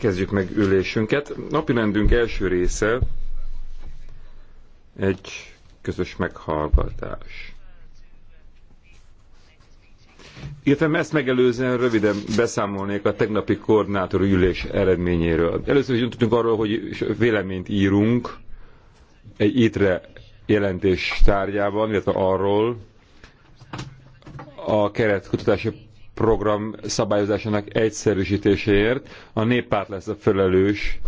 Kezdjük meg ülésünket. Napi rendünk első része egy közös meghallgatás. Illetve ezt megelőzően röviden beszámolnék a tegnapi koordinátor ülés eredményéről. Először is tudtunk arról, hogy véleményt írunk egy ITRE jelentés tárgyában, illetve arról a keret program szabályozásának egyszerűsítéséért. A néppárt lesz a felelős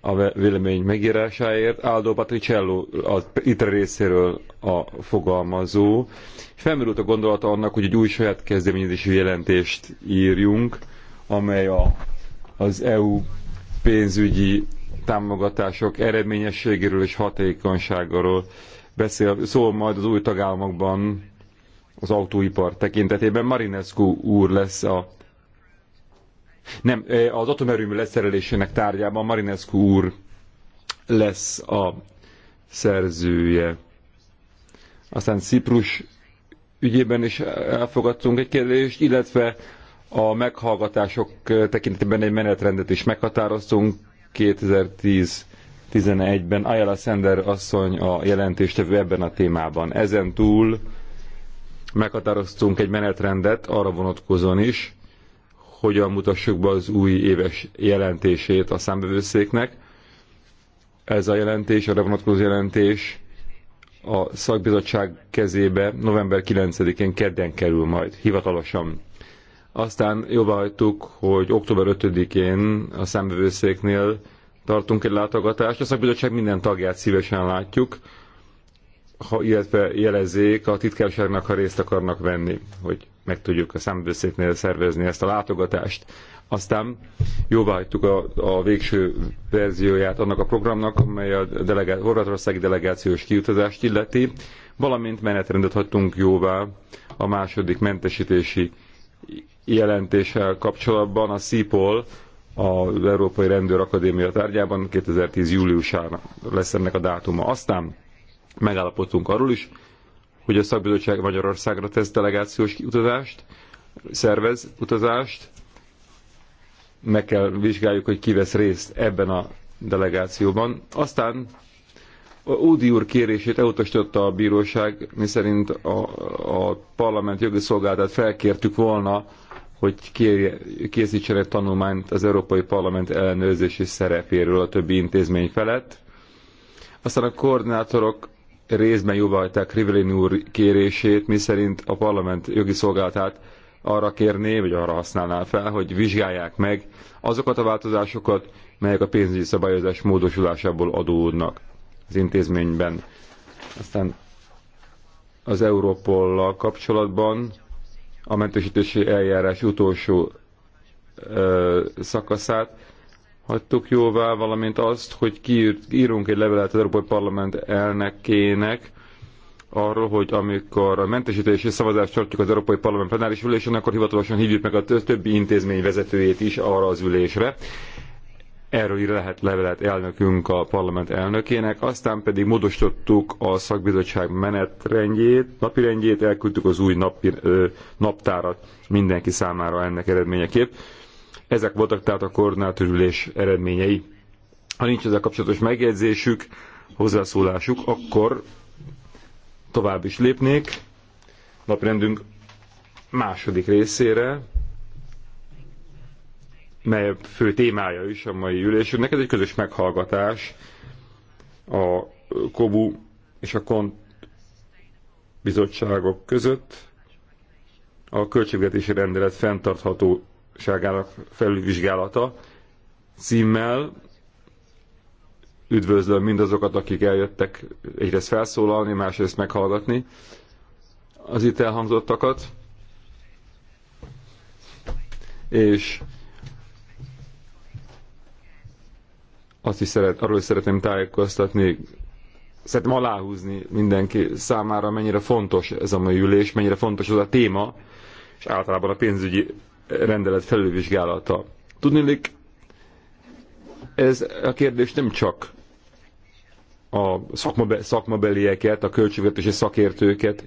a vélemény megírásáért. Aldo Patricello az itt részéről a fogalmazó. Felmerült a gondolata annak, hogy egy új saját kezdeményezési jelentést írjunk, amely a, az EU pénzügyi támogatások eredményességéről és hatékonyságáról beszél, szól majd az új tagállamokban az autóipar tekintetében. Marinescu úr lesz a nem, az atomerőmű leszerelésének tárgyában Marinescu úr lesz a szerzője. Aztán Ciprus ügyében is elfogadtunk egy kérdést, illetve a meghallgatások tekintetében egy menetrendet is meghatároztunk 2010-11-ben. Ayala Sender asszony a jelentéstevő ebben a témában. Ezen túl meghatároztunk egy menetrendet arra vonatkozóan is, hogyan mutassuk be az új éves jelentését a számbevőszéknek. Ez a jelentés, a vonatkozó jelentés a szakbizottság kezébe november 9-én kedden kerül majd, hivatalosan. Aztán jobb hagytuk, hogy október 5-én a számbevőszéknél tartunk egy látogatást. A szakbizottság minden tagját szívesen látjuk, ha, illetve jelezzék a titkárságnak, ha részt akarnak venni, hogy meg tudjuk a számbőszéknél szervezni ezt a látogatást. Aztán jóváhagytuk a, a végső verzióját annak a programnak, amely a delegá- horvátországi delegációs kiutazást illeti, valamint menetrendet hagytunk jóvá a második mentesítési jelentéssel kapcsolatban a CIPOL, az Európai Rendőr Akadémia tárgyában 2010. júliusára lesz ennek a dátuma. Aztán megállapodtunk arról is, hogy a szakbizottság Magyarországra tesz delegációs utazást, szervez utazást, meg kell vizsgáljuk, hogy ki vesz részt ebben a delegációban. Aztán a Údi úr kérését elutasította a bíróság, miszerint a, a parlament jogi szolgáltat felkértük volna, hogy kérje, készítsen egy tanulmányt az Európai Parlament ellenőrzési szerepéről a többi intézmény felett. Aztán a koordinátorok részben jóváhagyták Rivellini úr kérését, miszerint a parlament jogi szolgálatát arra kérné, vagy arra használná fel, hogy vizsgálják meg azokat a változásokat, melyek a pénzügyi szabályozás módosulásából adódnak az intézményben. Aztán az Európollal kapcsolatban a mentesítési eljárás utolsó ö, szakaszát hagytuk jóvá, valamint azt, hogy kiírunk egy levelet az Európai Parlament elnökének, arról, hogy amikor a mentesítési szavazást tartjuk az Európai Parlament plenáris ülésen, akkor hivatalosan hívjuk meg a többi intézmény vezetőjét is arra az ülésre. Erről ír lehet levelet elnökünk a parlament elnökének, aztán pedig módosítottuk a szakbizottság menetrendjét, napirendjét, elküldtük az új napi, ö, naptárat mindenki számára ennek eredményeképp. Ezek voltak tehát a koordinátorülés eredményei. Ha nincs ezzel kapcsolatos megjegyzésük, hozzászólásuk, akkor tovább is lépnék naprendünk második részére, mely fő témája is a mai ülésünk. Neked egy közös meghallgatás a Kobu és a Kont bizottságok között a költségvetési rendelet fenntartható bizottságának felülvizsgálata címmel. Üdvözlöm mindazokat, akik eljöttek egyrészt felszólalni, másrészt meghallgatni az itt elhangzottakat. És azt is szeret, arról is szeretném tájékoztatni, szeretném aláhúzni mindenki számára, mennyire fontos ez a mai ülés, mennyire fontos az a téma, és általában a pénzügyi rendelet felülvizsgálata. Tudnilik, ez a kérdés nem csak a szakmabe, szakmabelieket, a költségvetési szakértőket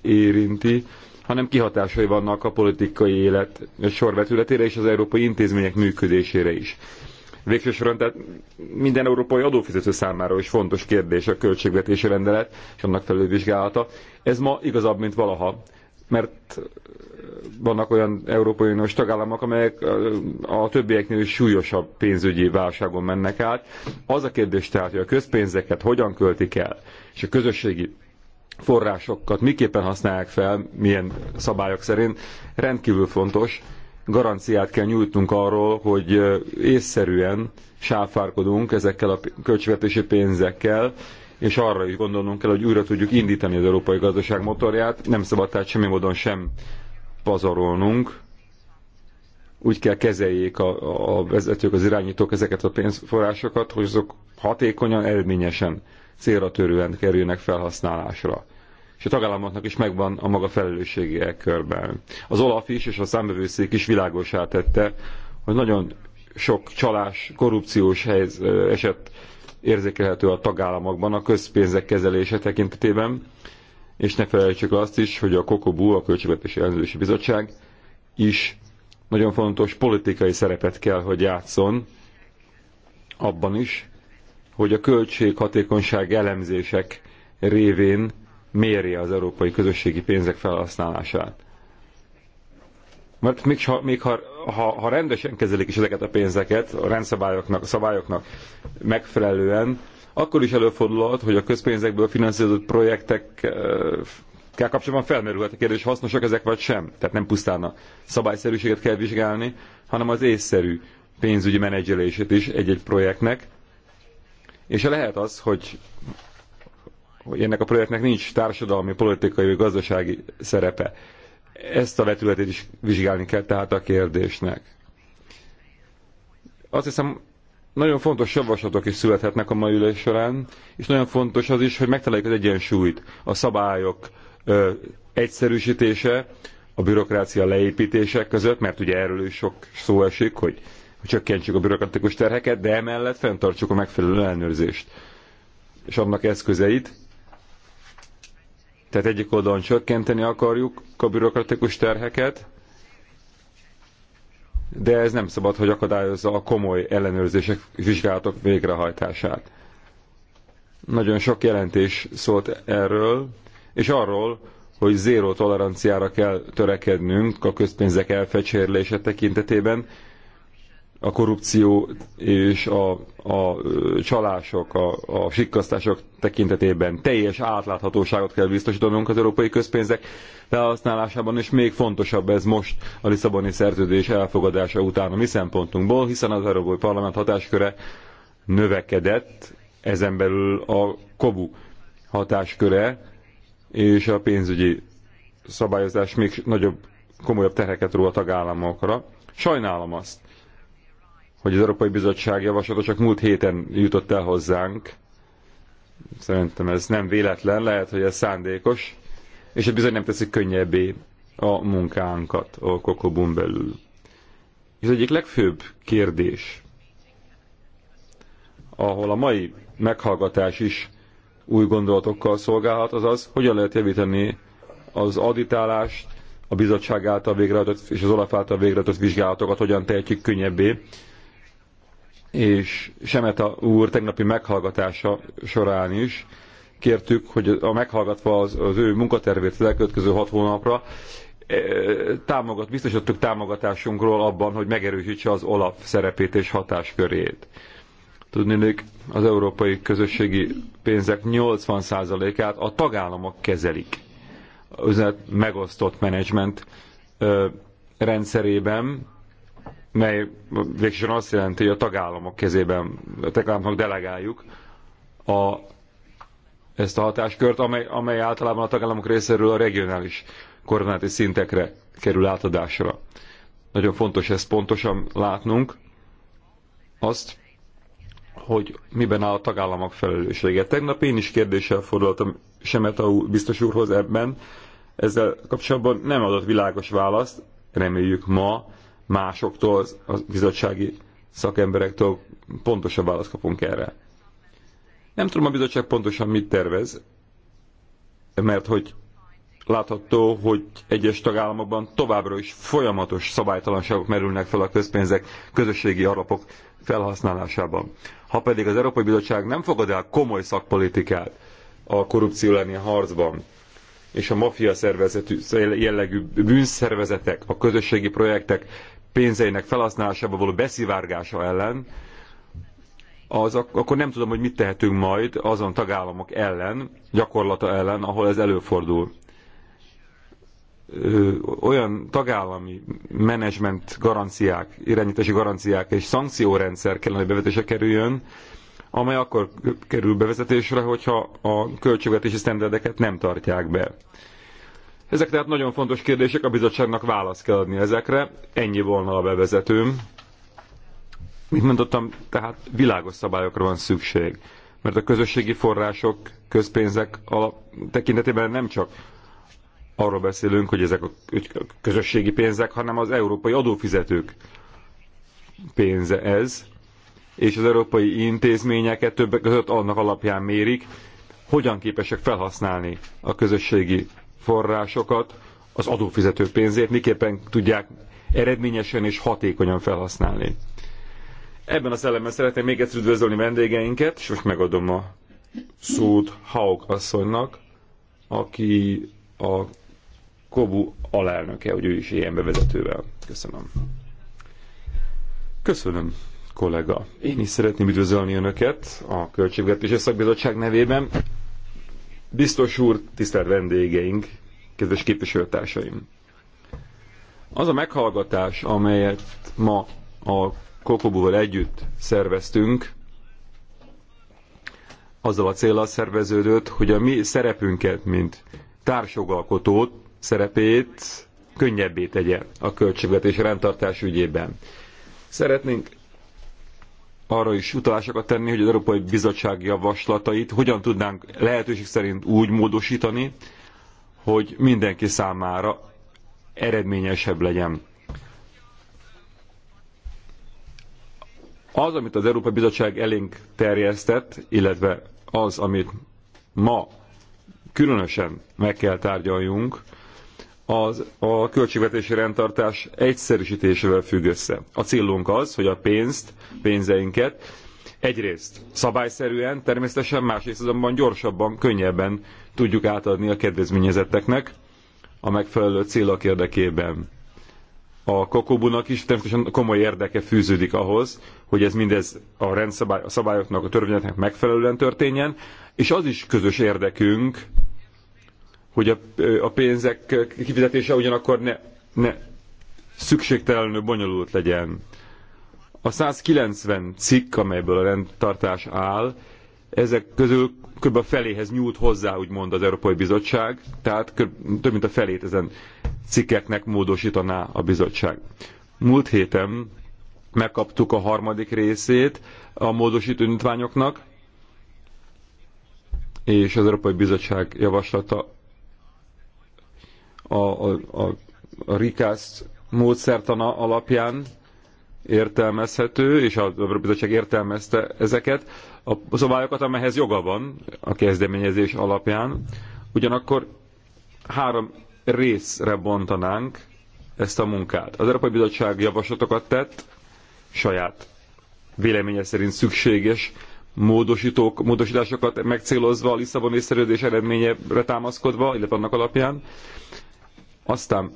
érinti, hanem kihatásai vannak a politikai élet sorvetületére és az európai intézmények működésére is. Végső soron, tehát minden európai adófizető számára is fontos kérdés a költségvetési rendelet és annak felülvizsgálata. Ez ma igazabb, mint valaha, mert vannak olyan Európai Uniós tagállamok, amelyek a többieknél is súlyosabb pénzügyi válságon mennek át. Az a kérdés tehát, hogy a közpénzeket hogyan költik el, és a közösségi forrásokat miképpen használják fel, milyen szabályok szerint, rendkívül fontos. Garanciát kell nyújtunk arról, hogy észszerűen sáfárkodunk ezekkel a költségvetési pénzekkel, és arra is gondolnunk kell, hogy újra tudjuk indítani az európai gazdaság motorját, nem szabad tehát semmi módon sem pazarolnunk, úgy kell kezeljék a, a vezetők, az irányítók ezeket a pénzforrásokat, hogy azok hatékonyan, eredményesen, célra törően kerüljenek felhasználásra. És a tagállamoknak is megvan a maga felelőssége e körben. Az Olaf is és a számbevőszék is világosá tette, hogy nagyon sok csalás, korrupciós helyz, eset érzékelhető a tagállamokban a közpénzek kezelése tekintetében, és ne felejtsük azt is, hogy a Kokobu, a Költségvetési Ellenőrzési Bizottság is nagyon fontos politikai szerepet kell, hogy játszon abban is, hogy a költséghatékonyság elemzések révén mérje az európai közösségi pénzek felhasználását. Mert még, ha, még ha, ha, ha rendesen kezelik is ezeket a pénzeket, a rendszabályoknak, a szabályoknak megfelelően, akkor is előfordulhat, hogy a közpénzekből finanszírozott projektekkel kapcsolatban felmerülhet a kérdés, hasznosak ezek vagy sem. Tehát nem pusztán a szabályszerűséget kell vizsgálni, hanem az észszerű pénzügyi menedzselését is egy-egy projektnek. És lehet az, hogy hogy ennek a projektnek nincs társadalmi, politikai vagy gazdasági szerepe. Ezt a vetületét is vizsgálni kell tehát a kérdésnek. Azt hiszem, nagyon fontos javaslatok is születhetnek a mai ülés során, és nagyon fontos az is, hogy megtaláljuk az egyensúlyt, a szabályok ö, egyszerűsítése, a bürokrácia leépítése között, mert ugye erről is sok szó esik, hogy csökkentsük a bürokratikus terheket, de emellett fenntartsuk a megfelelő ellenőrzést és annak eszközeit. Tehát egyik oldalon csökkenteni akarjuk a bürokratikus terheket, de ez nem szabad, hogy akadályozza a komoly ellenőrzések, vizsgálatok végrehajtását. Nagyon sok jelentés szólt erről, és arról, hogy zéró toleranciára kell törekednünk a közpénzek elfecsérlése tekintetében, a korrupció és a, a csalások, a, a sikkasztások tekintetében teljes átláthatóságot kell biztosítanunk az európai közpénzek felhasználásában, és még fontosabb ez most a Lisszaboni szerződés elfogadása után a mi szempontunkból, hiszen az Európai Parlament hatásköre növekedett, ezen belül a KOBU hatásköre és a pénzügyi szabályozás még nagyobb, komolyabb terheket ró a tagállamokra. Sajnálom azt, hogy az Európai Bizottság javaslata csak múlt héten jutott el hozzánk. Szerintem ez nem véletlen, lehet, hogy ez szándékos, és ez bizony nem teszik könnyebbé a munkánkat a kokobun belül. És az egyik legfőbb kérdés, ahol a mai meghallgatás is új gondolatokkal szolgálhat, az az, hogyan lehet javítani az auditálást, a bizottság által végrehajtott és az Olaf által végrehajtott vizsgálatokat hogyan tehetjük könnyebbé, és Semeta úr tegnapi meghallgatása során is kértük, hogy a meghallgatva az, az ő munkatervét az elkövetkező hat hónapra, e, támogat, biztosítottuk támogatásunkról abban, hogy megerősítse az OLAF szerepét és hatáskörét. Tudnélik, az európai közösségi pénzek 80%-át a tagállamok kezelik. Az megosztott menedzsment rendszerében mely végsősorban azt jelenti, hogy a tagállamok kezében, a tagállamok delegáljuk a, ezt a hatáskört, amely, amely általában a tagállamok részéről a regionális koordináti szintekre kerül átadásra. Nagyon fontos ezt pontosan látnunk, azt, hogy miben áll a tagállamok felelőssége. Tegnap én is kérdéssel fordultam Semeta úr, biztos úrhoz ebben, ezzel kapcsolatban nem adott világos választ, reméljük ma másoktól, a bizottsági szakemberektől pontosabb választ kapunk erre. Nem tudom a bizottság pontosan mit tervez, mert hogy látható, hogy egyes tagállamokban továbbra is folyamatos szabálytalanságok merülnek fel a közpénzek közösségi alapok felhasználásában. Ha pedig az Európai Bizottság nem fogad el komoly szakpolitikát a korrupció elleni harcban, és a maffia szervezetű, jellegű bűnszervezetek, a közösségi projektek pénzeinek felhasználásába való beszivárgása ellen, az ak- akkor nem tudom, hogy mit tehetünk majd azon tagállamok ellen, gyakorlata ellen, ahol ez előfordul. Ö, olyan tagállami menedzsment garanciák, irányítási garanciák és szankciórendszer kellene, hogy bevetése kerüljön, amely akkor kerül bevezetésre, hogyha a költségvetési sztenderdeket nem tartják be. Ezek tehát nagyon fontos kérdések, a bizottságnak választ kell adni ezekre. Ennyi volna a bevezetőm. Mint mondottam, tehát világos szabályokra van szükség. Mert a közösségi források, közpénzek alap tekintetében nem csak arról beszélünk, hogy ezek a közösségi pénzek, hanem az európai adófizetők pénze ez, és az európai intézményeket többek között annak alapján mérik, hogyan képesek felhasználni a közösségi forrásokat az adófizető pénzét miképpen tudják eredményesen és hatékonyan felhasználni. Ebben a szellemben szeretném még egyszer üdvözölni vendégeinket, és most megadom a szót Hauk asszonynak, aki a Kobu alelnöke, hogy ő is ilyen bevezetővel. Köszönöm. Köszönöm, kollega. Én is szeretném üdvözölni Önöket a Költségvetési Szakbizottság nevében. Biztos úr, tisztelt vendégeink, kedves képviselőtársaim! Az a meghallgatás, amelyet ma a Kokobúval együtt szerveztünk, azzal a célra szerveződött, hogy a mi szerepünket, mint társjogalkotót, szerepét könnyebbé tegye a költségvetés rendtartás ügyében. Szeretnénk arra is utalásokat tenni, hogy az Európai Bizottság javaslatait hogyan tudnánk lehetőség szerint úgy módosítani, hogy mindenki számára eredményesebb legyen. Az, amit az Európai Bizottság elénk terjesztett, illetve az, amit ma különösen meg kell tárgyaljunk, az, a költségvetési rendtartás egyszerűsítésével függ össze. A célunk az, hogy a pénzt, pénzeinket egyrészt szabályszerűen, természetesen másrészt azonban gyorsabban, könnyebben tudjuk átadni a kedvezményezetteknek a megfelelő célok érdekében. A kokobunak is természetesen komoly érdeke fűződik ahhoz, hogy ez mindez a, rendszabály, a szabályoknak, a törvényeknek megfelelően történjen, és az is közös érdekünk, hogy a, a pénzek kifizetése ugyanakkor ne, ne szükségtelenül bonyolult legyen. A 190 cikk, amelyből a rendtartás áll, ezek közül kb. a feléhez nyújt hozzá, úgymond az Európai Bizottság, tehát kb. több mint a felét ezen cikkeknek módosítaná a bizottság. Múlt héten megkaptuk a harmadik részét a módosító nyitványoknak, és az Európai Bizottság javaslata a, a, a, a Rikász módszertana alapján értelmezhető, és a Bizottság értelmezte ezeket a szabályokat, amelyhez joga van a kezdeményezés alapján. Ugyanakkor három részre bontanánk ezt a munkát. Az Európai Bizottság javaslatokat tett, saját véleménye szerint szükséges módosítók, módosításokat megcélozva a Lisszaboni szerződés eredményére támaszkodva, illetve annak alapján. Aztán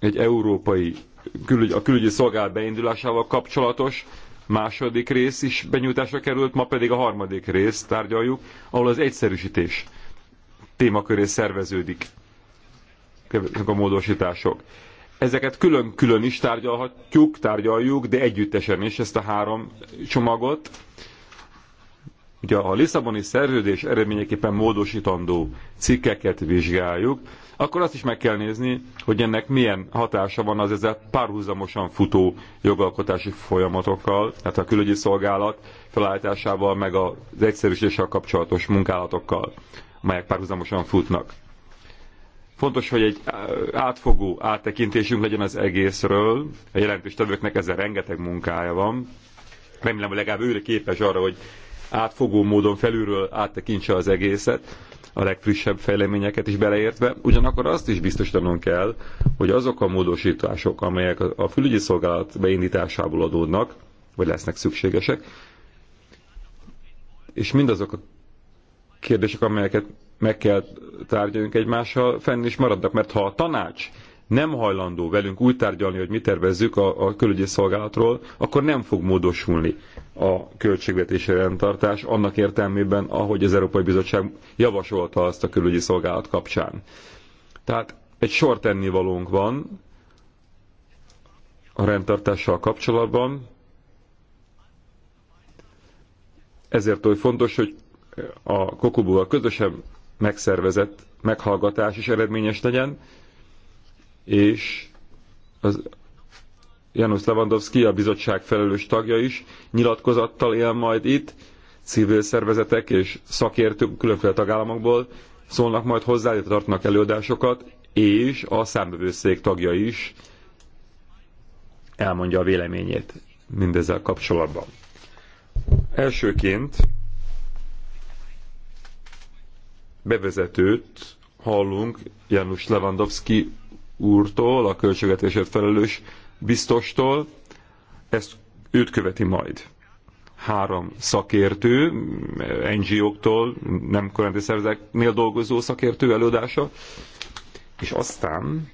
egy európai külügy, a külügyi szolgálat beindulásával kapcsolatos második rész is benyújtásra került, ma pedig a harmadik rész tárgyaljuk, ahol az egyszerűsítés témaköré szerveződik a módosítások. Ezeket külön-külön is tárgyalhatjuk, tárgyaljuk, de együttesen is ezt a három csomagot. Ugye a Lisszaboni szerződés eredményeképpen módosítandó cikkeket vizsgáljuk, akkor azt is meg kell nézni, hogy ennek milyen hatása van az ezzel párhuzamosan futó jogalkotási folyamatokkal, tehát a külügyi szolgálat felállításával, meg az egyszerűsítéssel kapcsolatos munkálatokkal, amelyek párhuzamosan futnak. Fontos, hogy egy átfogó áttekintésünk legyen az egészről. A tevőknek ezzel rengeteg munkája van. Remélem, hogy legalább őre képes arra, hogy átfogó módon felülről áttekintse az egészet, a legfrissebb fejleményeket is beleértve. Ugyanakkor azt is biztosítanunk kell, hogy azok a módosítások, amelyek a fülügyi szolgálat beindításából adódnak, vagy lesznek szükségesek, és mindazok a kérdések, amelyeket meg kell tárgyaljunk egymással, fenn is maradnak, mert ha a tanács nem hajlandó velünk úgy tárgyalni, hogy mi tervezzük a, a külügyi szolgálatról, akkor nem fog módosulni a költségvetési rendtartás annak értelmében, ahogy az Európai Bizottság javasolta azt a külügyi szolgálat kapcsán. Tehát egy sor tennivalónk van a rendtartással kapcsolatban, ezért oly fontos, hogy a kokobúval közösen megszervezett meghallgatás is eredményes legyen, és az Janusz Lewandowski, a bizottság felelős tagja is, nyilatkozattal él majd itt, civil szervezetek és szakértők különféle tagállamokból szólnak majd hozzá, illetve tartanak előadásokat, és a számbevőszék tagja is elmondja a véleményét mindezzel kapcsolatban. Elsőként bevezetőt hallunk Janusz Lewandowski úrtól, a költségvetésért felelős biztostól, ezt őt követi majd. Három szakértő, NGO-któl, nem korrenti szervezeteknél dolgozó szakértő előadása, és aztán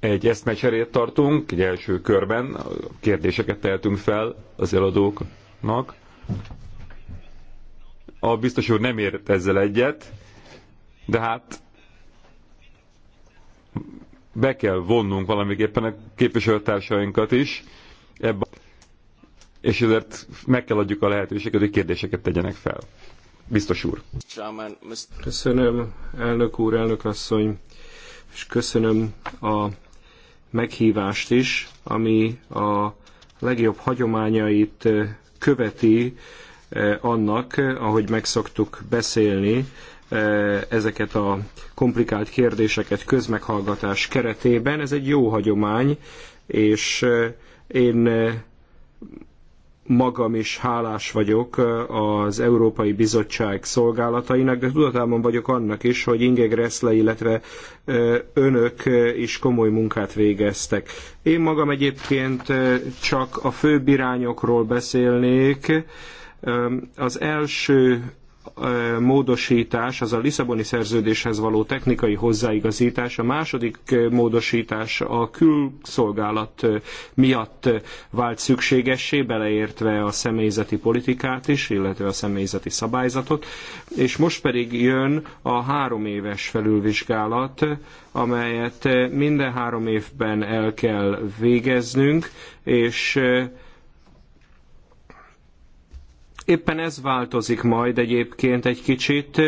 egy eszmecserét tartunk, egy első körben kérdéseket tehetünk fel az eladóknak. A biztos hogy nem ért ezzel egyet, de hát be kell vonnunk valamiképpen a képviselőtársainkat is ebbe, és ezért meg kell adjuk a lehetőséget, hogy kérdéseket tegyenek fel. Biztos úr. Köszönöm, elnök úr, elnök asszony, és köszönöm a meghívást is, ami a legjobb hagyományait eh, követi eh, annak, ahogy megszoktuk beszélni E, ezeket a komplikált kérdéseket közmeghallgatás keretében. Ez egy jó hagyomány, és e, én e, magam is hálás vagyok az Európai Bizottság szolgálatainak, de tudatában vagyok annak is, hogy Inge Gressle, illetve önök is komoly munkát végeztek. Én magam egyébként csak a főbb irányokról beszélnék. Az első módosítás az a Lisszaboni szerződéshez való technikai hozzáigazítás, a második módosítás a külszolgálat miatt vált szükségessé, beleértve a személyzeti politikát is, illetve a személyzeti szabályzatot, és most pedig jön a három éves felülvizsgálat, amelyet minden három évben el kell végeznünk, és Éppen ez változik majd egyébként egy kicsit,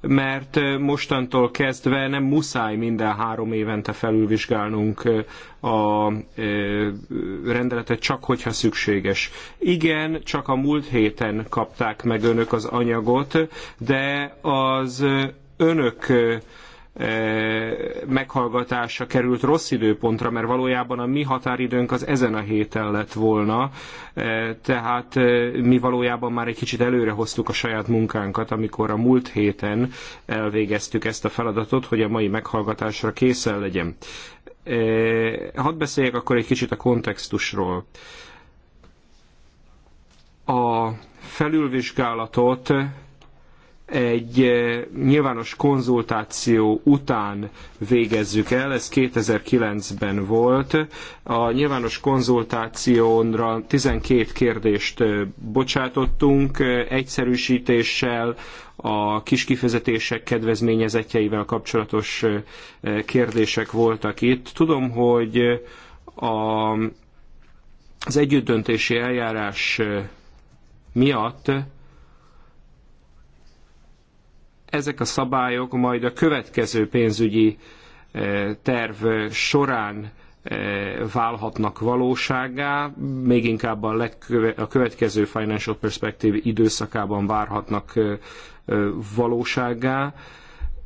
mert mostantól kezdve nem muszáj minden három évente felülvizsgálnunk a e, rendeletet, csak hogyha szükséges. Igen, csak a múlt héten kapták meg önök az anyagot, de az önök meghallgatása került rossz időpontra, mert valójában a mi határidőnk az ezen a héten lett volna, tehát mi valójában már egy kicsit előre hoztuk a saját munkánkat, amikor a múlt héten elvégeztük ezt a feladatot, hogy a mai meghallgatásra készen legyen. Hadd beszéljek akkor egy kicsit a kontextusról. A felülvizsgálatot egy eh, nyilvános konzultáció után végezzük el, ez 2009-ben volt. A nyilvános konzultációnra 12 kérdést eh, bocsátottunk, eh, egyszerűsítéssel, a kis kifizetések kedvezményezetjeivel kapcsolatos kérdések voltak itt. Tudom, hogy a, az együttdöntési eljárás miatt ezek a szabályok majd a következő pénzügyi eh, terv során eh, válhatnak valósággá, még inkább a, legköve, a következő Financial Perspective időszakában várhatnak eh, valósággá.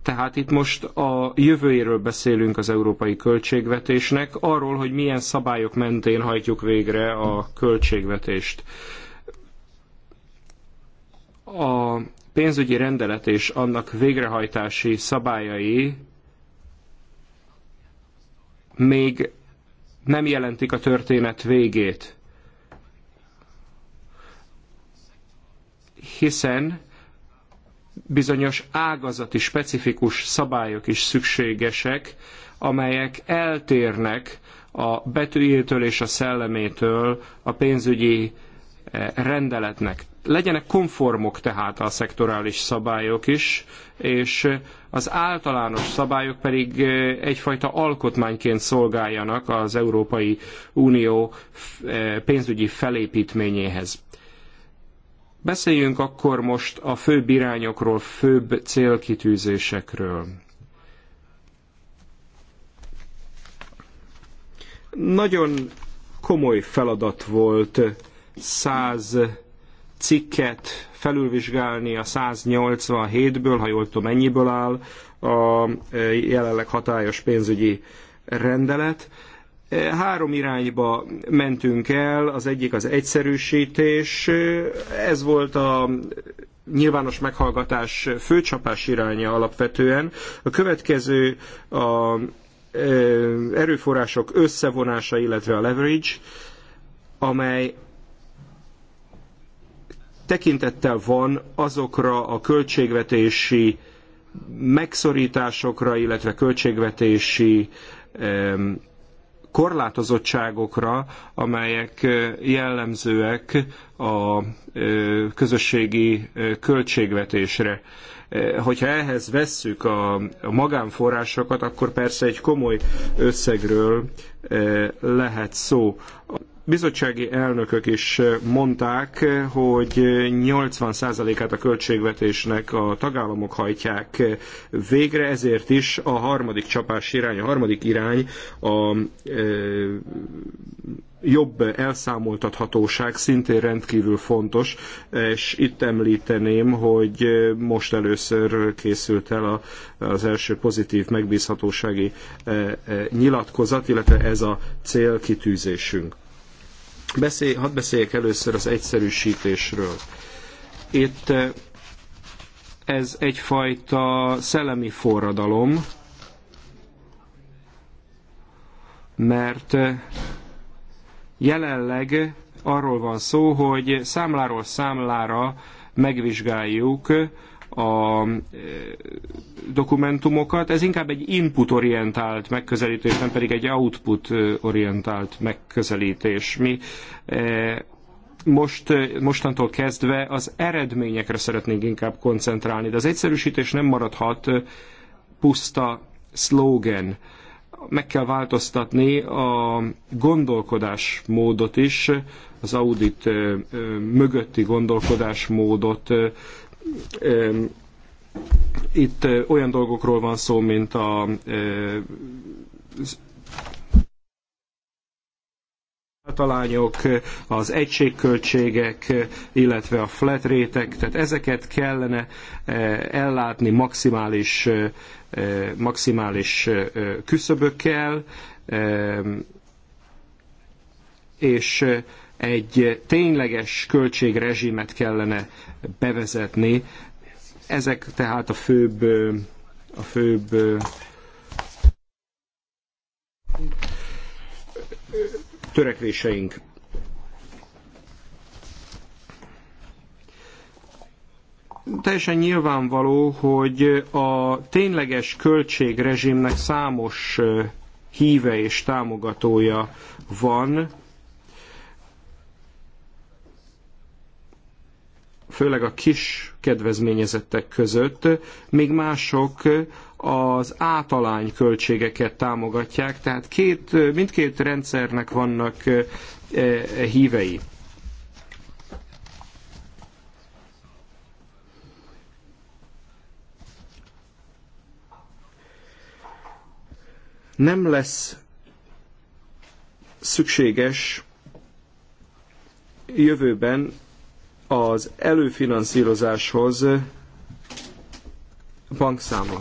Tehát itt most a jövőjéről beszélünk az európai költségvetésnek, arról, hogy milyen szabályok mentén hajtjuk végre a költségvetést. A pénzügyi rendelet és annak végrehajtási szabályai még nem jelentik a történet végét. Hiszen bizonyos ágazati specifikus szabályok is szükségesek, amelyek eltérnek a betűjétől és a szellemétől a pénzügyi eh, rendeletnek. Legyenek konformok tehát a szektorális szabályok is, és az általános szabályok pedig egyfajta alkotmányként szolgáljanak az Európai Unió pénzügyi felépítményéhez. Beszéljünk akkor most a főbb irányokról, főbb célkitűzésekről. Nagyon komoly feladat volt száz cikket felülvizsgálni a 187-ből, ha jól tudom, ennyiből áll a e, jelenleg hatályos pénzügyi rendelet. E, három irányba mentünk el, az egyik az egyszerűsítés, ez volt a nyilvános meghallgatás főcsapás iránya alapvetően. A következő a e, erőforrások összevonása, illetve a leverage, amely tekintettel van azokra a költségvetési megszorításokra, illetve költségvetési korlátozottságokra, amelyek jellemzőek a közösségi költségvetésre. Hogyha ehhez vesszük a magánforrásokat, akkor persze egy komoly összegről lehet szó bizottsági elnökök is eh, mondták, hogy 80%-át a költségvetésnek a tagállamok hajtják végre, ezért is a harmadik csapás irány, a harmadik irány a eh, jobb elszámoltathatóság szintén rendkívül fontos, és itt említeném, hogy most először készült el a, az első pozitív megbízhatósági eh, nyilatkozat, illetve ez a célkitűzésünk. Beszél, hadd beszéljek először az egyszerűsítésről. Itt eh, ez egyfajta szellemi forradalom, mert eh, jelenleg arról van szó, hogy számláról számlára megvizsgáljuk a e, dokumentumokat. Ez inkább egy input-orientált megközelítés, nem pedig egy output-orientált megközelítés. Mi e, most, e, mostantól kezdve az eredményekre szeretnénk inkább koncentrálni, de az egyszerűsítés nem maradhat puszta szlógen. Meg kell változtatni a gondolkodásmódot is, az audit mögötti gondolkodásmódot itt olyan dolgokról van szó, mint a talányok, az egységköltségek, illetve a flat rétek, tehát ezeket kellene ellátni maximális, maximális küszöbökkel, és egy tényleges költségrezsimet kellene bevezetni. Ezek tehát a főbb, a főbb törekvéseink. teljesen nyilvánvaló, hogy a tényleges költségrezsimnek számos híve és támogatója van, főleg a kis kedvezményezettek között, még mások az általány költségeket támogatják, tehát két, mindkét rendszernek vannak e, e, hívei. Nem lesz szükséges jövőben az előfinanszírozáshoz bankszámla.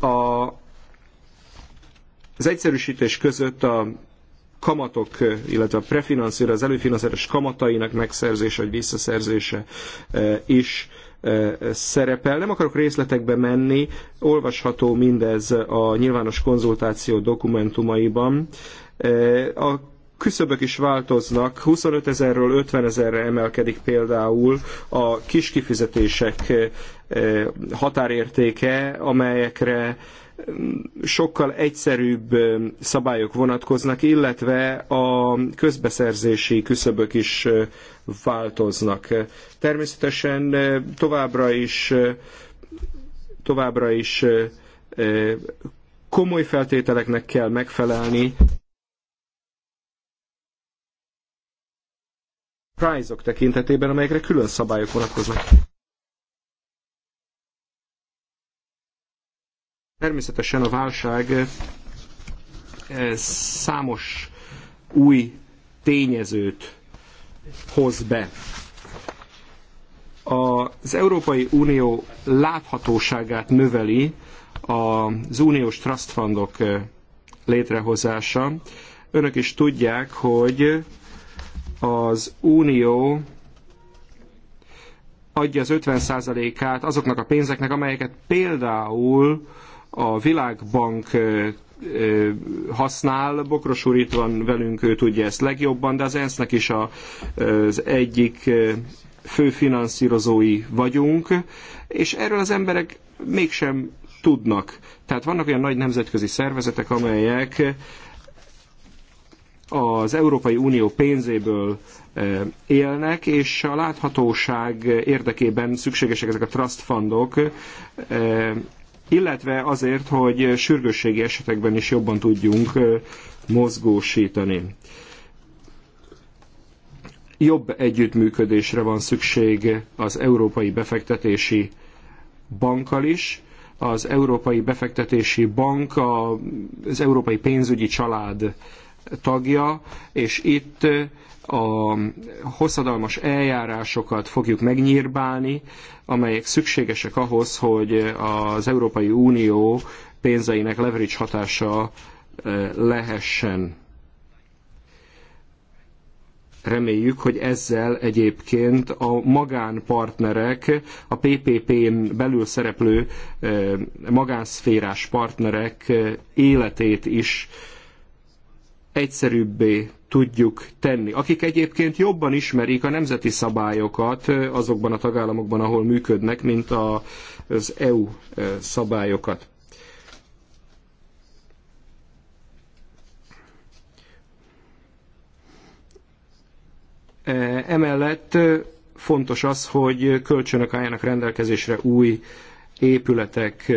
A, az egyszerűsítés között a kamatok, illetve a prefinanszírozás, az előfinanszírozás kamatainak megszerzése vagy visszaszerzése e, is e, szerepel. Nem akarok részletekbe menni, olvasható mindez a nyilvános konzultáció dokumentumaiban. E, a küszöbök is változnak, 25 ezerről 50 ezerre emelkedik például a kifizetések eh, határértéke, amelyekre mm, sokkal egyszerűbb eh, szabályok vonatkoznak, illetve a közbeszerzési küszöbök is eh, változnak. Természetesen továbbra is továbbra is komoly feltételeknek kell megfelelni prize -ok tekintetében, amelyekre külön szabályok vonatkoznak. Természetesen a válság eh, számos új tényezőt hoz be. Az Európai Unió láthatóságát növeli az uniós trust fundok eh, létrehozása. Önök is tudják, hogy az Unió adja az 50%-át azoknak a pénzeknek, amelyeket például a Világbank használ. Bokros úr itt van velünk, ő tudja ezt legjobban, de az ENSZ-nek is a, az egyik fő finanszírozói vagyunk, és erről az emberek mégsem tudnak. Tehát vannak olyan nagy nemzetközi szervezetek, amelyek az Európai Unió pénzéből e, élnek, és a láthatóság érdekében szükségesek ezek a trust fundok, e, illetve azért, hogy sürgősségi esetekben is jobban tudjunk e, mozgósítani. Jobb együttműködésre van szükség az Európai Befektetési Bankkal is. Az Európai Befektetési Bank az Európai Pénzügyi Család tagja, és itt a hosszadalmas eljárásokat fogjuk megnyírbálni, amelyek szükségesek ahhoz, hogy az Európai Unió pénzeinek leverage hatása lehessen. Reméljük, hogy ezzel egyébként a magánpartnerek, a PPP-n belül szereplő magánszférás partnerek életét is egyszerűbbé tudjuk tenni. Akik egyébként jobban ismerik a nemzeti szabályokat azokban a tagállamokban, ahol működnek, mint a, az EU szabályokat. Emellett fontos az, hogy kölcsönök álljanak rendelkezésre új épületek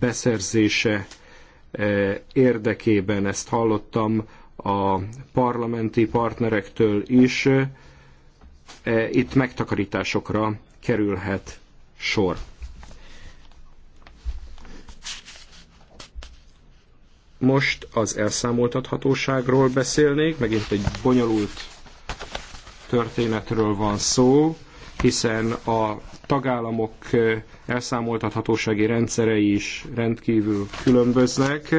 beszerzése érdekében. Ezt hallottam a parlamenti partnerektől is e, itt megtakarításokra kerülhet sor. Most az elszámoltathatóságról beszélnék, megint egy bonyolult történetről van szó, hiszen a tagállamok e, elszámoltathatósági rendszerei is rendkívül különböznek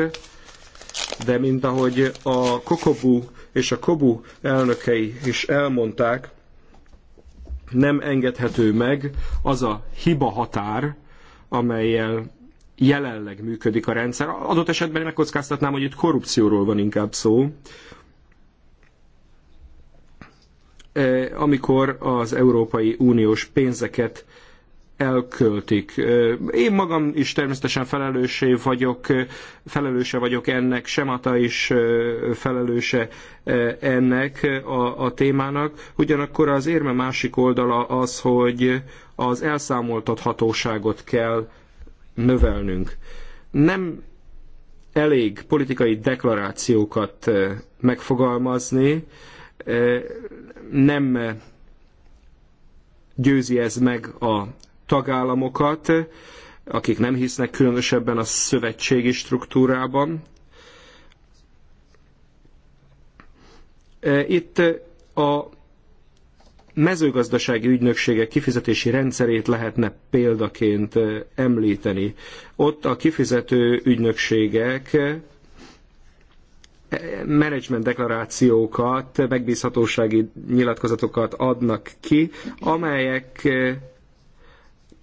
de mint ahogy a Kokobu és a Kobu elnökei is elmondták, nem engedhető meg az a hiba határ, amelyel jelenleg működik a rendszer. Adott esetben én megkockáztatnám, hogy itt korrupcióról van inkább szó. Eh, amikor az Európai Uniós pénzeket elköltik. Én magam is természetesen felelősé vagyok, felelőse vagyok ennek, Semata is felelőse ennek a, a témának. Ugyanakkor az érme másik oldala az, hogy az elszámoltathatóságot kell növelnünk. Nem elég politikai deklarációkat megfogalmazni, nem győzi ez meg a tagállamokat, akik nem hisznek különösebben a szövetségi struktúrában. E, itt a mezőgazdasági ügynökségek kifizetési rendszerét lehetne példaként e, említeni. Ott a kifizető ügynökségek e, management deklarációkat, megbízhatósági nyilatkozatokat adnak ki, amelyek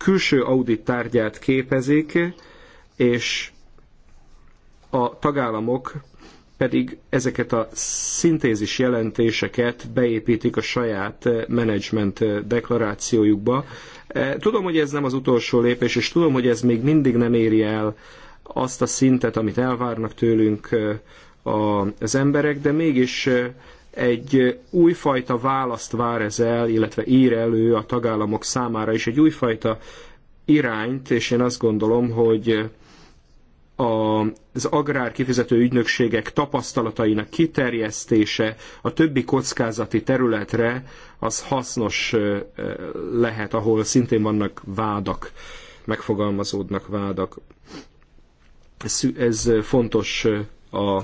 külső audit tárgyát képezik, és a tagállamok pedig ezeket a szintézis jelentéseket beépítik a saját eh, menedzsment eh, deklarációjukba. Eh, tudom, hogy ez nem az utolsó lépés, és tudom, hogy ez még mindig nem éri el azt a szintet, amit elvárnak tőlünk az emberek, de mégis egy újfajta választ vár ez el, illetve ír elő a tagállamok számára is egy újfajta irányt, és én azt gondolom, hogy az agrár kifizető ügynökségek tapasztalatainak kiterjesztése a többi kockázati területre az hasznos lehet, ahol szintén vannak vádak, megfogalmazódnak vádak. Ez, ez fontos a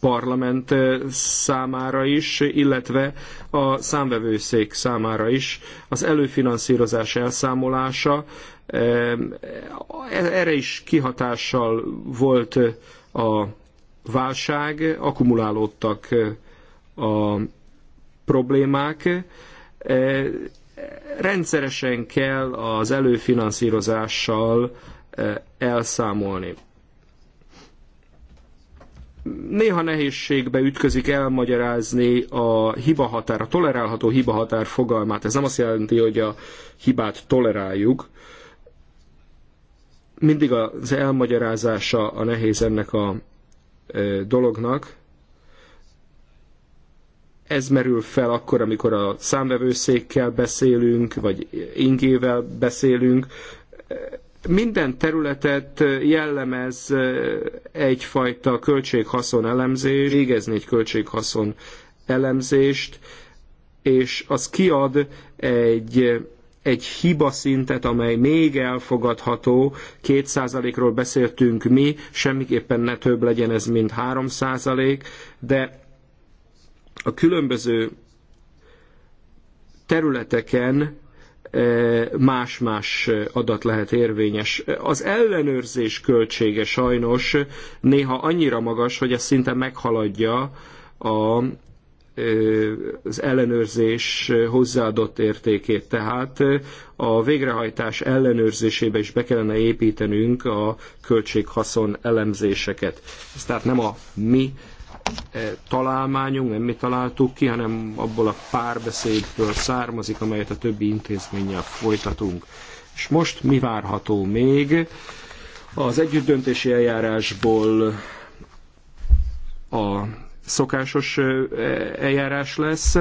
parlament számára is, illetve a számvevőszék számára is. Az előfinanszírozás elszámolása e, erre is kihatással volt a válság, akkumulálódtak a problémák. Rendszeresen kell az előfinanszírozással elszámolni néha nehézségbe ütközik elmagyarázni a hibahatár, a tolerálható hibahatár fogalmát. Ez nem azt jelenti, hogy a hibát toleráljuk. Mindig az elmagyarázása a nehéz ennek a dolognak. Ez merül fel akkor, amikor a számvevőszékkel beszélünk, vagy ingével beszélünk. Minden területet jellemez egyfajta költséghaszon elemzés, végezni egy költséghaszon elemzést, és az kiad egy egy hiba szintet, amely még elfogadható, 2%-ról beszéltünk mi, semmiképpen ne több legyen ez, mint 3%, de a különböző területeken más-más adat lehet érvényes. Az ellenőrzés költsége sajnos néha annyira magas, hogy ez szinte meghaladja a, az ellenőrzés hozzáadott értékét. Tehát a végrehajtás ellenőrzésébe is be kellene építenünk a költséghaszon elemzéseket. Ez tehát nem a mi E, találmányunk, nem mi találtuk ki, hanem abból a párbeszédből származik, amelyet a többi intézménnyel folytatunk. És most mi várható még? Az együttdöntési eljárásból a szokásos e, eljárás lesz.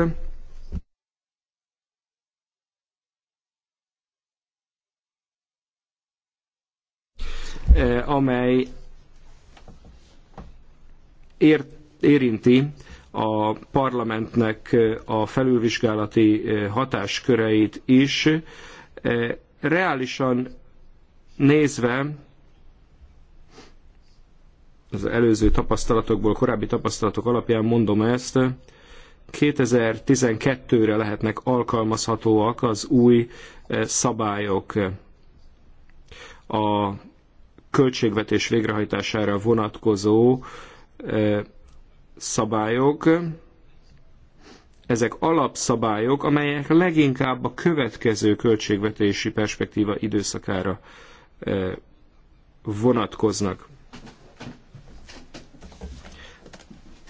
E, amely ért érinti a parlamentnek a felülvizsgálati hatásköreit is. Reálisan nézve az előző tapasztalatokból, korábbi tapasztalatok alapján mondom ezt, 2012-re lehetnek alkalmazhatóak az új szabályok a költségvetés végrehajtására vonatkozó szabályok, ezek alapszabályok, amelyek leginkább a következő költségvetési perspektíva időszakára e, vonatkoznak.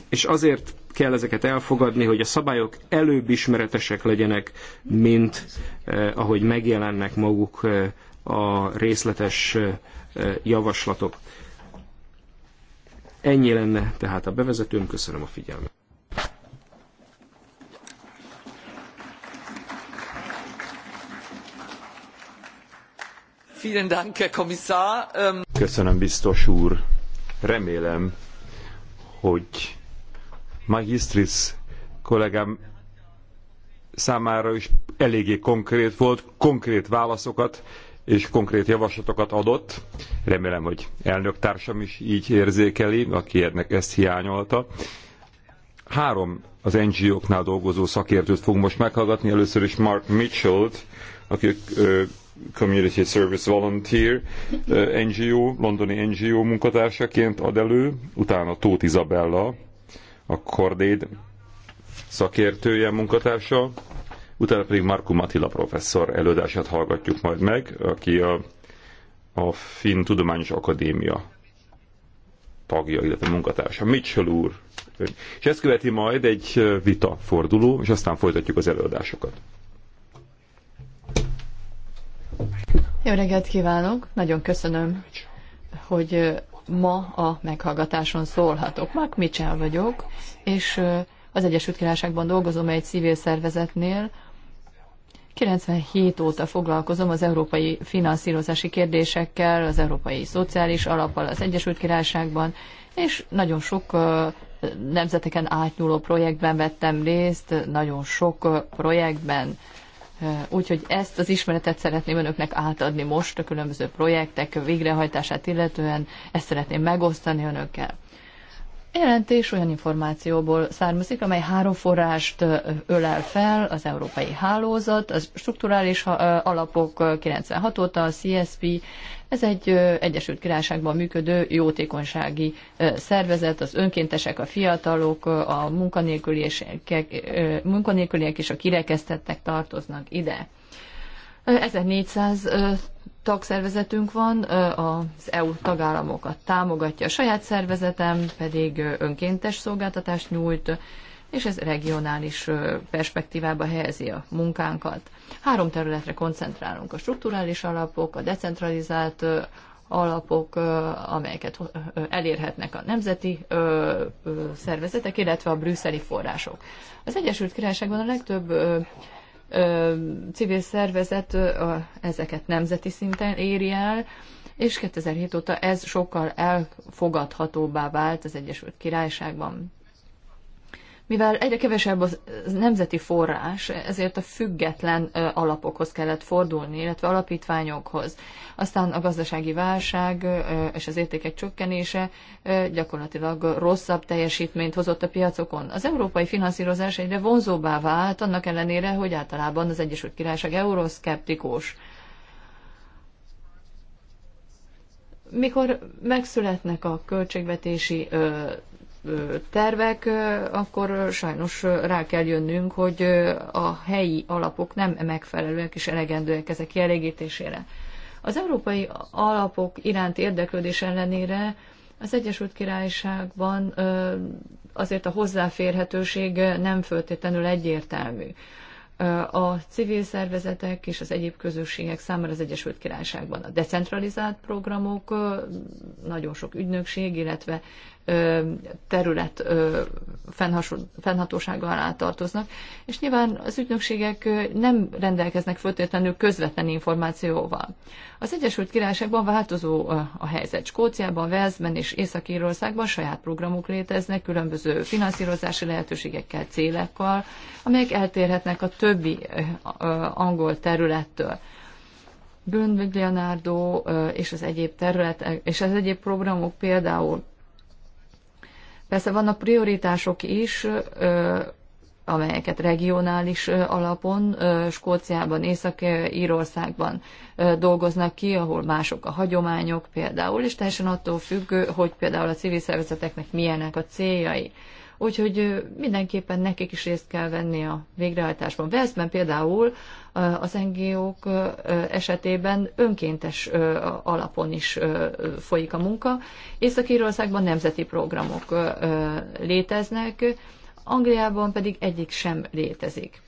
És azért kell ezeket elfogadni, hogy a szabályok előbb ismeretesek legyenek, mint eh, ahogy megjelennek maguk eh, a részletes eh, javaslatok. Ennyi lenne tehát a bevezetőm, köszönöm a figyelmet. Ähm, köszönöm, biztos úr. Remélem, hogy Magistris kollégám számára is eléggé konkrét volt, konkrét válaszokat és konkrét javaslatokat adott. Remélem, hogy elnöktársam társam is így érzékeli, aki ennek ezt hiányolta. Három az NGO-knál dolgozó szakértőt fog most meghallgatni. Először is Mark mitchell aki aki Community Service Volunteer NGO, londoni NGO munkatársaként ad elő, utána Tóth Izabella, a Cordaid szakértője, munkatársa, utána pedig Marku Matila professzor előadását hallgatjuk majd meg, aki a, a Finn Tudományos Akadémia tagja, illetve munkatársa. Mitchell úr. És ezt követi majd egy vita forduló, és aztán folytatjuk az előadásokat. Jó reggelt kívánok! Nagyon köszönöm, hogy ma a meghallgatáson szólhatok. Mark Mitchell vagyok, és az Egyesült Királyságban dolgozom egy civil szervezetnél, 97 óta foglalkozom az európai finanszírozási kérdésekkel, az európai szociális alappal az Egyesült Királyságban, és nagyon sok nemzeteken átnyúló projektben vettem részt, nagyon sok projektben. Úgyhogy ezt az ismeretet szeretném önöknek átadni most a különböző projektek végrehajtását illetően, ezt szeretném megosztani önökkel jelentés olyan információból származik, amely három forrást ölel fel, az európai hálózat, az strukturális alapok 96 óta, a CSP, ez egy Egyesült Királyságban működő jótékonysági szervezet, az önkéntesek, a fiatalok, a munkanélküliek és a kirekesztettek tartoznak ide. 1400 tagszervezetünk van, az EU tagállamokat támogatja, a saját szervezetem pedig önkéntes szolgáltatást nyújt, és ez regionális perspektívába helyezi a munkánkat. Három területre koncentrálunk, a strukturális alapok, a decentralizált alapok, amelyeket elérhetnek a nemzeti szervezetek, illetve a brüsszeli források. Az Egyesült Királyságban a legtöbb civil szervezet ezeket nemzeti szinten éri el, és 2007 óta ez sokkal elfogadhatóbbá vált az Egyesült Királyságban. Mivel egyre kevesebb az nemzeti forrás, ezért a független alapokhoz kellett fordulni, illetve alapítványokhoz. Aztán a gazdasági válság és az értékek csökkenése gyakorlatilag rosszabb teljesítményt hozott a piacokon. Az európai finanszírozás egyre vonzóbbá vált, annak ellenére, hogy általában az Egyesült Királyság euroszkeptikus. mikor megszületnek a költségvetési tervek, akkor sajnos rá kell jönnünk, hogy a helyi alapok nem megfelelőek és elegendőek ezek kielégítésére. Az európai alapok iránti érdeklődés ellenére az Egyesült Királyságban azért a hozzáférhetőség nem föltétlenül egyértelmű. A civil szervezetek és az egyéb közösségek számára az Egyesült Királyságban a decentralizált programok, nagyon sok ügynökség, illetve terület fennhatósága alá tartoznak, és nyilván az ügynökségek nem rendelkeznek föltétlenül közvetlen információval. Az Egyesült Királyságban változó a helyzet. Skóciában, Velszben és Észak-Írországban saját programok léteznek, különböző finanszírozási lehetőségekkel, célekkal, amelyek eltérhetnek a többi angol területtől. Bündvig Leonardo és az egyéb terület, és az egyéb programok például Persze vannak prioritások is, amelyeket regionális alapon Skóciában, Észak-Írországban dolgoznak ki, ahol mások a hagyományok például, és teljesen attól függ, hogy például a civil szervezeteknek milyenek a céljai. Úgyhogy mindenképpen nekik is részt kell venni a végrehajtásban. Veszben például az NGO-k esetében önkéntes alapon is folyik a munka. Észak-Írországban nemzeti programok léteznek, Angliában pedig egyik sem létezik.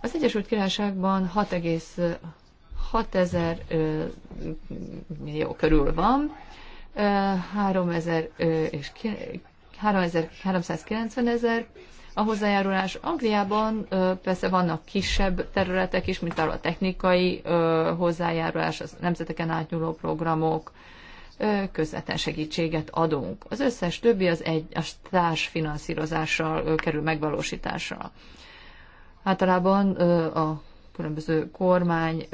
Az Egyesült Királyságban 6,6 ezer millió körül van, 3000 és 3390 ezer, a hozzájárulás. Angliában persze vannak kisebb területek is, mint a technikai hozzájárulás, az nemzeteken átnyúló programok, közvetlen segítséget adunk. Az összes többi az egy a társfinanszírozással kerül megvalósításra. Általában a különböző kormány,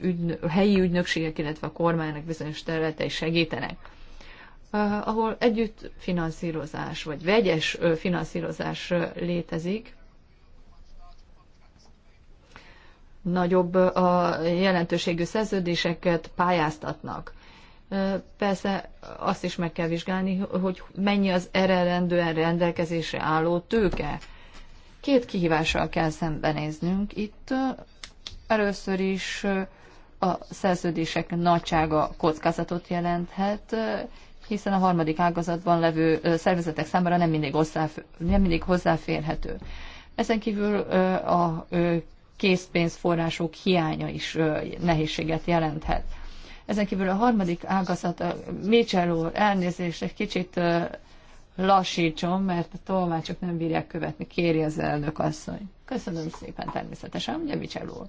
ügy, helyi ügynökségek, illetve a kormánynak bizonyos területei segítenek. Eh, ahol együtt finanszírozás, vagy vegyes finanszírozás létezik, nagyobb a jelentőségű szerződéseket pályáztatnak. Eh, persze azt is meg kell vizsgálni, hogy mennyi az erre rendően rendelkezésre álló tőke. Két kihívással kell szembenéznünk itt. Először is a szerződések nagysága kockázatot jelenthet, hiszen a harmadik ágazatban levő szervezetek számára nem mindig, nem mindig hozzáférhető. Ezen kívül a készpénzforrások hiánya is nehézséget jelenthet. Ezen kívül a harmadik ágazat, a Mitchell úr, elnézést, egy kicsit lassítson, mert a tolmácsok nem bírják követni, kéri az elnök asszony. Köszönöm szépen természetesen, ugye Mitchell úr?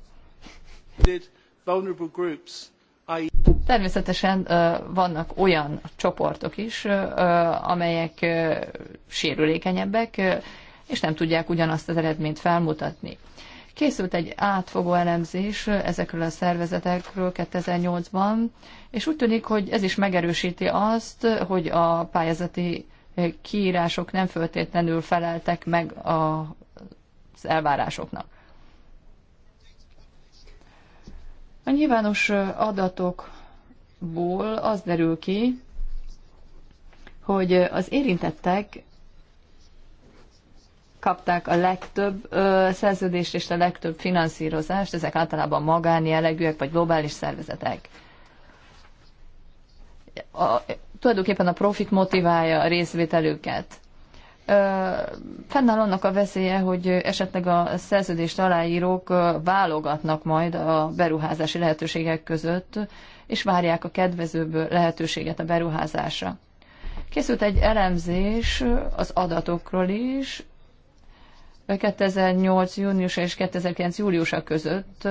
Természetesen vannak olyan csoportok is, amelyek sérülékenyebbek, és nem tudják ugyanazt az eredményt felmutatni. Készült egy átfogó elemzés ezekről a szervezetekről 2008-ban, és úgy tűnik, hogy ez is megerősíti azt, hogy a pályázati kiírások nem föltétlenül feleltek meg az elvárásoknak. A nyilvános adatokból az derül ki, hogy az érintettek kapták a legtöbb ö, szerződést és a legtöbb finanszírozást, ezek általában magánjellegűek vagy globális szervezetek. A, tulajdonképpen a profit motiválja a részvételüket fennáll annak a veszélye, hogy esetleg a szerződést aláírók válogatnak majd a beruházási lehetőségek között, és várják a kedvezőbb lehetőséget a beruházásra. Készült egy elemzés az adatokról is, 2008. június és 2009. júliusa között.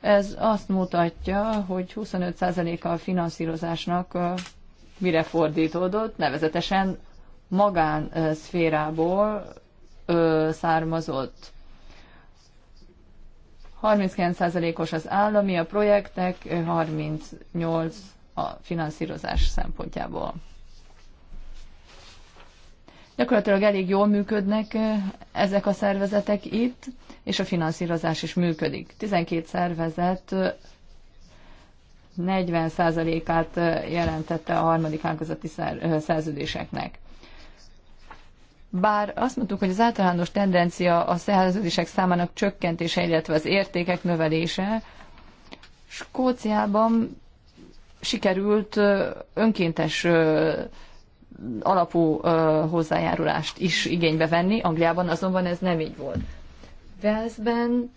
Ez azt mutatja, hogy 25%-a a finanszírozásnak mire fordítódott, nevezetesen magánszférából származott. 39%-os az állami a projektek, 38 a finanszírozás szempontjából. Gyakorlatilag elég jól működnek ezek a szervezetek itt, és a finanszírozás is működik. 12 szervezet 40%-át jelentette a harmadik ágazati szerződéseknek. Bár azt mondtuk, hogy az általános tendencia a szerződések számának csökkentése, illetve az értékek növelése, Skóciában sikerült önkéntes alapú hozzájárulást is igénybe venni, Angliában azonban ez nem így volt. Velszben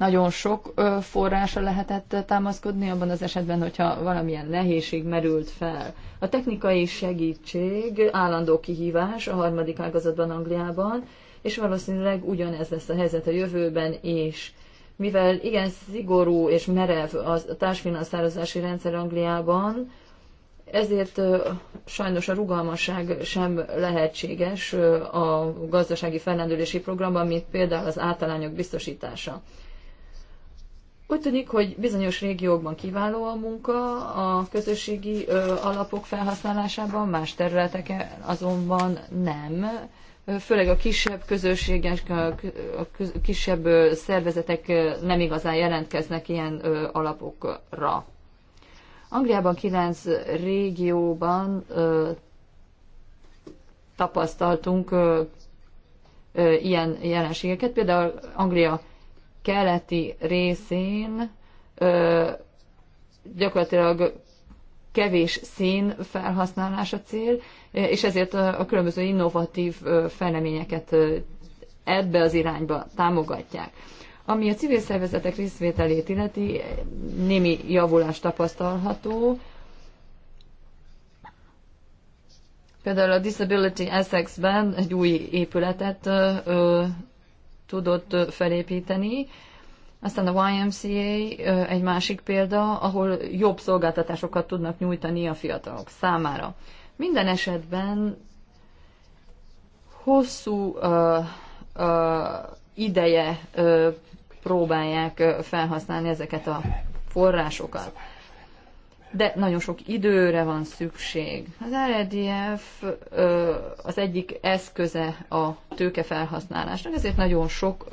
nagyon sok forrása lehetett támaszkodni abban az esetben, hogyha valamilyen nehézség merült fel. A technikai segítség állandó kihívás a harmadik ágazatban Angliában, és valószínűleg ugyanez lesz a helyzet a jövőben is. Mivel igen szigorú és merev a társfinanszírozási rendszer Angliában, ezért sajnos a rugalmasság sem lehetséges a gazdasági fellendülési programban, mint például az általányok biztosítása. Úgy tűnik, hogy bizonyos régiókban kiváló a munka, a közösségi alapok felhasználásában, más területeken azonban nem. Főleg a kisebb közösségek, a kisebb szervezetek nem igazán jelentkeznek ilyen alapokra. Angliában kilenc régióban tapasztaltunk ilyen jelenségeket, például Anglia keleti részén ö, gyakorlatilag kevés szén felhasználása cél, és ezért a, a különböző innovatív fejleményeket ebbe az irányba támogatják. Ami a civil szervezetek részvételét illeti, némi javulás tapasztalható. Például a Disability Essex-ben egy új épületet ö, ö, tudott felépíteni. Aztán a YMCA egy másik példa, ahol jobb szolgáltatásokat tudnak nyújtani a fiatalok számára. Minden esetben hosszú uh, uh, ideje uh, próbálják felhasználni ezeket a forrásokat de nagyon sok időre van szükség. Az RDF e az egyik eszköze a tőke felhasználásnak, ezért nagyon sok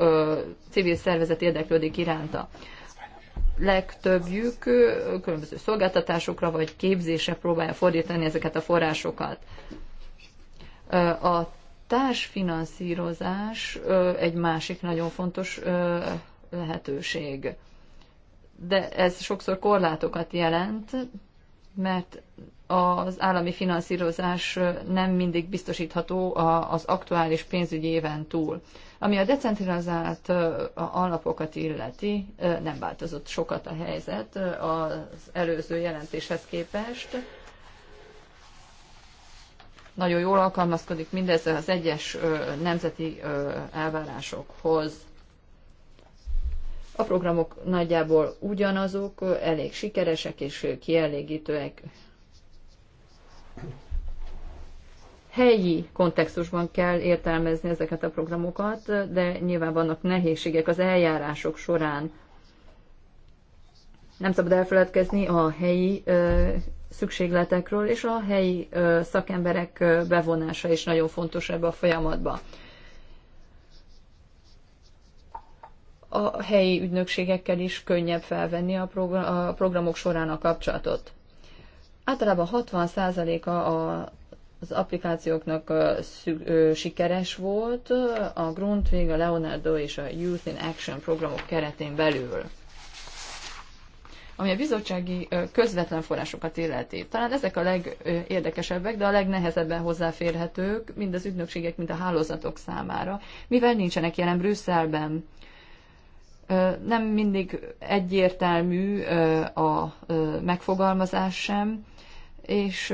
civil szervezet érdeklődik iránta. Legtöbbjük különböző szolgáltatásokra vagy képzésre próbálja fordítani ezeket a forrásokat. A társfinanszírozás egy másik nagyon fontos lehetőség de ez sokszor korlátokat jelent, mert az állami finanszírozás nem mindig biztosítható az aktuális pénzügyi éven túl. Ami a decentralizált alapokat illeti, nem változott sokat a helyzet az előző jelentéshez képest. Nagyon jól alkalmazkodik mindez az egyes nemzeti elvárásokhoz. A programok nagyjából ugyanazok, elég sikeresek és kielégítőek. Helyi kontextusban kell értelmezni ezeket a programokat, de nyilván vannak nehézségek az eljárások során. Nem szabad elfeledkezni a helyi ö, szükségletekről, és a helyi ö, szakemberek ö, bevonása is nagyon fontos ebbe a folyamatba. a helyi ügynökségekkel is könnyebb felvenni a, a programok során a kapcsolatot. Általában 60%-a az applikációknak szük, ö, sikeres volt a Grundtvig, a Leonardo és a Youth in Action programok keretén belül. Ami a bizottsági közvetlen forrásokat illeti. Talán ezek a legérdekesebbek, de a legnehezebben hozzáférhetők, mind az ügynökségek, mind a hálózatok számára, mivel nincsenek jelen Brüsszelben nem mindig egyértelmű a megfogalmazás sem, és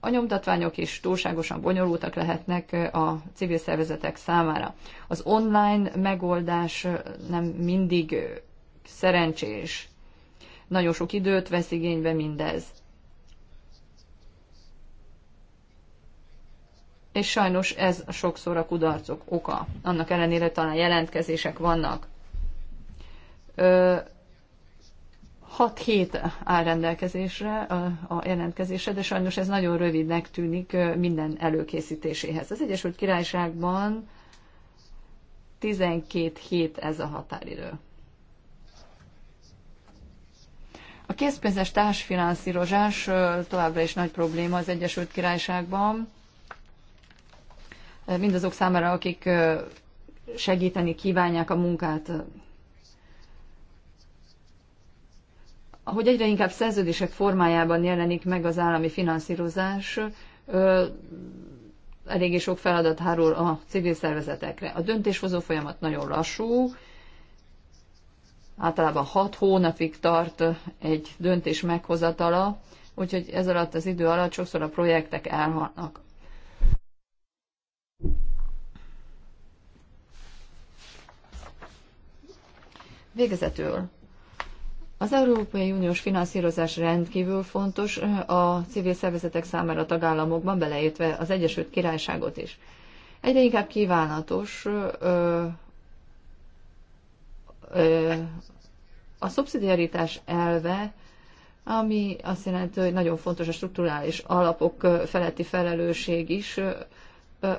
a nyomtatványok is túlságosan bonyolultak lehetnek a civil szervezetek számára. Az online megoldás nem mindig szerencsés. Nagyon sok időt vesz igénybe mindez. És sajnos ez sokszor a kudarcok oka. Annak ellenére talán jelentkezések vannak. 6 hét áll rendelkezésre a jelentkezésre, de sajnos ez nagyon rövidnek tűnik minden előkészítéséhez. Az Egyesült Királyságban 12 hét ez a határidő. A készpénzes társfinanszírozás továbbra is nagy probléma az Egyesült Királyságban. Mindazok számára, akik segíteni kívánják a munkát ahogy egyre inkább szerződések formájában jelenik meg az állami finanszírozás, eléggé sok feladat hárul a civil szervezetekre. A döntéshozó folyamat nagyon lassú, általában hat hónapig tart egy döntés meghozatala, úgyhogy ez alatt az idő alatt sokszor a projektek elhalnak. Végezetül az Európai Uniós finanszírozás rendkívül fontos a civil szervezetek számára a tagállamokban, beleértve az Egyesült Királyságot is. Egyre inkább kívánatos ö, ö, a szubszidiaritás elve, ami azt jelenti, hogy nagyon fontos a strukturális alapok feletti felelősség is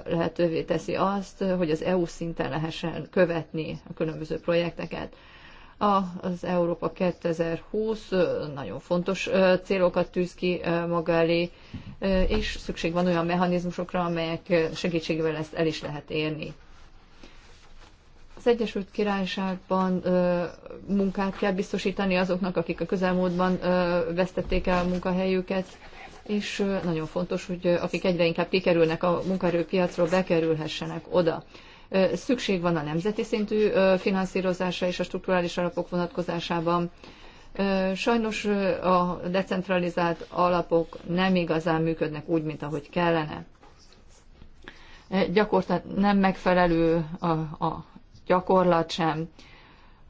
lehetővé teszi azt, hogy az EU szinten lehessen követni a különböző projekteket. Az Európa 2020 nagyon fontos célokat tűz ki maga elé, és szükség van olyan mechanizmusokra, amelyek segítségével ezt el is lehet érni. Az Egyesült Királyságban ö, munkát kell biztosítani azoknak, akik a közelmúltban ö, vesztették el a munkahelyüket, és ö, nagyon fontos, hogy ö, akik egyre inkább kikerülnek a munkaerőpiacról, bekerülhessenek oda szükség van a nemzeti szintű finanszírozásra és a strukturális alapok vonatkozásában. Sajnos a decentralizált alapok nem igazán működnek úgy, mint ahogy kellene. Gyakorlat nem megfelelő a, a gyakorlat sem.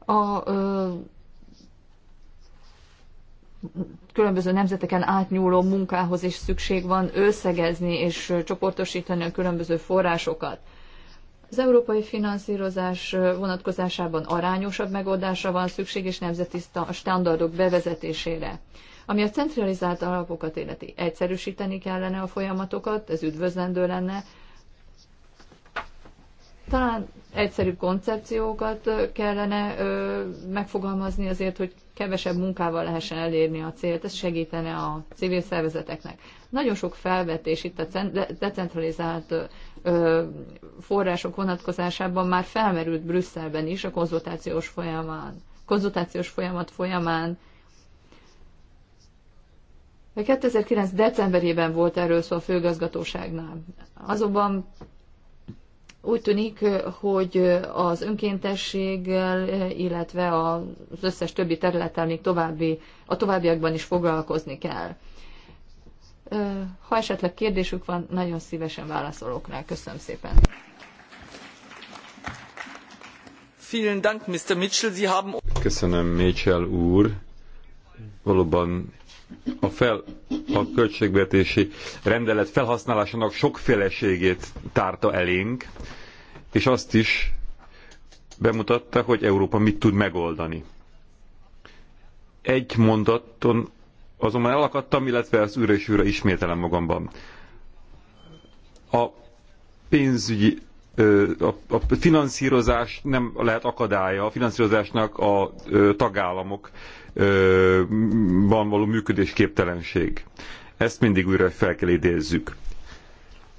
A ö, különböző nemzeteken átnyúló munkához is szükség van összegezni és csoportosítani a különböző forrásokat. Az európai finanszírozás vonatkozásában arányosabb megoldásra van szükség és nemzeti standardok bevezetésére. Ami a centralizált alapokat illeti, egyszerűsíteni kellene a folyamatokat, ez üdvözlendő lenne. Talán egyszerűbb koncepciókat kellene megfogalmazni azért, hogy kevesebb munkával lehessen elérni a célt, ez segítene a civil szervezeteknek. Nagyon sok felvetés itt a decentralizált források vonatkozásában már felmerült Brüsszelben is a konzultációs folyamán. Konzultációs folyamat folyamán 2009. decemberében volt erről szó a főgazgatóságnál. Azonban úgy tűnik, hogy az önkéntességgel, illetve az összes többi területtel még további, a továbbiakban is foglalkozni kell. Ha esetleg kérdésük van, nagyon szívesen válaszolok rá. Köszönöm szépen. Vielen Dank, Mr. Mitchell. Sie haben... Köszönöm, Mitchell úr. Valóban a, fel, a költségvetési rendelet felhasználásának sokféleségét tárta elénk, és azt is bemutatta, hogy Európa mit tud megoldani. Egy mondaton azonban elakadtam, illetve az újra és újra ismételem magamban. A pénzügyi a, finanszírozás nem lehet akadálya, a finanszírozásnak a tagállamokban való működésképtelenség. Ezt mindig újra fel kell idézzük.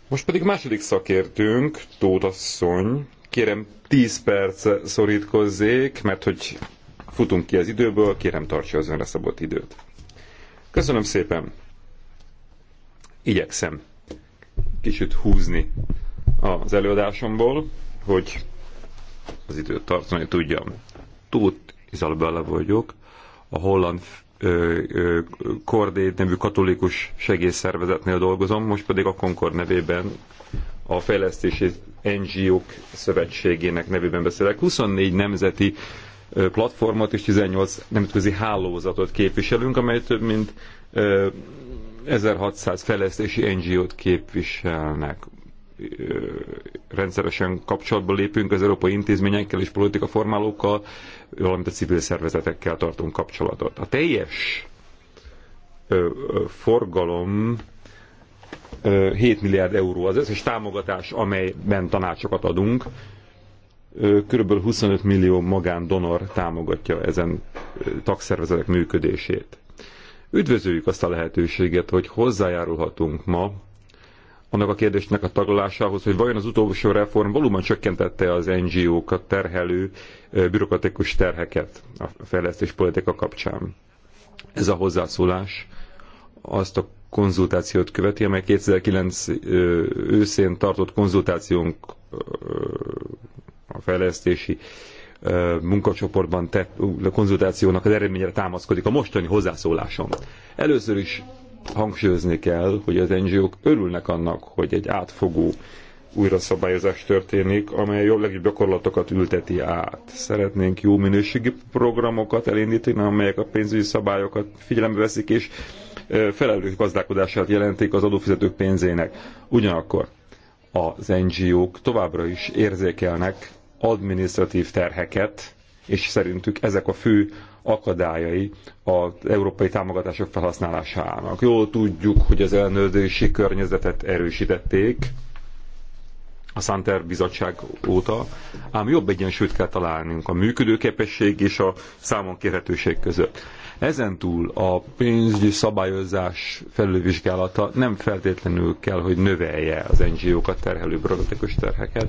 Most pedig második szakértőnk, Tóth Asszony. Kérem, 10 perc szorítkozzék, mert hogy futunk ki az időből, kérem tartsa az önre szabott időt. Köszönöm szépen. Igyekszem kicsit húzni az előadásomból, hogy az időt tartani tudjam. Tóth Izalbella vagyok, a holland Kordét nevű katolikus segélyszervezetnél dolgozom, most pedig a Concord nevében a Fejlesztési NGO-k Szövetségének nevében beszélek. 24 nemzeti platformot és 18 nemzetközi hálózatot képviselünk, amely több mint 1600 fejlesztési NGO-t képviselnek. Rendszeresen kapcsolatba lépünk az európai intézményekkel és politikaformálókkal, valamint a civil szervezetekkel tartunk kapcsolatot. A teljes forgalom 7 milliárd euró az összes támogatás, amelyben tanácsokat adunk, kb. 25 millió magándonor támogatja ezen tagszervezetek működését. Üdvözöljük azt a lehetőséget, hogy hozzájárulhatunk ma annak a kérdésnek a tagolásához, hogy vajon az utolsó reform valóban csökkentette az NGO-kat terhelő bürokratikus terheket a fejlesztés politika kapcsán. Ez a hozzászólás azt a konzultációt követi, amely 2009 őszén tartott konzultációnk a fejlesztési munkacsoportban tett konzultációnak az eredményre támaszkodik a mostani hozzászólásom. Először is hangsúlyozni kell, hogy az NGO-k örülnek annak, hogy egy átfogó újra szabályozás történik, amely jobb legjobb gyakorlatokat ülteti át. Szeretnénk jó minőségi programokat elindítani, amelyek a pénzügyi szabályokat figyelembe veszik, és felelős gazdálkodását jelentik az adófizetők pénzének. Ugyanakkor az NGO-k továbbra is érzékelnek adminisztratív terheket, és szerintük ezek a fő akadályai az európai támogatások felhasználásának. Jól tudjuk, hogy az ellenőrzési környezetet erősítették a Santer Bizottság óta, ám jobb egyensúlyt kell találnunk a működőképesség és a számon kérhetőség között. Ezen túl a pénzügyi szabályozás felülvizsgálata nem feltétlenül kell, hogy növelje az NGO-kat terhelő bürokratikus terheket,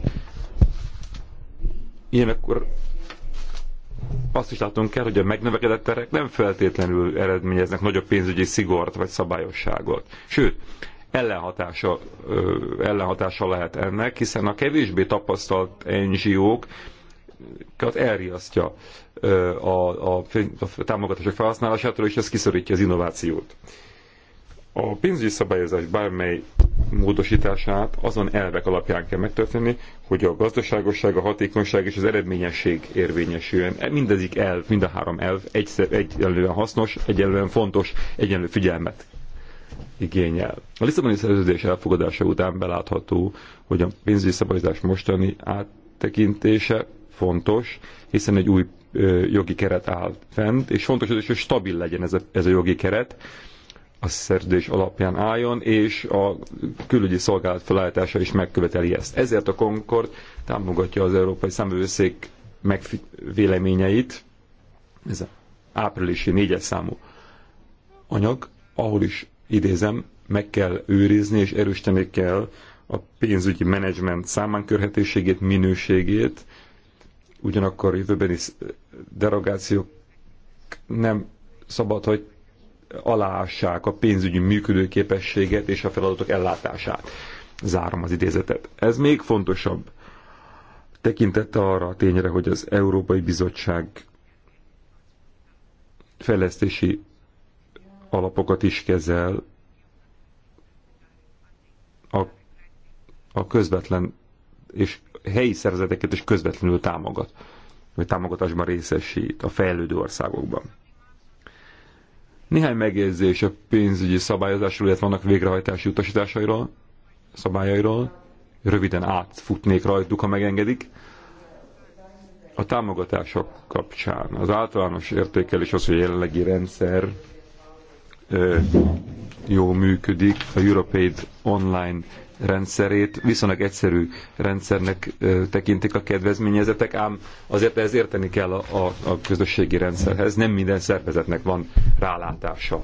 Ilyenekkor azt is látunk, kell, hogy a megnövekedett terek nem feltétlenül eredményeznek nagyobb pénzügyi szigort vagy szabályosságot. Sőt, ellenhatása, ellenhatása lehet ennek, hiszen a kevésbé tapasztalt ngo k elriasztja a, a, a támogatások felhasználásától, és ez kiszorítja az innovációt. A pénzügyi szabályozás bármely módosítását azon elvek alapján kell megtörténni, hogy a gazdaságosság, a hatékonyság és az eredményesség érvényesüljön. E Mindezik elv, mind a három elv egyszer, egyenlően hasznos, egyenlően fontos, egyenlő figyelmet igényel. A Lisszaboni szerződés elfogadása után belátható, hogy a pénzügyi szabályozás mostani áttekintése fontos, hiszen egy új jogi keret áll fent, és fontos, hogy stabil legyen ez a, ez a jogi keret, a szerződés alapján álljon, és a külügyi szolgálat felállítása is megköveteli ezt. Ezért a Concord támogatja az Európai Számövőszék megvéleményeit, ez áprilisi négyes számú anyag, ahol is idézem, meg kell őrizni és erősíteni kell a pénzügyi menedzsment számánkörhetőségét, minőségét, ugyanakkor jövőbeni derogációk nem szabad, hogy aláássák a pénzügyi működőképességet és a feladatok ellátását. Zárom az idézetet. Ez még fontosabb tekintette arra a tényre, hogy az Európai Bizottság fejlesztési alapokat is kezel a, a közvetlen és helyi szervezeteket is közvetlenül támogat, vagy támogatásban részesít a fejlődő országokban. Néhány megjegyzés a pénzügyi szabályozásról, illetve vannak végrehajtási utasításairól, szabályairól. Röviden átfutnék rajtuk, ha megengedik. A támogatások kapcsán az általános értékelés az, hogy jelenlegi rendszer jó működik a Europaid online rendszerét. Viszonylag egyszerű rendszernek tekintik a kedvezményezetek, ám azért ez érteni kell a, a, a közösségi rendszerhez. Nem minden szervezetnek van rálátása,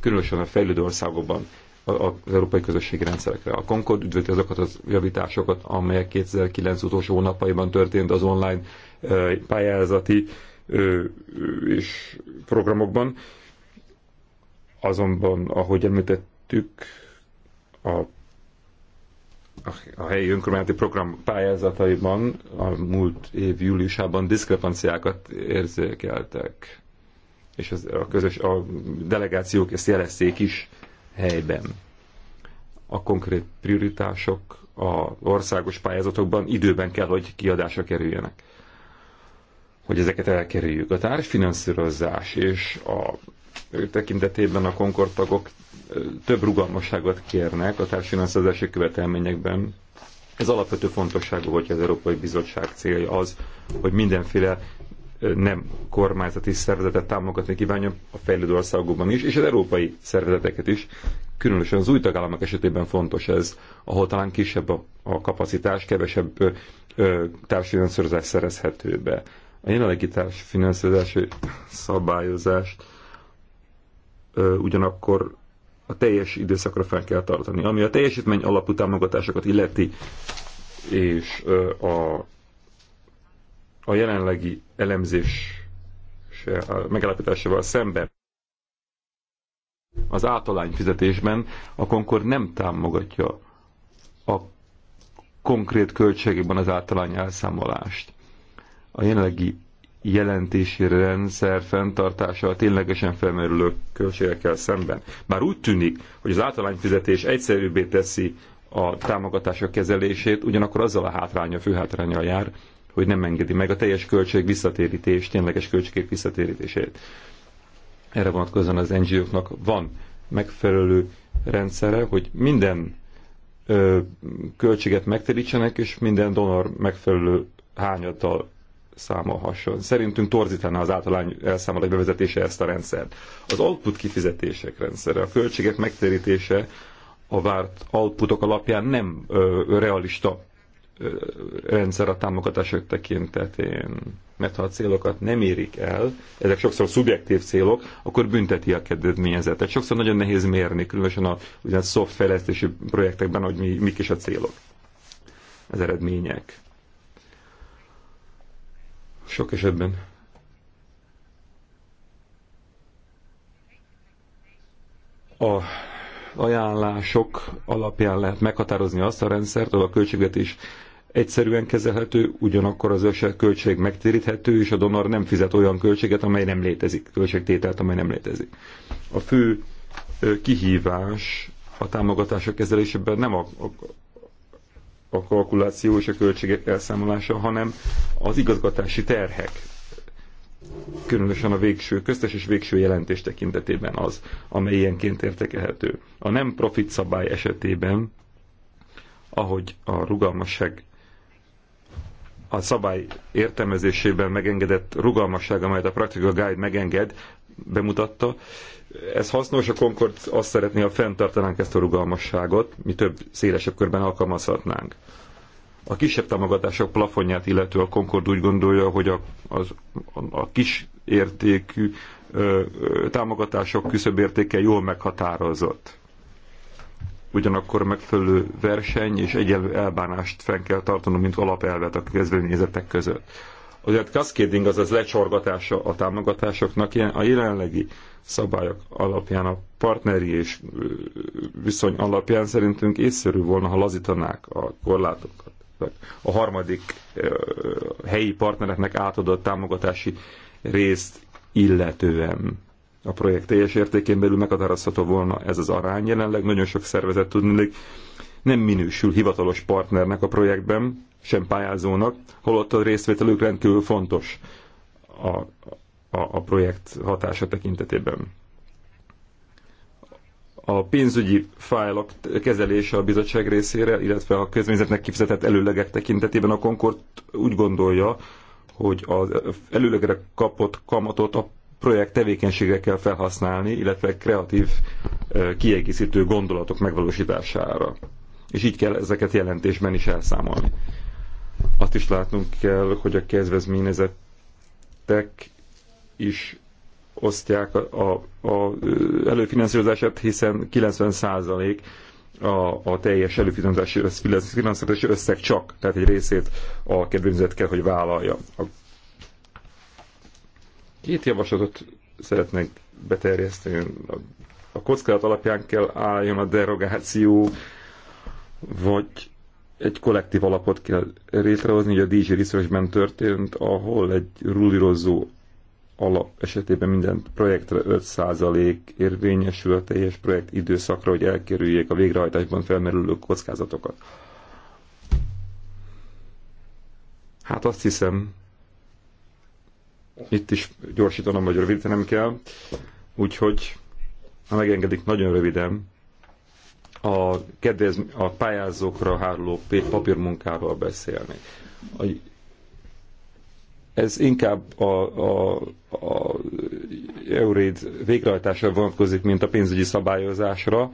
különösen a fejlődő országokban az európai közösségi rendszerekre. A Concord üdvözli azokat az javításokat, amelyek 2009 utolsó hónapjaiban történt az online pályázati és programokban. Azonban, ahogy említettük, a a helyi önkormányzati program pályázataiban a múlt év júliusában diszkrepanciákat érzékeltek. És az, a közös a delegációk ezt jelezték is helyben. A konkrét prioritások a országos pályázatokban időben kell, hogy kiadásra kerüljenek. Hogy ezeket elkerüljük. A társfinanszírozás és a tekintetében a konkortagok több rugalmasságot kérnek a társadalmi követelményekben. Ez alapvető fontosságú, hogy az Európai Bizottság célja az, hogy mindenféle nem kormányzati szervezetet támogatni kívánja a fejlődő országokban is, és az európai szervezeteket is. Különösen az új tagállamok esetében fontos ez, ahol talán kisebb a, a kapacitás, kevesebb társadalmi szerezhető be. A jelenlegi társfinanszírozási szabályozást ugyanakkor a teljes időszakra fel kell tartani. Ami a teljesítmény alapú támogatásokat illeti, és a, a jelenlegi elemzés megállapításával szemben az általány fizetésben, akkor nem támogatja a konkrét költségében az általány elszámolást. A jelenlegi jelentési rendszer fenntartása a ténylegesen felmerülő költségekkel szemben. Bár úgy tűnik, hogy az általányfizetés egyszerűbbé teszi a támogatások kezelését, ugyanakkor azzal a hátránya, főhátránya jár, hogy nem engedi meg a teljes költség visszatérítés, tényleges költségek visszatérítését. Erre vonatkozóan az NGO-knak van megfelelő rendszere, hogy minden ö, költséget megterítsenek, és minden donor megfelelő hányattal számolhasson. Szerintünk torzítaná az általány elszámolás bevezetése ezt a rendszert. Az output kifizetések rendszere, a költségek megtérítése a várt outputok alapján nem ö, realista ö, rendszer a támogatások tekintetén. Mert ha a célokat nem érik el, ezek sokszor szubjektív célok, akkor bünteti a kedvezményezetet. Sokszor nagyon nehéz mérni, különösen a ugyan szoftfejlesztési projektekben, hogy mi, mik is a célok, az eredmények sok esetben a ajánlások alapján lehet meghatározni azt a rendszert, ahol a költségvetés egyszerűen kezelhető, ugyanakkor az összes költség megtéríthető, és a donor nem fizet olyan költséget, amely nem létezik, költségtételt, amely nem létezik. A fő kihívás a támogatások kezelésében nem a, a, a kalkuláció és a költségek elszámolása, hanem az igazgatási terhek, különösen a végső köztes és végső jelentés tekintetében az, amely ilyenként értekelhető. A nem profit szabály esetében, ahogy a rugalmasság a szabály értelmezésében megengedett rugalmasság, amelyet a Practical Guide megenged, bemutatta. Ez hasznos, a Concord azt szeretné, ha fenntartanánk ezt a rugalmasságot, mi több szélesebb körben alkalmazhatnánk. A kisebb támogatások plafonját illető a Concord úgy gondolja, hogy a, az, a, a kis értékű ö, ö, támogatások értéke jól meghatározott ugyanakkor megfelelő verseny és egyenlő elbánást fenn kell tartanunk, mint alapelvet a kezdeményezetek között az cascading, azaz lecsorgatása a támogatásoknak a jelenlegi szabályok alapján, a partneri és viszony alapján szerintünk észszerű volna, ha lazítanák a korlátokat. A harmadik helyi partnereknek átadott támogatási részt illetően a projekt teljes értékén belül meghatározható volna ez az arány. Jelenleg nagyon sok szervezet tudni, nem minősül hivatalos partnernek a projektben, sem pályázónak, holott a részvételük rendkívül fontos a, a, a projekt hatása tekintetében. A pénzügyi fájlok kezelése a bizottság részére, illetve a közményzetnek kifizetett előlegek tekintetében a Concord úgy gondolja, hogy az előlegre kapott kamatot a projekt tevékenységre kell felhasználni, illetve kreatív kiegészítő gondolatok megvalósítására. És így kell ezeket jelentésben is elszámolni. Azt is látnunk kell, hogy a kezvezményezettek is osztják a, a, a előfinanszírozását, hiszen 90 százalék a, a teljes előfinanszírozási össz, összeg csak, tehát egy részét a kedvezményezett kell, hogy vállalja. A két javaslatot szeretnék beterjeszteni. A, a kockázat alapján kell álljon a derogáció, vagy egy kollektív alapot kell létrehozni, hogy a DJ Researchben történt, ahol egy rulirozó alap esetében minden projektre 5% érvényesül a teljes projekt időszakra, hogy elkerüljék a végrehajtásban felmerülő kockázatokat. Hát azt hiszem, itt is gyorsítanom, vagy rövidítenem kell, úgyhogy, ha megengedik, nagyon röviden, a, kedvez, a pályázókra háruló papírmunkáról beszélni. ez inkább a, a, a Euréd végrehajtásra vonatkozik, mint a pénzügyi szabályozásra,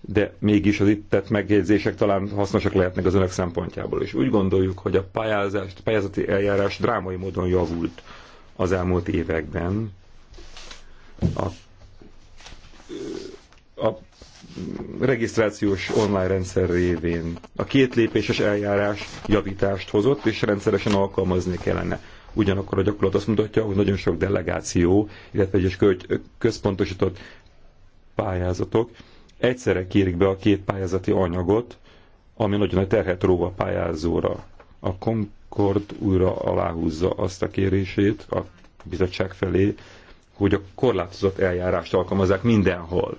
de mégis az itt tett megjegyzések talán hasznosak lehetnek az önök szempontjából. És úgy gondoljuk, hogy a pályázást, pályázati eljárás drámai módon javult az elmúlt években. A, a regisztrációs online rendszer révén. A két lépéses eljárás javítást hozott, és rendszeresen alkalmazni kellene. Ugyanakkor a gyakorlat azt mutatja, hogy nagyon sok delegáció, illetve egyes központosított pályázatok egyszerre kérik be a két pályázati anyagot, ami nagyon nagy terhet ró a pályázóra. A Concord újra aláhúzza azt a kérését a bizottság felé, hogy a korlátozott eljárást alkalmazzák mindenhol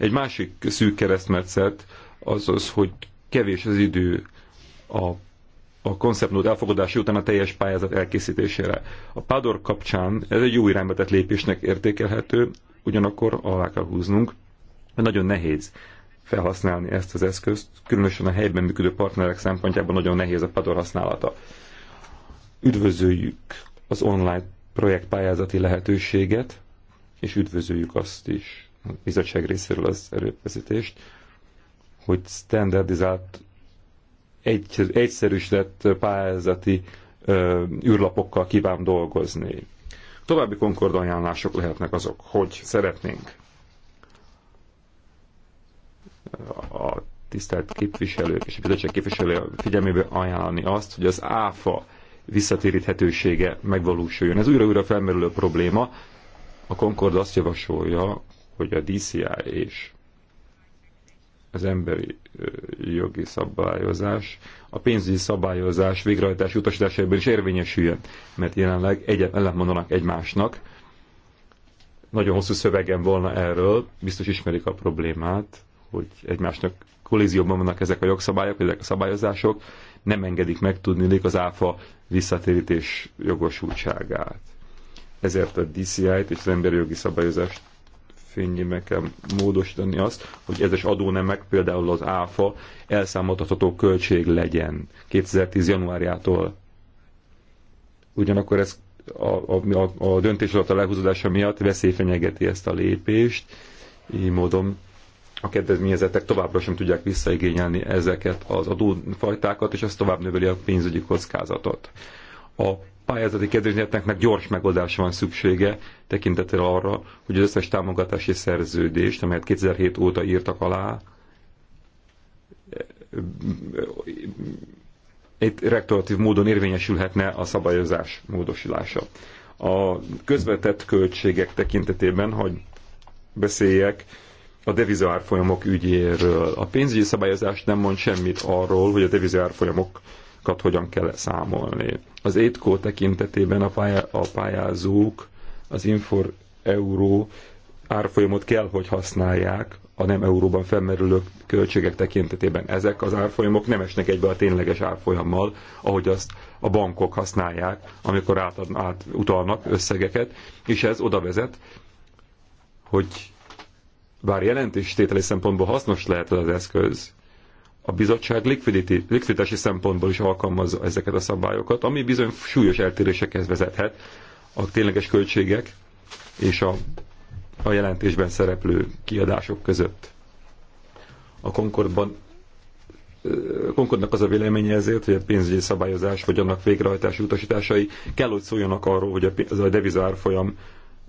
egy másik szűk keresztmetszet az az, hogy kevés az idő a, a konceptnód elfogadása után a teljes pályázat elkészítésére. A Pádor kapcsán ez egy jó irányba tett lépésnek értékelhető, ugyanakkor alá kell húznunk, mert nagyon nehéz felhasználni ezt az eszközt, különösen a helyben működő partnerek szempontjából nagyon nehéz a Pádor használata. Üdvözöljük az online projektpályázati lehetőséget, és üdvözöljük azt is, bizottság részéről az erőfeszítést, hogy standardizált, egy, egyszerűsített pályázati ö, űrlapokkal kíván dolgozni. További konkord lehetnek azok, hogy szeretnénk a tisztelt képviselők és a bizottság képviselő figyelmébe ajánlani azt, hogy az ÁFA visszatéríthetősége megvalósuljon. Ez újra-újra felmerülő probléma. A Concord azt javasolja, hogy a DCI és az emberi jogi szabályozás, a pénzügyi szabályozás végrehajtási utasításaiban is érvényesüljön, mert jelenleg egyet ellentmondanak egymásnak. Nagyon hosszú szövegem volna erről, biztos ismerik a problémát, hogy egymásnak kollízióban vannak ezek a jogszabályok, ezek a szabályozások, nem engedik meg tudni az áfa visszatérítés jogosultságát. Ezért a DCI-t és az emberi jogi szabályozást meg kell módosítani azt, hogy ezes adónemek, például az ÁFA elszámoltatható költség legyen 2010. januárjától. Ugyanakkor ez a, a, a a lehúzódása miatt veszély fenyegeti ezt a lépést, így módon a kedvezményezetek továbbra sem tudják visszaigényelni ezeket az adófajtákat, és ez tovább növeli a pénzügyi kockázatot. A pályázati meg gyors megoldásra van szüksége, tekintettel arra, hogy az összes támogatási szerződést, amelyet 2007 óta írtak alá, itt rektoratív módon érvényesülhetne a szabályozás módosulása. A közvetett költségek tekintetében, hogy beszéljek, a devizárfolyamok ügyéről. A pénzügyi szabályozás nem mond semmit arról, hogy a devizárfolyamok hogyan kell számolni. Az étkó tekintetében a, pályá, a pályázók az Infor euró árfolyamot kell, hogy használják a nem euróban felmerülő költségek tekintetében. Ezek az árfolyamok nem esnek egybe a tényleges árfolyammal, ahogy azt a bankok használják, amikor átad, át utalnak összegeket, és ez oda vezet, hogy bár jelentéstételi szempontból hasznos lehet az eszköz, a bizottság likviditási szempontból is alkalmazza ezeket a szabályokat, ami bizony súlyos eltérésekhez vezethet a tényleges költségek és a, a jelentésben szereplő kiadások között. A Concordban konkordnak az a véleménye ezért, hogy a pénzügyi szabályozás vagy annak végrehajtási utasításai kell, hogy szóljanak arról, hogy a, a deviza árfolyam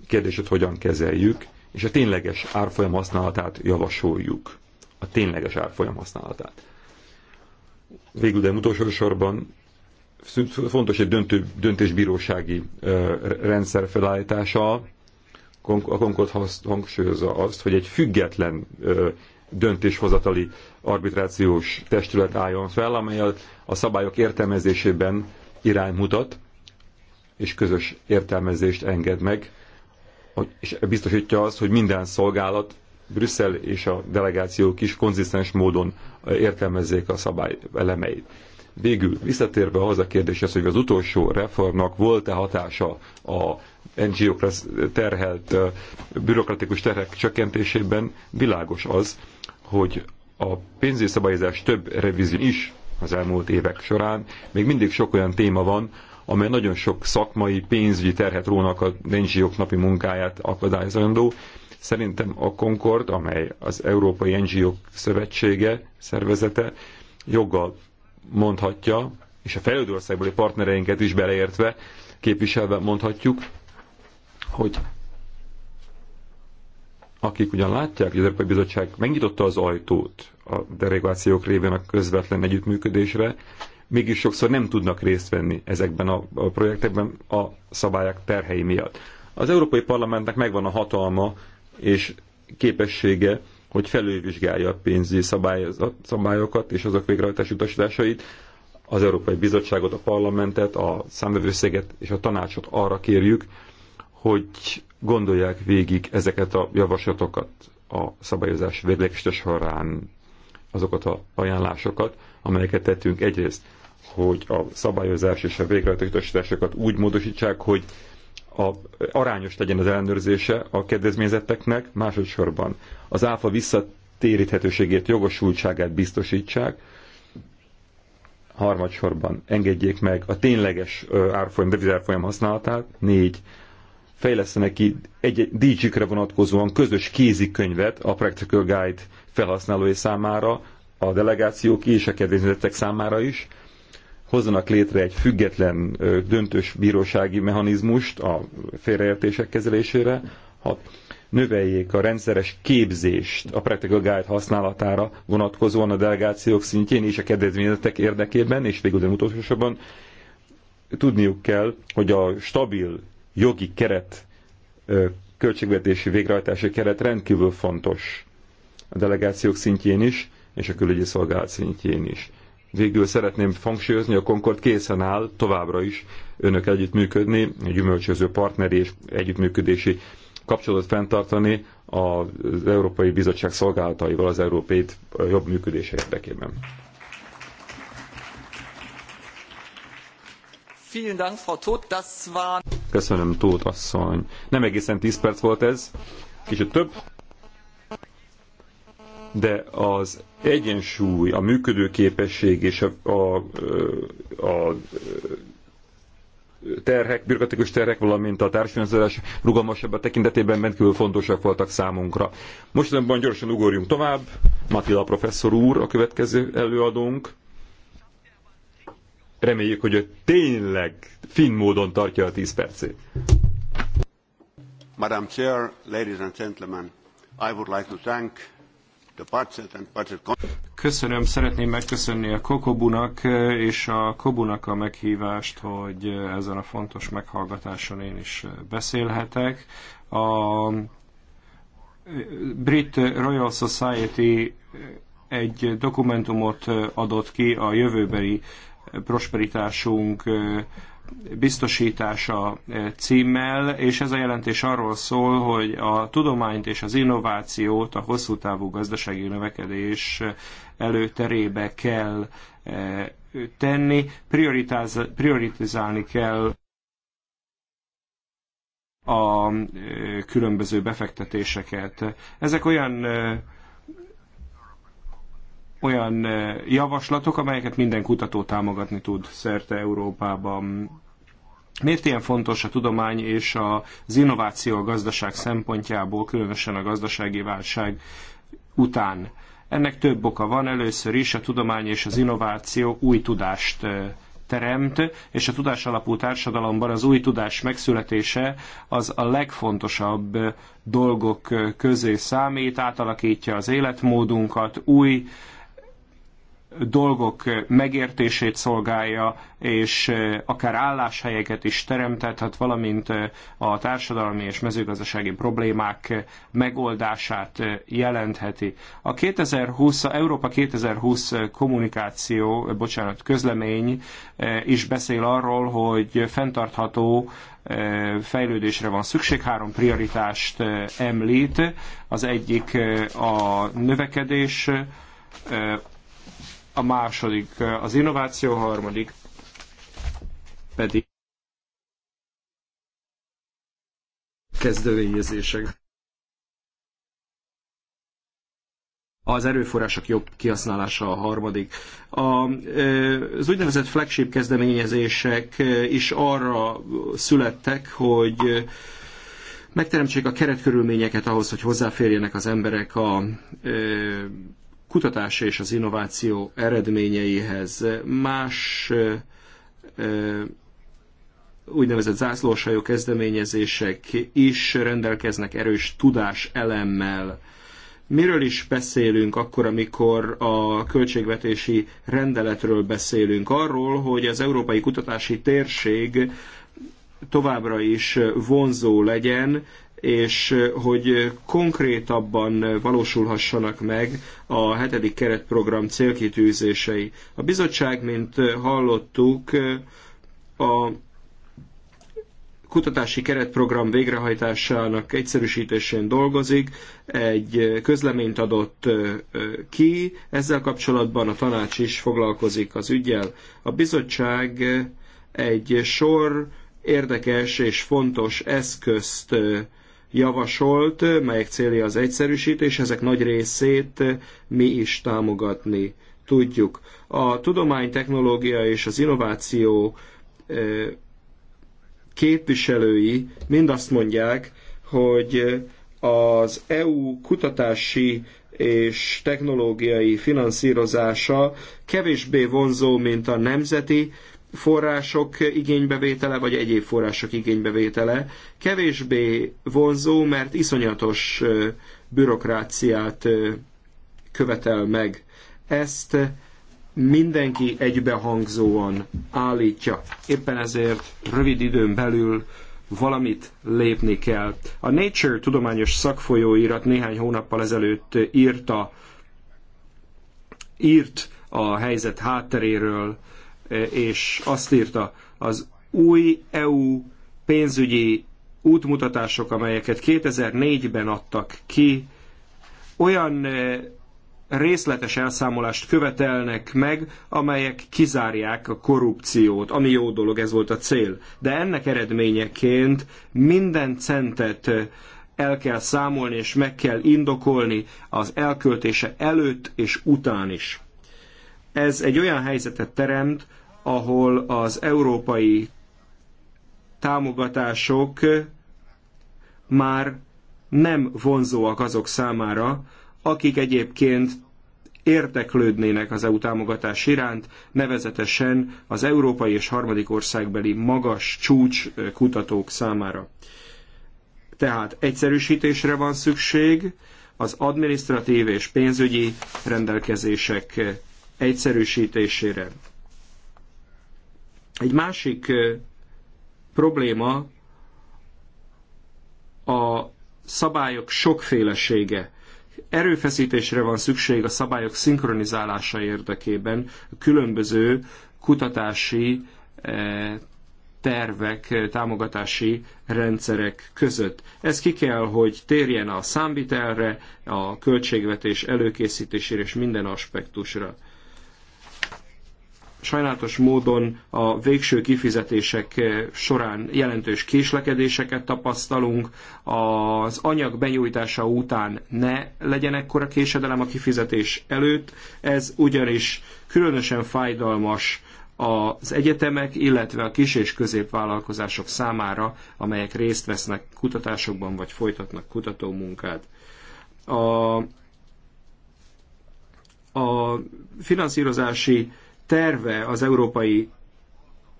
kérdését hogyan kezeljük, és a tényleges árfolyam használatát javasoljuk. A tényleges árfolyam használatát végül, de utolsó sorban fontos egy döntő, döntésbírósági rendszer felállítása. A Concord hangsúlyozza azt, hogy egy független döntéshozatali arbitrációs testület álljon fel, amely a szabályok értelmezésében iránymutat és közös értelmezést enged meg, és biztosítja azt, hogy minden szolgálat Brüsszel és a delegációk is konzisztens módon értelmezzék a szabály elemeit. Végül visszatérve az a kérdéshez, hogy az utolsó reformnak volt-e hatása a ngo terhelt bürokratikus terhek csökkentésében, világos az, hogy a pénzügyi szabályozás több revízió is az elmúlt évek során. Még mindig sok olyan téma van, amely nagyon sok szakmai, pénzügyi terhet rónak a ngo napi munkáját akadályozandó, Szerintem a Concord, amely az Európai NGO Szövetsége, szervezete, joggal mondhatja, és a fejlődő országbeli partnereinket is beleértve, képviselve mondhatjuk, hogy akik ugyan látják, hogy az Európai Bizottság megnyitotta az ajtót a deregulációk révén a közvetlen együttműködésre, mégis sokszor nem tudnak részt venni ezekben a projektekben a szabályok terhei miatt. Az Európai Parlamentnek megvan a hatalma és képessége, hogy felülvizsgálja a pénzügyi szabályokat és azok végrehajtási utasításait, az Európai Bizottságot, a parlamentet, a számvevőszéget és a tanácsot arra kérjük, hogy gondolják végig ezeket a javaslatokat a szabályozás véglegesítés során, azokat a ajánlásokat, amelyeket tettünk egyrészt, hogy a szabályozás és a utasításokat úgy módosítsák, hogy a, arányos legyen az ellenőrzése a kedvezményezetteknek, másodszorban az áfa visszatéríthetőségét, jogosultságát biztosítsák, harmadsorban engedjék meg a tényleges árfolyam, devizárfolyam használatát, négy, fejlesztenek ki egy DG-kre vonatkozóan közös kézikönyvet a Practical Guide felhasználói számára, a delegációk és a kedvezményezettek számára is, hozzanak létre egy független döntős bírósági mechanizmust a félreértések kezelésére, ha növeljék a rendszeres képzést a Practical Guide használatára vonatkozóan a delegációk szintjén és a kedvezményezetek érdekében, és végül nem utolsósorban tudniuk kell, hogy a stabil jogi keret, költségvetési végrehajtási keret rendkívül fontos a delegációk szintjén is, és a külügyi szolgálat szintjén is. Végül szeretném hangsúlyozni, a Concord készen áll továbbra is önök együttműködni, gyümölcsöző partneri és együttműködési kapcsolatot fenntartani az Európai Bizottság szolgálataival az Európét jobb működése érdekében. Köszönöm, Tóth asszony. Nem egészen 10 perc volt ez, kicsit több, de az egyensúly, a működőképesség és a, a, a terhek, bürokratikus terhek, valamint a társadalmazás rugalmasabb a tekintetében rendkívül fontosak voltak számunkra. azonban gyorsan ugorjunk tovább. Matila professzor úr, a következő előadónk. Reméljük, hogy ő tényleg finn módon tartja a 10 percét. Madam Chair, ladies and gentlemen, I would like to thank Köszönöm, szeretném megköszönni a Kokobunak eh, és a Kobunak a meghívást, hogy eh, ezen a fontos meghallgatáson én is eh, beszélhetek. A Brit Royal Society egy dokumentumot adott ki a jövőbeli prosperitásunk biztosítása eh, címmel, és ez a jelentés arról szól, hogy a tudományt és az innovációt a hosszú távú gazdasági növekedés eh, előterébe kell eh, tenni, prioritizálni kell a különböző befektetéseket. Ezek olyan olyan javaslatok, amelyeket minden kutató támogatni tud szerte Európában. Miért ilyen fontos a tudomány és az innováció a gazdaság szempontjából, különösen a gazdasági válság után? Ennek több oka van. Először is a tudomány és az innováció új tudást teremt, és a tudás alapú társadalomban az új tudás megszületése az a legfontosabb dolgok közé számít, átalakítja az életmódunkat, új uh, dolgok megértését szolgálja, és akár álláshelyeket is teremtethet, valamint a társadalmi és mezőgazdasági problémák megoldását jelentheti. A 2020, Európa 2020 kommunikáció, bocsánat, közlemény is beszél arról, hogy fenntartható fejlődésre van szükség. Három prioritást említ. Az egyik a növekedés, a második az innováció, a harmadik pedig kezdeményezések. Az erőforrások jobb kihasználása a harmadik. A, az úgynevezett flagship kezdeményezések is arra születtek, hogy megteremtsék a keretkörülményeket ahhoz, hogy hozzáférjenek az emberek a kutatás és az innováció eredményeihez. Más úgynevezett zászlóshajó kezdeményezések is rendelkeznek erős tudás elemmel. Miről is beszélünk akkor, amikor a költségvetési rendeletről beszélünk? Arról, hogy az európai kutatási térség továbbra is vonzó legyen, és hogy konkrétabban valósulhassanak meg a hetedik keretprogram célkitűzései. A bizottság, mint hallottuk, a kutatási keretprogram végrehajtásának egyszerűsítésén dolgozik, egy közleményt adott ki, ezzel kapcsolatban a tanács is foglalkozik az ügyel. A bizottság egy sor érdekes és fontos eszközt javasolt, melyek célja az egyszerűsítés, ezek nagy részét mi is támogatni tudjuk. A tudomány, technológia és az innováció eh, képviselői mind azt mondják, hogy az EU kutatási és technológiai finanszírozása kevésbé vonzó, mint a nemzeti források igénybevétele, vagy egyéb források igénybevétele kevésbé vonzó, mert iszonyatos bürokráciát követel meg. Ezt mindenki egybehangzóan állítja. Éppen ezért rövid időn belül valamit lépni kell. A Nature tudományos szakfolyóirat néhány hónappal ezelőtt írta, írt a helyzet hátteréről, és azt írta, az új EU pénzügyi útmutatások, amelyeket 2004-ben adtak ki, olyan e, részletes elszámolást követelnek meg, amelyek kizárják a korrupciót, ami jó dolog, ez volt a cél. De ennek eredményeként minden centet e, el kell számolni és meg kell indokolni az elköltése előtt és után is. Ez egy olyan helyzetet teremt, ahol az európai támogatások már nem vonzóak azok számára, akik egyébként érteklődnének az EU támogatás iránt, nevezetesen az európai és harmadik országbeli magas csúcs kutatók számára. Tehát egyszerűsítésre van szükség, az administratív és pénzügyi rendelkezések egyszerűsítésére. Egy másik probléma a szabályok sokfélesége. Erőfeszítésre van szükség a szabályok szinkronizálása érdekében, a különböző kutatási tervek, támogatási rendszerek között. Ez ki kell, hogy térjen a számvitelre, a költségvetés előkészítésére és minden aspektusra sajnálatos módon a végső kifizetések során jelentős késlekedéseket tapasztalunk, az anyag benyújtása után ne legyen ekkora késedelem a kifizetés előtt, ez ugyanis különösen fájdalmas az egyetemek, illetve a kis- és középvállalkozások számára, amelyek részt vesznek kutatásokban vagy folytatnak kutatómunkát. A, a finanszírozási terve az Európai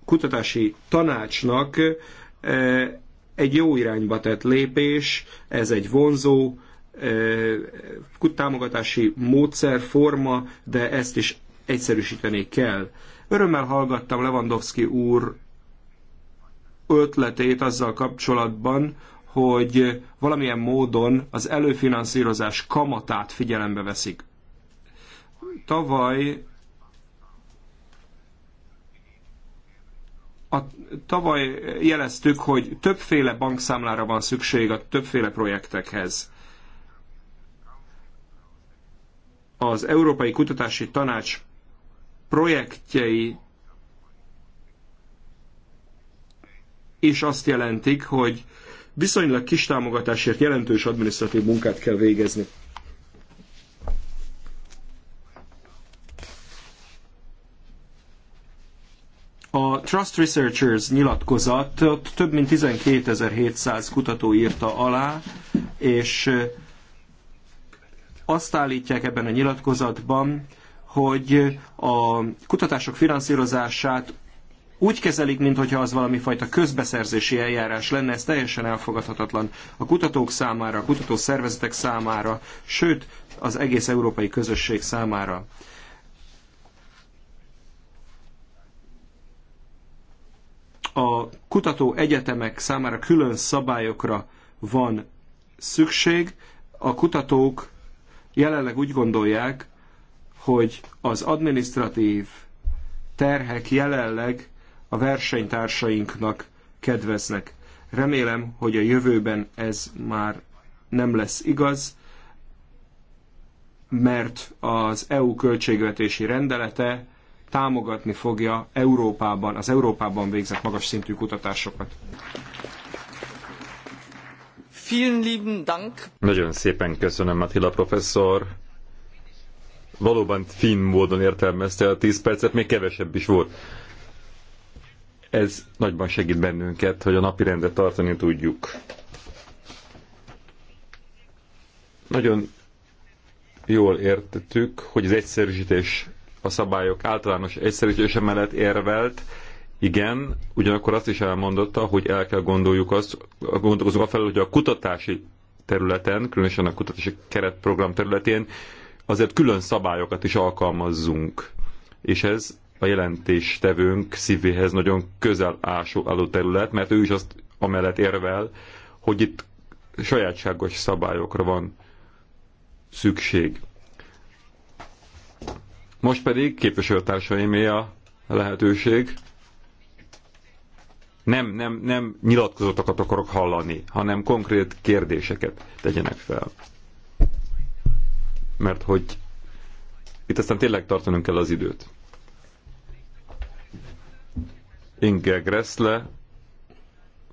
Kutatási Tanácsnak e, egy jó irányba tett lépés, ez egy vonzó e, támogatási módszer, forma, de ezt is egyszerűsíteni kell. Örömmel hallgattam Lewandowski úr ötletét azzal kapcsolatban, hogy valamilyen módon az előfinanszírozás kamatát figyelembe veszik. Tavaly a, tavaly jeleztük, hogy többféle bankszámlára van szükség a többféle projektekhez. Az Európai Kutatási Tanács projektjei és azt jelentik, hogy viszonylag kis támogatásért jelentős adminisztratív munkát kell végezni. A Trust Researchers nyilatkozatot több mint 12.700 kutató írta alá, és azt állítják ebben a nyilatkozatban, hogy a kutatások finanszírozását úgy kezelik, mintha az valami fajta közbeszerzési eljárás lenne, ez teljesen elfogadhatatlan a kutatók számára, a kutató szervezetek számára, sőt az egész európai közösség számára. a kutató egyetemek számára külön szabályokra van szükség. A kutatók jelenleg úgy gondolják, hogy az administratív terhek jelenleg a versenytársainknak kedveznek. Remélem, hogy a jövőben ez már nem lesz igaz, mert az EU költségvetési rendelete támogatni fogja Európában, az Európában végzett magas szintű kutatásokat. Vielen lieben Dank. Nagyon szépen köszönöm, Attila professzor. Valóban finn módon értelmezte a 10 percet, még kevesebb is volt. Ez nagyban segít bennünket, hogy a napi rendet tartani tudjuk. Nagyon jól értettük, hogy az egyszerűsítés a szabályok általános egyszerűsítése mellett érvelt, igen, ugyanakkor azt is elmondotta, hogy el kell gondoljuk azt, gondolkozunk a felül, hogy a kutatási területen, különösen a kutatási keretprogram területén azért külön szabályokat is alkalmazzunk. És ez a jelentéstevőnk szívéhez nagyon közel ásó álló terület, mert ő is azt amellett érvel, hogy itt sajátságos szabályokra van szükség. Most pedig képviselőtársaimé a lehetőség. Nem, nem, nem nyilatkozatokat akarok hallani, hanem konkrét kérdéseket tegyenek fel. Mert hogy itt aztán tényleg tartanunk kell az időt. Inge Gressle,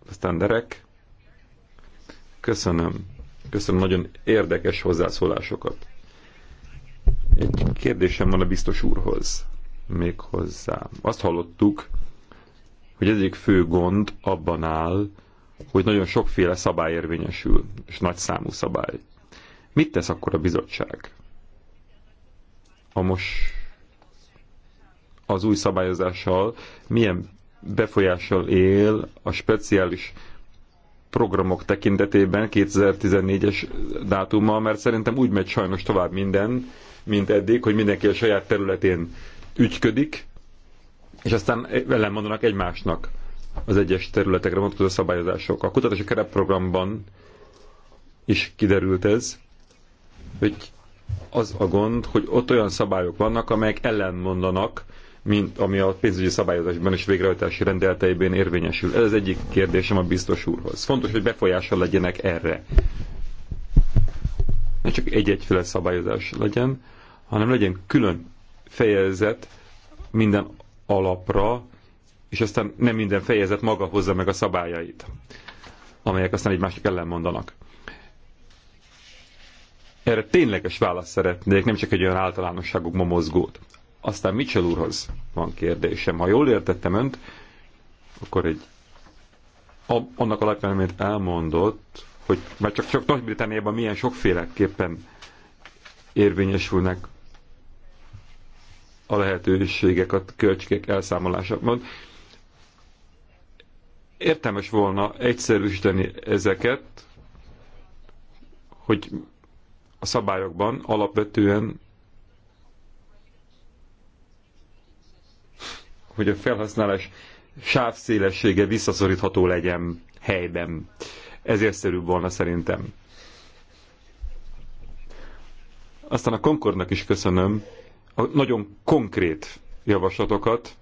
aztán Derek. Köszönöm. Köszönöm nagyon érdekes hozzászólásokat. Egy kérdésem van a biztos úrhoz még hozzá. Azt hallottuk, hogy egyik fő gond abban áll, hogy nagyon sokféle szabály érvényesül, és nagy számú szabály. Mit tesz akkor a bizottság? A most az új szabályozással milyen befolyással él a speciális programok tekintetében 2014-es dátummal, mert szerintem úgy megy sajnos tovább minden, mint eddig, hogy mindenki a saját területén ügyködik, és aztán ellenmondanak egymásnak az egyes területekre vonatkozó szabályozások. A kutatási keretprogramban is kiderült ez, hogy az a gond, hogy ott olyan szabályok vannak, amelyek ellen mondanak mint ami a pénzügyi szabályozásban és végrehajtási rendelteiben érvényesül. Ez az egyik kérdésem a biztos úrhoz. Fontos, hogy befolyással legyenek erre. Ne csak egy-egyféle szabályozás legyen, hanem legyen külön fejezet minden alapra, és aztán nem minden fejezet maga hozza meg a szabályait, amelyek aztán egymásnak ellen mondanak. Erre tényleges választ szeretnék, nem csak egy olyan általánosságokban mozgót. Aztán Mitchell úrhoz van kérdésem. Ha jól értettem önt, akkor egy a, annak alapján, amit elmondott, hogy már csak, csak Nagy-Britanniában milyen sokféleképpen érvényesülnek a lehetőségek, a költségek Mond, Értelmes volna egyszerűsíteni ezeket, hogy a szabályokban alapvetően hogy a felhasználás sávszélessége visszaszorítható legyen helyben. Ez érszerűbb volna szerintem. Aztán a Concordnak is köszönöm a nagyon konkrét javaslatokat,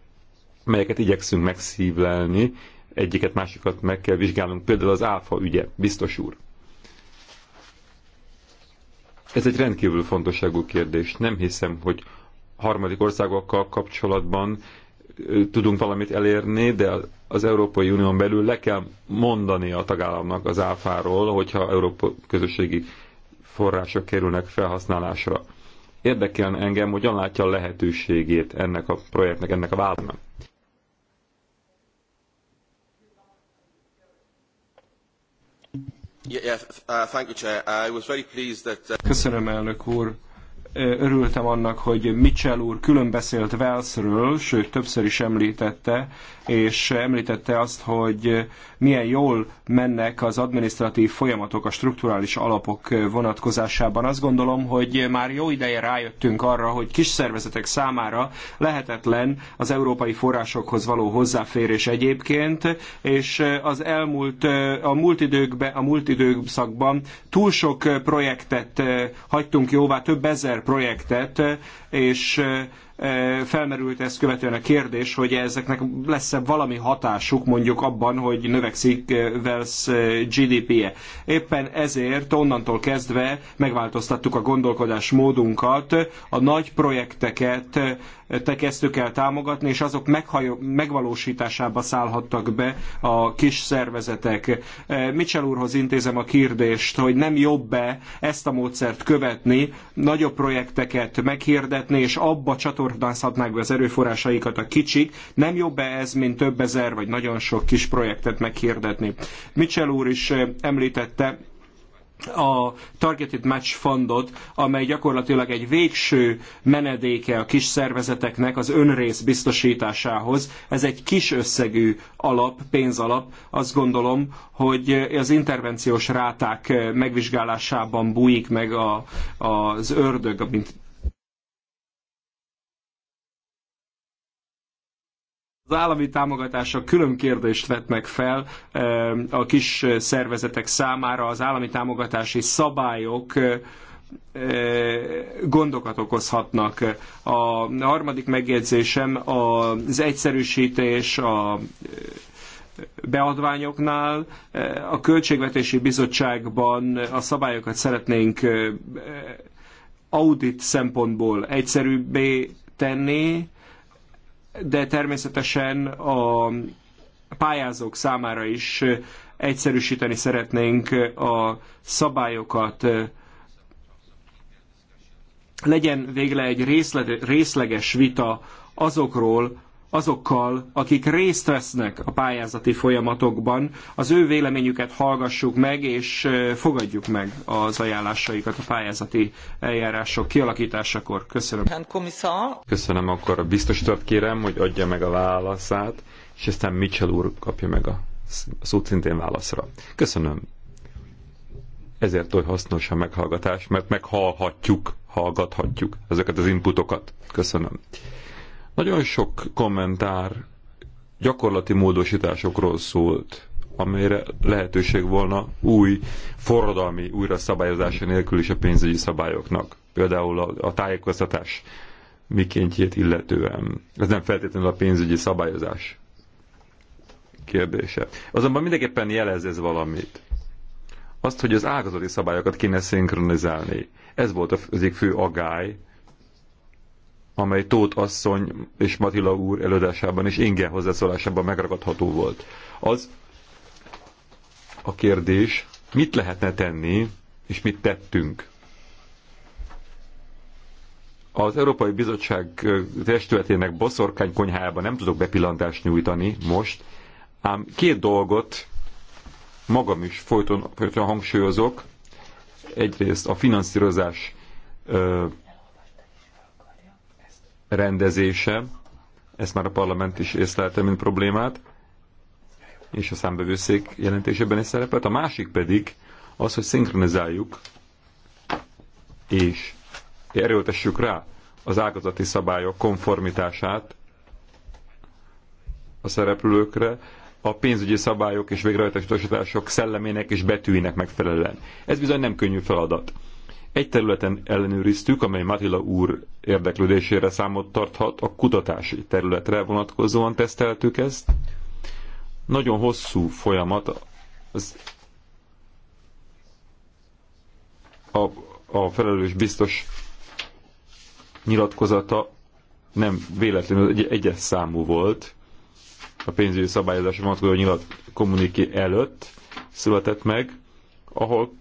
melyeket igyekszünk megszívlelni, egyiket másikat meg kell vizsgálnunk, például az áfa ügye, biztos úr. Ez egy rendkívül fontosságú kérdés. Nem hiszem, hogy harmadik országokkal kapcsolatban tudunk valamit elérni, de az Európai Unión belül le kell mondani a tagállamnak az áfáról, hogyha Európa közösségi források kerülnek felhasználásra. Érdekel engem, hogyan látja a lehetőségét ennek a projektnek, ennek a vállalatnak. Uh, uh, Köszönöm, elnök úr örültem annak, hogy Mitchell úr külön beszélt Walesről, sőt többször is említette, és említette azt, hogy milyen jól mennek az administratív folyamatok a strukturális alapok vonatkozásában. Azt gondolom, hogy már jó ideje rájöttünk arra, hogy kis szervezetek számára lehetetlen az európai forrásokhoz való hozzáférés egyébként, és az elmúlt, a múlt időkben, a múlt időszakban túl sok projektet hagytunk jóvá, több ezer projektet, és Felmerült ezt követően a kérdés, hogy ezeknek lesz-e valami hatásuk mondjuk abban, hogy növekszik Wales GDP-je. Éppen ezért onnantól kezdve megváltoztattuk a gondolkodásmódunkat, a nagy projekteket kezdtük el támogatni, és azok meghajó, megvalósításába szállhattak be a kis szervezetek. Eh, Mitchell úrhoz intézem a kérdést, hogy nem jobb-e ezt a módszert követni, nagyobb projekteket meghirdetni, és abba csatornázhatnák be az erőforrásaikat a kicsik. Nem jobb-e ez, mint több ezer vagy nagyon sok kis projektet meghirdetni? Mitchell úr is eh, említette, a Targeted Match Fundot, amely gyakorlatilag egy végső menedéke a kis szervezeteknek az önrész biztosításához. Ez egy kis összegű alap, pénzalap. Azt gondolom, hogy az intervenciós ráták megvizsgálásában bújik meg a, az ördög, mint Az állami támogatások külön kérdést vetnek fel a kis szervezetek számára. Az állami támogatási szabályok gondokat okozhatnak. A harmadik megjegyzésem az egyszerűsítés, a beadványoknál. A Költségvetési Bizottságban a szabályokat szeretnénk audit szempontból egyszerűbbé tenni, de természetesen a pályázók számára is egyszerűsíteni szeretnénk a szabályokat. Legyen végre egy részleges vita azokról, azokkal, akik részt vesznek a pályázati folyamatokban, az ő véleményüket hallgassuk meg, és fogadjuk meg az ajánlásaikat a pályázati eljárások kialakításakor. Köszönöm. Köszönöm, akkor a biztosítót kérem, hogy adja meg a válaszát, és aztán Mitchell úr kapja meg a szót szintén válaszra. Köszönöm. Ezért oly hasznos a meghallgatás, mert meghallhatjuk, hallgathatjuk ezeket az inputokat. Köszönöm. Nagyon sok kommentár gyakorlati módosításokról szólt, amelyre lehetőség volna új forradalmi újra szabályozása nélkül is a pénzügyi szabályoknak, például a, a tájékoztatás mikéntjét illetően. Ez nem feltétlenül a pénzügyi szabályozás kérdése. Azonban mindenképpen jelez ez valamit. Azt, hogy az ágazati szabályokat kéne szinkronizálni. Ez volt az egyik fő agály, amely Tóth asszony és Matila úr előadásában és ingyen hozzászólásában megragadható volt. Az a kérdés, mit lehetne tenni, és mit tettünk. Az Európai Bizottság testületének boszorkány konyhájában nem tudok bepillantást nyújtani most, ám két dolgot magam is folyton, folyton hangsúlyozok. Egyrészt a finanszírozás rendezése, ezt már a parlament is észlelte, mint problémát, és a számbevőszék jelentésében is szerepelt. A másik pedig az, hogy szinkronizáljuk és erőltessük rá az ágazati szabályok konformitását a szereplőkre, a pénzügyi szabályok és végrehajtási szellemének és betűinek megfelelően. Ez bizony nem könnyű feladat. Egy területen ellenőriztük, amely Matila úr érdeklődésére számot tarthat, a kutatási területre vonatkozóan teszteltük ezt. Nagyon hosszú folyamat az a, a felelős biztos nyilatkozata nem véletlenül egy, egyes számú volt a pénzügyi szabályozás vonatkozó nyilat kommuniké előtt született meg, ahol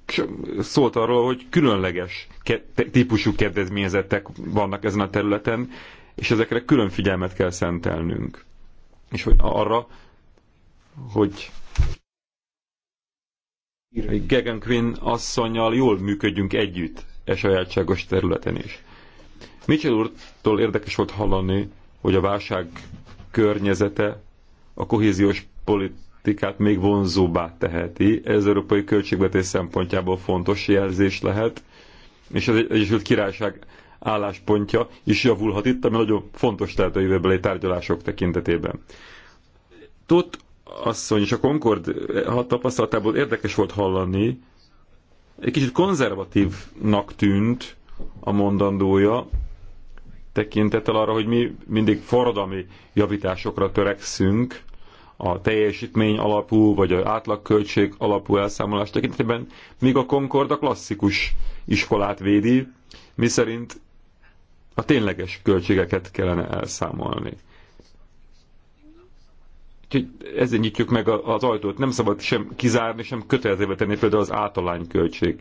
szólt arról, hogy különleges típusú kedvezményezettek vannak ezen a területen, és ezekre külön figyelmet kell szentelnünk. És hogy arra, hogy Gegen Quinn asszonyjal jól működjünk együtt e sajátságos területen is. Mitchell úrtól érdekes volt hallani, hogy a válság környezete a kohéziós politikai praktikát még vonzóbbá teheti. Ez az európai költségvetés szempontjából fontos jelzés lehet, és az Egyesült Királyság álláspontja is javulhat itt, ami nagyon fontos lehet a jövőbeli tárgyalások tekintetében. Tott asszony és a Concord tapasztalatából érdekes volt hallani, egy kicsit konzervatívnak tűnt a mondandója, tekintettel arra, hogy mi mindig forradalmi javításokra törekszünk, a teljesítmény alapú vagy az átlagköltség alapú elszámolás tekintetében, míg a Concord a klasszikus iskolát védi, miszerint a tényleges költségeket kellene elszámolni. Úgyhogy ezzel nyitjuk meg az ajtót. Nem szabad sem kizárni, sem kötelezővé tenni például az átalányköltség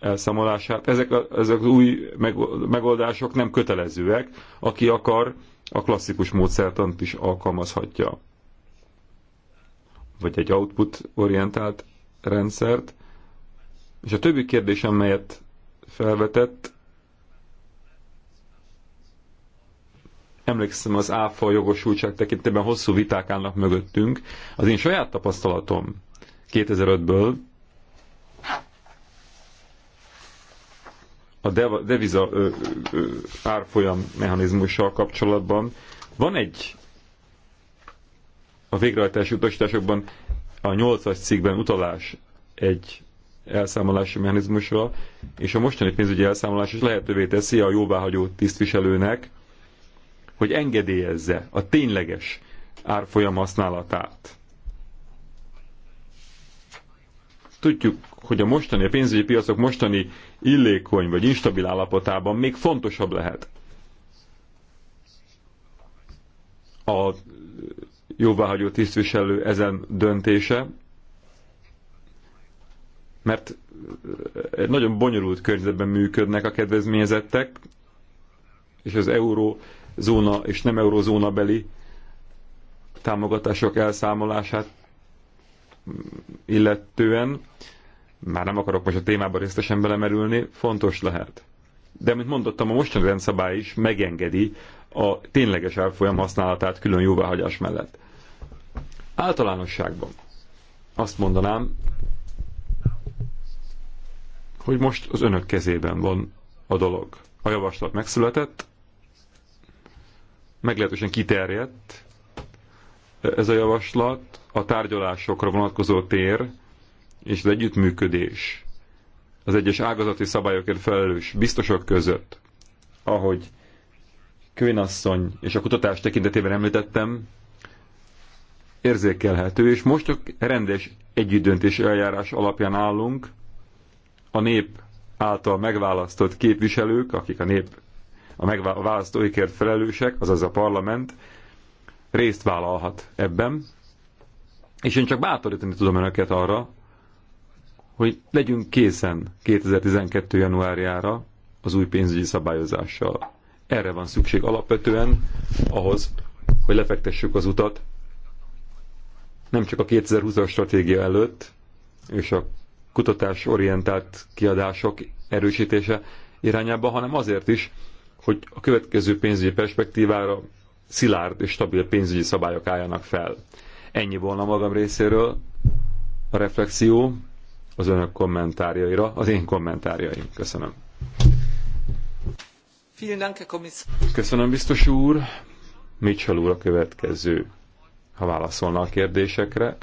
elszámolását. Ezek, a, ezek az új megoldások nem kötelezőek. Aki akar, a klasszikus módszertant is alkalmazhatja vagy egy output-orientált rendszert. És a többi kérdés, amelyet felvetett, emlékszem az ÁFA jogosultság tekintetében hosszú viták állnak mögöttünk. Az én saját tapasztalatom 2005-ből a deviza árfolyam mechanizmussal kapcsolatban van egy a végrehajtási utasításokban a 8-as cikkben utalás egy elszámolási mechanizmusra, és a mostani pénzügyi elszámolás is lehetővé teszi a jóváhagyó tisztviselőnek, hogy engedélyezze a tényleges árfolyam használatát. Tudjuk, hogy a mostani, a pénzügyi piacok mostani illékony vagy instabil állapotában még fontosabb lehet a jóváhagyó tisztviselő ezen döntése, mert eh, egy nagyon bonyolult környezetben működnek a kedvezményezettek, és az eurózóna és nem eurózóna beli támogatások elszámolását illetően, már nem akarok most a témába részletesen belemerülni, fontos lehet. De, mint mondottam, a mostani rendszabály is megengedi a tényleges árfolyam használatát külön jóváhagyás mellett. Általánosságban azt mondanám, hogy most az önök kezében van a dolog. A javaslat megszületett, meglehetősen kiterjedt ez a javaslat, a tárgyalásokra vonatkozó tér és az együttműködés az egyes ágazati szabályokért felelős biztosok között, ahogy Kőnasszony és a kutatás tekintetében említettem, érzékelhető, és most csak rendes együttdöntés eljárás alapján állunk. A nép által megválasztott képviselők, akik a nép a megválasztóikért felelősek, azaz a parlament, részt vállalhat ebben. És én csak bátorítani tudom önöket arra, hogy legyünk készen 2012. januárjára az új pénzügyi szabályozással. Erre van szükség alapvetően ahhoz, hogy lefektessük az utat nem csak a 2020-as stratégia előtt, és a kutatásorientált kiadások erősítése irányába, hanem azért is, hogy a következő pénzügyi perspektívára szilárd és stabil pénzügyi szabályok álljanak fel. Ennyi volna magam részéről a reflexió az önök kommentárjaira, az én kommentárjaim. Köszönöm. Köszönöm, biztos úr. Mitchell úr a következő ha válaszolna a kérdésekre,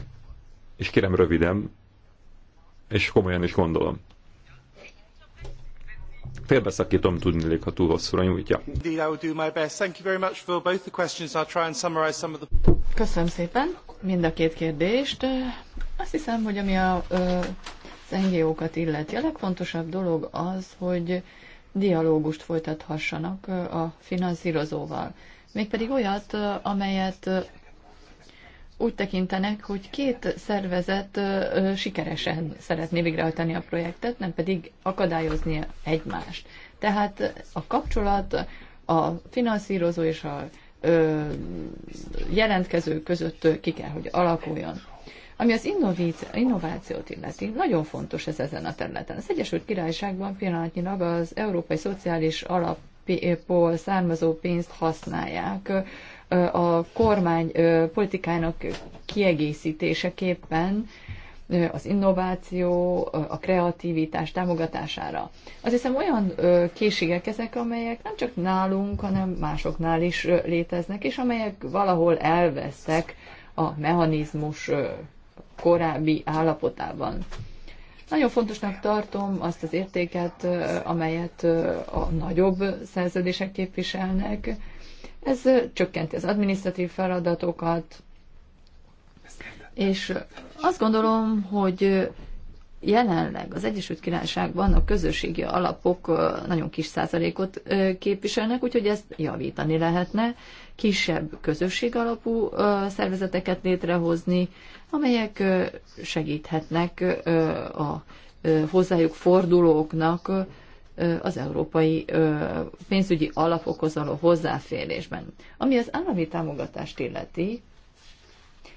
és kérem röviden, és komolyan is gondolom. Félbeszakítom légy, ha túl hosszúra nyújtja. Köszönöm szépen mind a két kérdést. Azt hiszem, hogy ami a, az NGO-kat illeti, a legfontosabb dolog az, hogy dialógust folytathassanak a finanszírozóval. Mégpedig olyat, amelyet úgy tekintenek, hogy két szervezet sikeresen szeretné végrehajtani a projektet, nem pedig akadályozni egymást. Tehát a kapcsolat a finanszírozó és a jelentkező között ki kell, hogy alakuljon. Ami az innovációt illeti, nagyon fontos ez ezen a területen. Az Egyesült Királyságban pillanatnyilag az Európai Szociális Alapból származó pénzt használják a kormány politikának kiegészítéseképpen az innováció, a kreativitás támogatására. Azt hiszem olyan készségek ezek, amelyek nem csak nálunk, hanem másoknál is léteznek, és amelyek valahol elvesztek a mechanizmus korábbi állapotában. Nagyon fontosnak tartom azt az értéket, amelyet a nagyobb szerződések képviselnek, ez csökkenti az adminisztratív feladatokat, és azt gondolom, hogy jelenleg az Egyesült Királyságban a közösségi alapok nagyon kis százalékot képviselnek, úgyhogy ezt javítani lehetne, kisebb közösség alapú szervezeteket létrehozni, amelyek segíthetnek a hozzájuk fordulóknak az európai pénzügyi alapokhoz való hozzáférésben. Ami az állami támogatást illeti,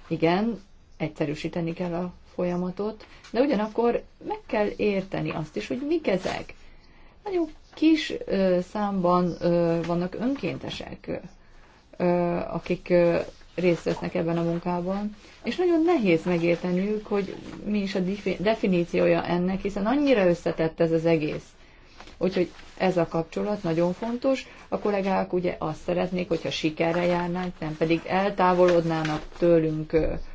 igen, egyszerűsíteni kell a folyamatot, de ugyanakkor meg kell érteni azt is, hogy mik ezek. Nagyon kis számban vannak önkéntesek, akik részt vesznek ebben a munkában, és nagyon nehéz megérteniük, hogy mi is a definíciója ennek, hiszen annyira összetett ez az egész. Úgyhogy ez a kapcsolat nagyon fontos. A kollégák ugye azt szeretnék, hogyha sikerre járnánk, nem pedig eltávolodnának tőlünk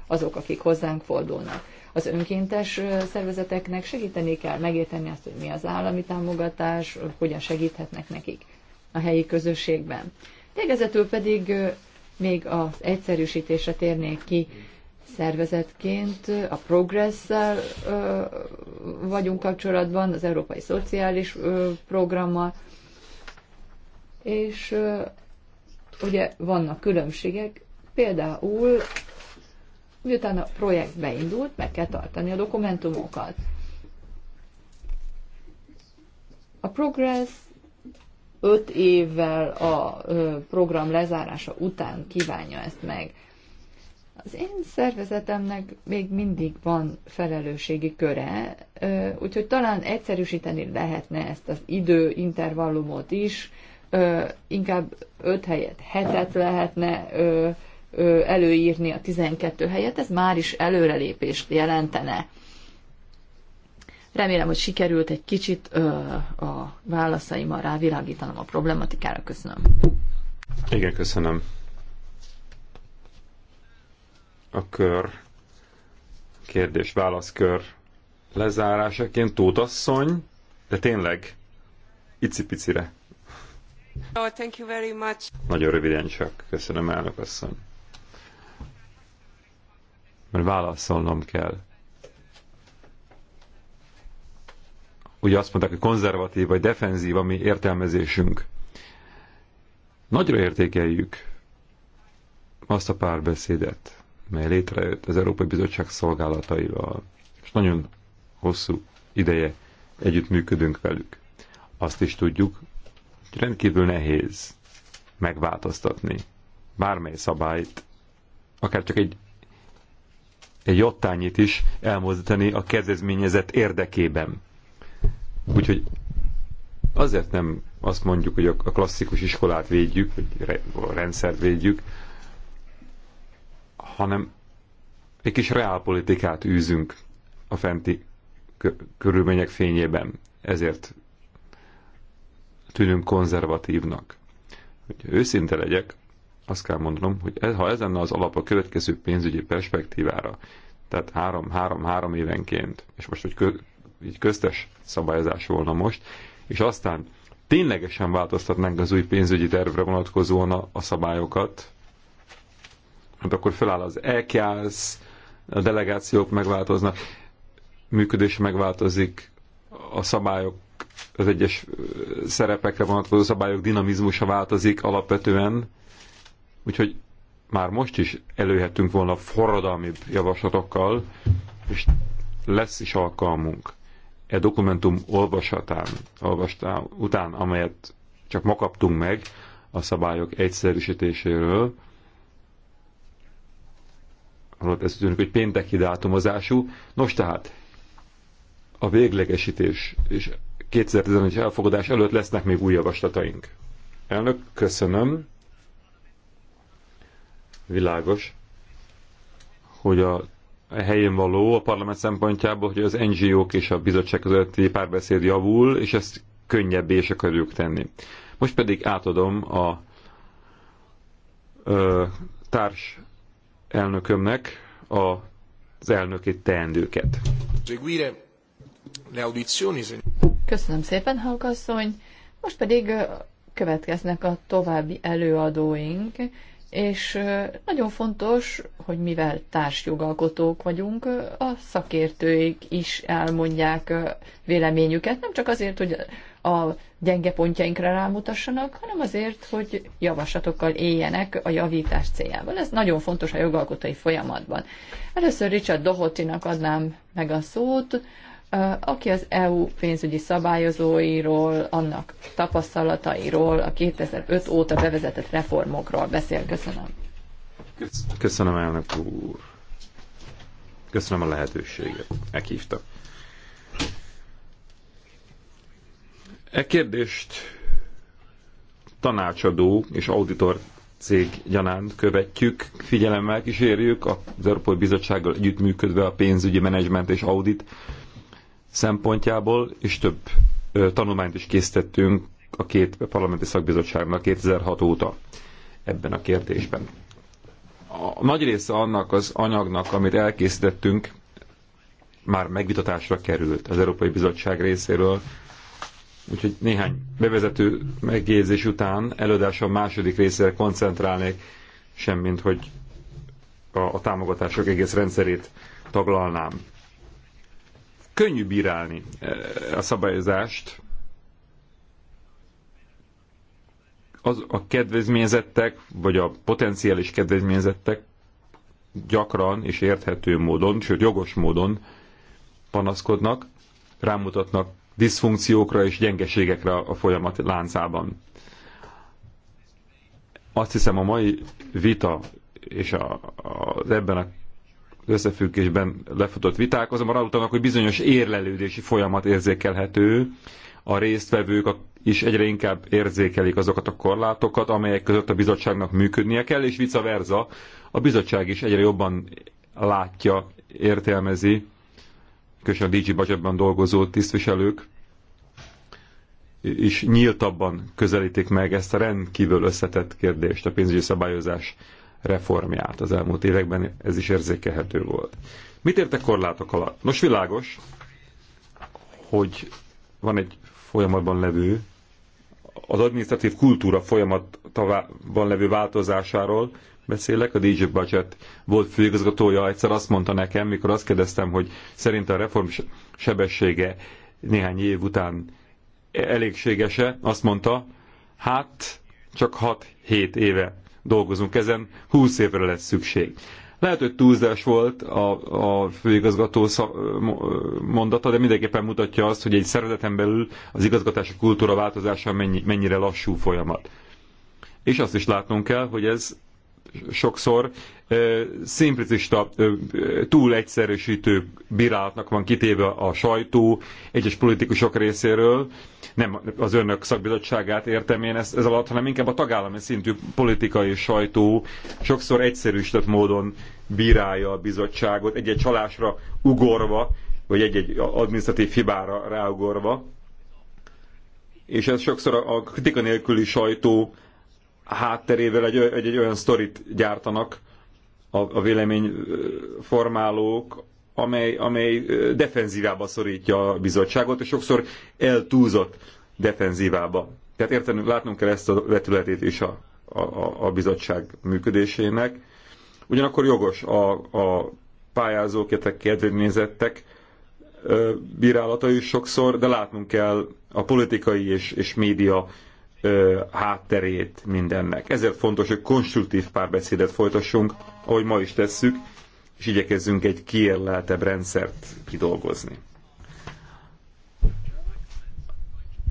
azok, akik hozzánk fordulnak. Az önkéntes szervezeteknek segíteni kell megérteni azt, hogy mi az állami támogatás, hogyan segíthetnek nekik a helyi közösségben. Végezetül pedig még az egyszerűsítésre térnék ki szervezetként a progress vagyunk kapcsolatban, az Európai Szociális Programmal, és ugye vannak különbségek, például miután a projekt beindult, meg kell tartani a dokumentumokat. A Progress 5 évvel a program lezárása után kívánja ezt meg. Az én szervezetemnek még mindig van felelősségi köre, úgyhogy talán egyszerűsíteni lehetne ezt az időintervallumot is, inkább 5 helyet, hetet lehetne előírni a 12 helyet, ez már is előrelépést jelentene. Remélem, hogy sikerült egy kicsit a válaszaimmal rávilágítanom a problematikára. Köszönöm. Igen, köszönöm a kör kérdés-válaszkör lezárásaként Tótasszony, de tényleg icipicire. Oh, thank you very much. Nagyon röviden csak. Köszönöm, elnök asszony. Mert válaszolnom kell. Ugye azt mondták, hogy konzervatív vagy defenzív a mi értelmezésünk. Nagyra értékeljük azt a párbeszédet, mely létrejött az Európai Bizottság szolgálataival, és nagyon hosszú ideje együttműködünk velük. Azt is tudjuk, hogy rendkívül nehéz megváltoztatni bármely szabályt, akár csak egy, egy ottányit is elmozdítani a kezdezményezett érdekében. Úgyhogy azért nem azt mondjuk, hogy a klasszikus iskolát védjük, vagy a rendszert védjük, hanem egy kis reálpolitikát űzünk a fenti körülmények fényében. Ezért tűnünk konzervatívnak. Hogy őszinte legyek, azt kell mondanom, hogy ez, ha ez lenne az alap a következő pénzügyi perspektívára, tehát három-három-három évenként, és most, hogy kö, így köztes szabályozás volna most, és aztán ténylegesen változtatnánk az új pénzügyi tervre vonatkozóan a, a szabályokat, Hát, akkor feláll az EKSZ, a delegációk megváltoznak, működés megváltozik, a szabályok, az egyes szerepekre vonatkozó szabályok dinamizmusa változik alapvetően, úgyhogy már most is előhettünk volna forradalmi javaslatokkal, és lesz is alkalmunk e dokumentum olvasatán, olvastán, után, amelyet csak ma kaptunk meg a szabályok egyszerűsítéséről, holott ez tűnik, hogy pénteki dátumozású. Nos tehát, a véglegesítés és 2011 elfogadás előtt lesznek még új javaslataink. Elnök, köszönöm. Világos, hogy a helyén való a parlament szempontjából, hogy az NGO-k és a bizottság közötti párbeszéd javul, és ezt könnyebbé is akarjuk tenni. Most pedig átadom a ö, társ elnökömnek az elnöki teendőket. Köszönöm szépen, Halkasszony. Most pedig következnek a további előadóink, és nagyon fontos, hogy mivel társjogalkotók vagyunk, a szakértőik is elmondják véleményüket, nem csak azért, hogy a gyenge pontjainkra rámutassanak, hanem azért, hogy javaslatokkal éljenek a javítás céljával. Ez nagyon fontos a jogalkotói folyamatban. Először Richard Dohotinak adnám meg a szót, eh, aki az EU pénzügyi szabályozóiról, annak tapasztalatairól, a 2005 óta bevezetett reformokról beszél. Köszönöm. Köszönöm, elnök úr. Köszönöm a lehetőséget. Meghívtak. E kérdést tanácsadó és auditor cég gyanánt követjük, figyelemmel kísérjük az Európai Bizottsággal együttműködve a pénzügyi menedzsment és audit szempontjából, és több ö, tanulmányt is készítettünk a két parlamenti szakbizottságnak 2006 óta ebben a kérdésben. A nagy része annak az anyagnak, amit elkészítettünk, már megvitatásra került az Európai Bizottság részéről, Úgyhogy néhány bevezető megjegyzés után a második részére koncentrálnék, semmint hogy a, a támogatások egész rendszerét taglalnám. Könnyű bírálni e, a szabályozást, az a kedvezményezettek, vagy a potenciális kedvezményezettek gyakran és érthető módon, sőt jogos módon panaszkodnak, rámutatnak diszfunkciókra és gyengeségekre a folyamat láncában. Azt hiszem a mai vita és a, az ebben a összefüggésben lefutott viták azonban arra utalnak, hogy bizonyos érlelődési folyamat érzékelhető, a résztvevők is egyre inkább érzékelik azokat a korlátokat, amelyek között a bizottságnak működnie kell, és vice versa, a bizottság is egyre jobban látja, értelmezi különösen a DG budgetban dolgozó tisztviselők is nyíltabban közelítik meg ezt a rendkívül összetett kérdést, a pénzügyi szabályozás reformját az elmúlt években, ez is érzékelhető volt. Mit értek korlátok alatt? Nos, világos, hogy van egy folyamatban levő, az adminisztratív kultúra folyamatban levő változásáról beszélek, a DJ Budget volt főigazgatója egyszer azt mondta nekem, mikor azt kérdeztem, hogy szerint a reform sebessége néhány év után elégségese, azt mondta, hát csak 6-7 éve dolgozunk ezen, 20 évre lesz szükség. Lehet, hogy túlzás volt a, a főigazgató mondata, de mindenképpen mutatja azt, hogy egy szervezeten belül az igazgatási kultúra változása mennyi, mennyire lassú folyamat. És azt is látnunk kell, hogy ez sokszor szimplicista, túl egyszerűsítő bírálatnak van kitéve a sajtó egyes politikusok részéről. Nem az önök szakbizottságát értem én ez, ez alatt, hanem inkább a tagállami szintű politikai sajtó sokszor egyszerűsített módon bírálja a bizottságot, egy-egy csalásra ugorva, vagy egy-egy adminisztratív hibára ráugorva. És ez sokszor a kritika nélküli sajtó hátterével egy, egy, egy olyan sztorit gyártanak a, a formálók, amely, amely defenzívába szorítja a bizottságot, és sokszor eltúlzott defenzívába. Tehát értenünk, látnunk kell ezt a vetületét is a, a, a bizottság működésének. Ugyanakkor jogos a, a pályázók, illetve kedvényezettek bírálata is sokszor, de látnunk kell a politikai és, és média ö, hátterét mindennek. Ezért fontos, hogy konstruktív párbeszédet folytassunk, ahogy ma is tesszük, és igyekezzünk egy kiérleltebb rendszert kidolgozni.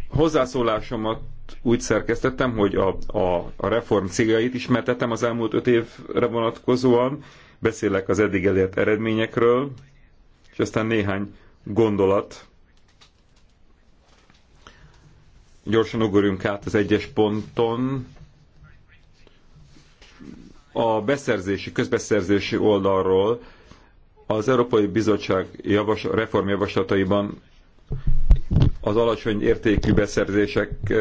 Hozzászólásomat úgy szerkesztettem, hogy a, a, a reform céljait ismertetem az elmúlt öt évre vonatkozóan, beszélek az eddig elért eredményekről, és aztán néhány gondolat Gyorsan ugorjunk át az egyes ponton. A beszerzési, közbeszerzési oldalról az Európai Bizottság javas, reformjavaslataiban az alacsony értékű beszerzések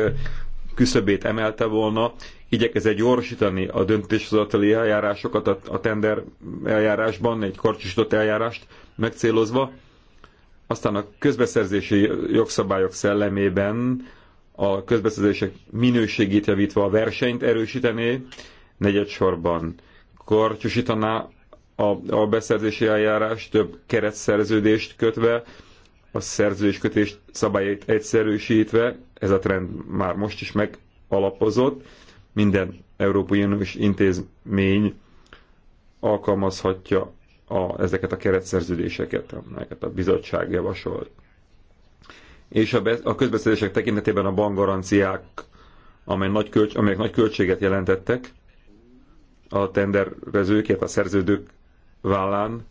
küszöbét emelte volna, igyekezett gyorsítani a döntéshozatali eljárásokat a, tender eljárásban, egy karcsúsított eljárást megcélozva. Aztán a közbeszerzési jogszabályok szellemében a közbeszerzések minőségét javítva a versenyt erősítené, negyedsorban karcsosítaná a, a beszerzési eljárás több keretszerződést kötve, a szerződéskötés szabályait egyszerűsítve, ez a trend már most is megalapozott, minden Európai Uniós intézmény alkalmazhatja a, ezeket a keretszerződéseket, amelyeket a bizottság javasolt és a, a közbeszélések tekintetében a bankgaranciák, amely nagy kölcs, amelyek nagy költséget jelentettek a tenderezőkért, a szerződők vállán,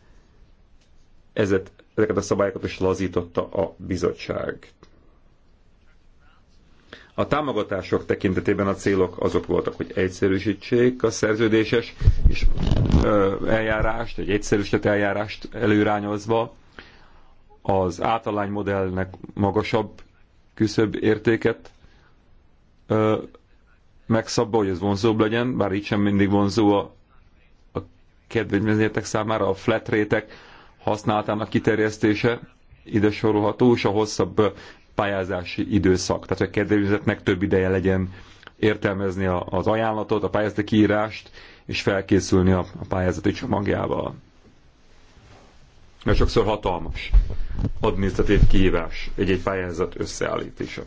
ezet, ezeket a szabályokat is lazította a bizottság. A támogatások tekintetében a célok azok voltak, hogy egyszerűsítsék a szerződéses és eljárást, egy egyszerűsített eljárást előrányozva, az általány modellnek magasabb küszöbb értéket ö, megszabba, hogy ez vonzóbb legyen, bár így sem mindig vonzó a, a kedvezményetek számára, a flat rétek használatának kiterjesztése ide sorolható, és a hosszabb pályázási időszak. Tehát, hogy a kedvezményezetnek több ideje legyen értelmezni az ajánlatot, a pályázati kiírást, és felkészülni a, a pályázati csomagjával mert sokszor hatalmas adminisztratív kihívás egy-egy pályázat összeállítása.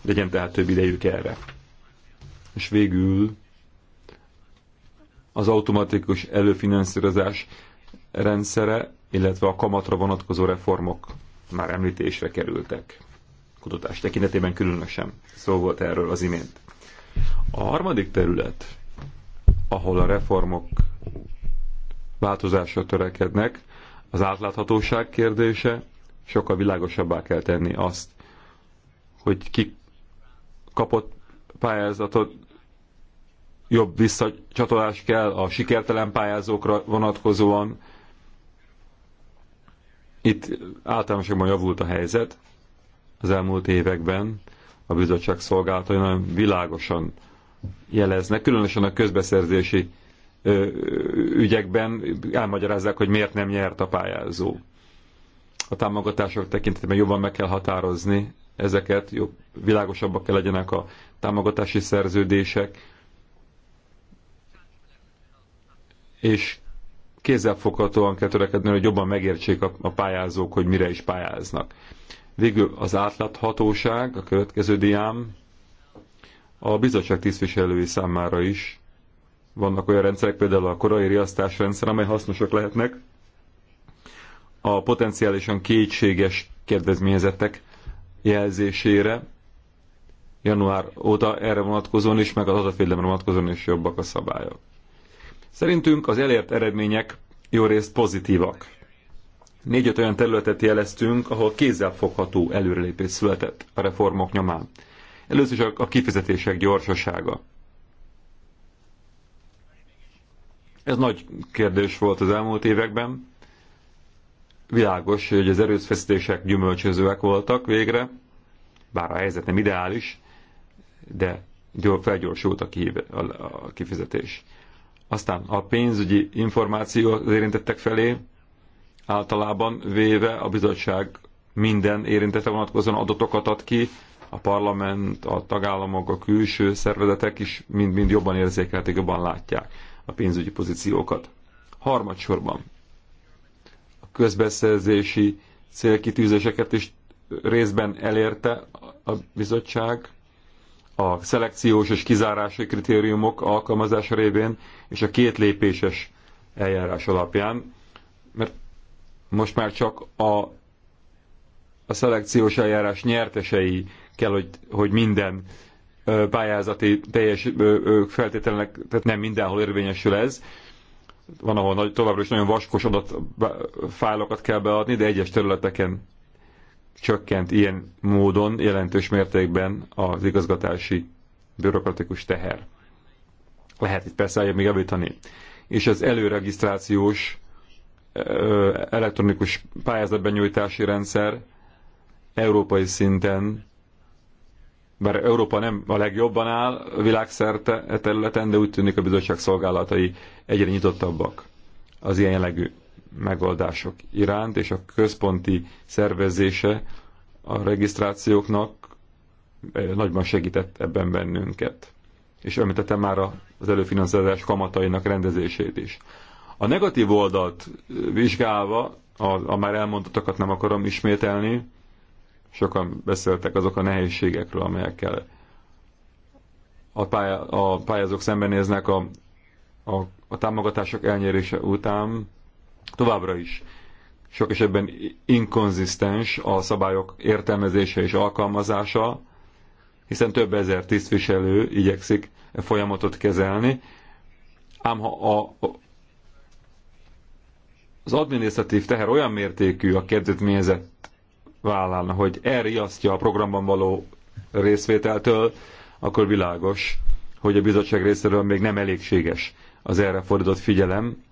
Legyen tehát több idejük erre. És végül az automatikus előfinanszírozás rendszere, illetve a kamatra vonatkozó reformok már említésre kerültek. Kutatás tekintetében különösen szó volt erről az imént. A harmadik terület, ahol a reformok változásra törekednek, az átláthatóság kérdése, sokkal világosabbá kell tenni azt, hogy ki kapott pályázatot, jobb visszacsatolás kell a sikertelen pályázókra vonatkozóan. Itt általánosabban javult a helyzet az elmúlt években. A bizottság szolgálatai nagyon világosan jeleznek, különösen a közbeszerzési ügyekben elmagyarázzák, hogy miért nem nyert a pályázó. A támogatások tekintetében jobban meg kell határozni ezeket, jobb, világosabbak kell legyenek a támogatási szerződések, és kézzelfoghatóan kell törekedni, hogy jobban megértsék a, a pályázók, hogy mire is pályáznak. Végül az átláthatóság, a következő diám, a bizottság tisztviselői számára is vannak olyan rendszerek, például a korai rendszer, amely hasznosak lehetnek a potenciálisan kétséges kedvezményezettek jelzésére. Január óta erre vonatkozóan is, meg az adatvédelemre vonatkozóan is jobbak a szabályok. Szerintünk az elért eredmények jó részt pozitívak. Négy-öt olyan területet jeleztünk, ahol kézzelfogható előrelépés született a reformok nyomán. Először is a kifizetések gyorsasága. Ez nagy kérdés volt az elmúlt években. Világos, hogy az erőszfeszítések gyümölcsözőek voltak végre, bár a helyzet nem ideális, de felgyorsult a, a, kifizetés. Aztán a pénzügyi információ az érintettek felé általában véve a bizottság minden érintete vonatkozóan adatokat ad ki, a parlament, a tagállamok, a külső szervezetek is mind-mind jobban érzékelték, jobban látják a pénzügyi pozíciókat. Harmadsorban a közbeszerzési célkitűzéseket is részben elérte a bizottság, a szelekciós és kizárási kritériumok alkalmazása révén és a két lépéses eljárás alapján, mert most már csak a, a szelekciós eljárás nyertesei kell, hogy, hogy minden pályázati teljes feltételnek, tehát nem mindenhol érvényesül ez. Van, ahol nagy, továbbra is nagyon vaskos adatfájlokat kell beadni, de egyes területeken csökkent ilyen módon jelentős mértékben az igazgatási bürokratikus teher. Lehet itt persze még javítani. És az előregisztrációs elektronikus pályázatbenyújtási rendszer európai szinten bár Európa nem a legjobban áll világszerte e területen, de úgy tűnik a bizottság szolgálatai egyre nyitottabbak az ilyen jellegű megoldások iránt, és a központi szervezése a regisztrációknak eh, nagyban segített ebben bennünket. És említettem már az előfinanszírozás kamatainak rendezését is. A negatív oldalt vizsgálva, a, a már elmondottakat nem akarom ismételni, Sokan beszéltek azok a nehézségekről, amelyekkel a, pályá, a pályázók szembenéznek a, a, a támogatások elnyerése után. Továbbra is sok esetben inkonzisztens a szabályok értelmezése és alkalmazása, hiszen több ezer tisztviselő igyekszik a e folyamatot kezelni, ám ha a, az adminisztratív teher olyan mértékű a kedvezményezett vállán, hogy elriasztja a programban való részvételtől, akkor világos, hogy a bizottság részéről még nem elégséges az erre fordított figyelem.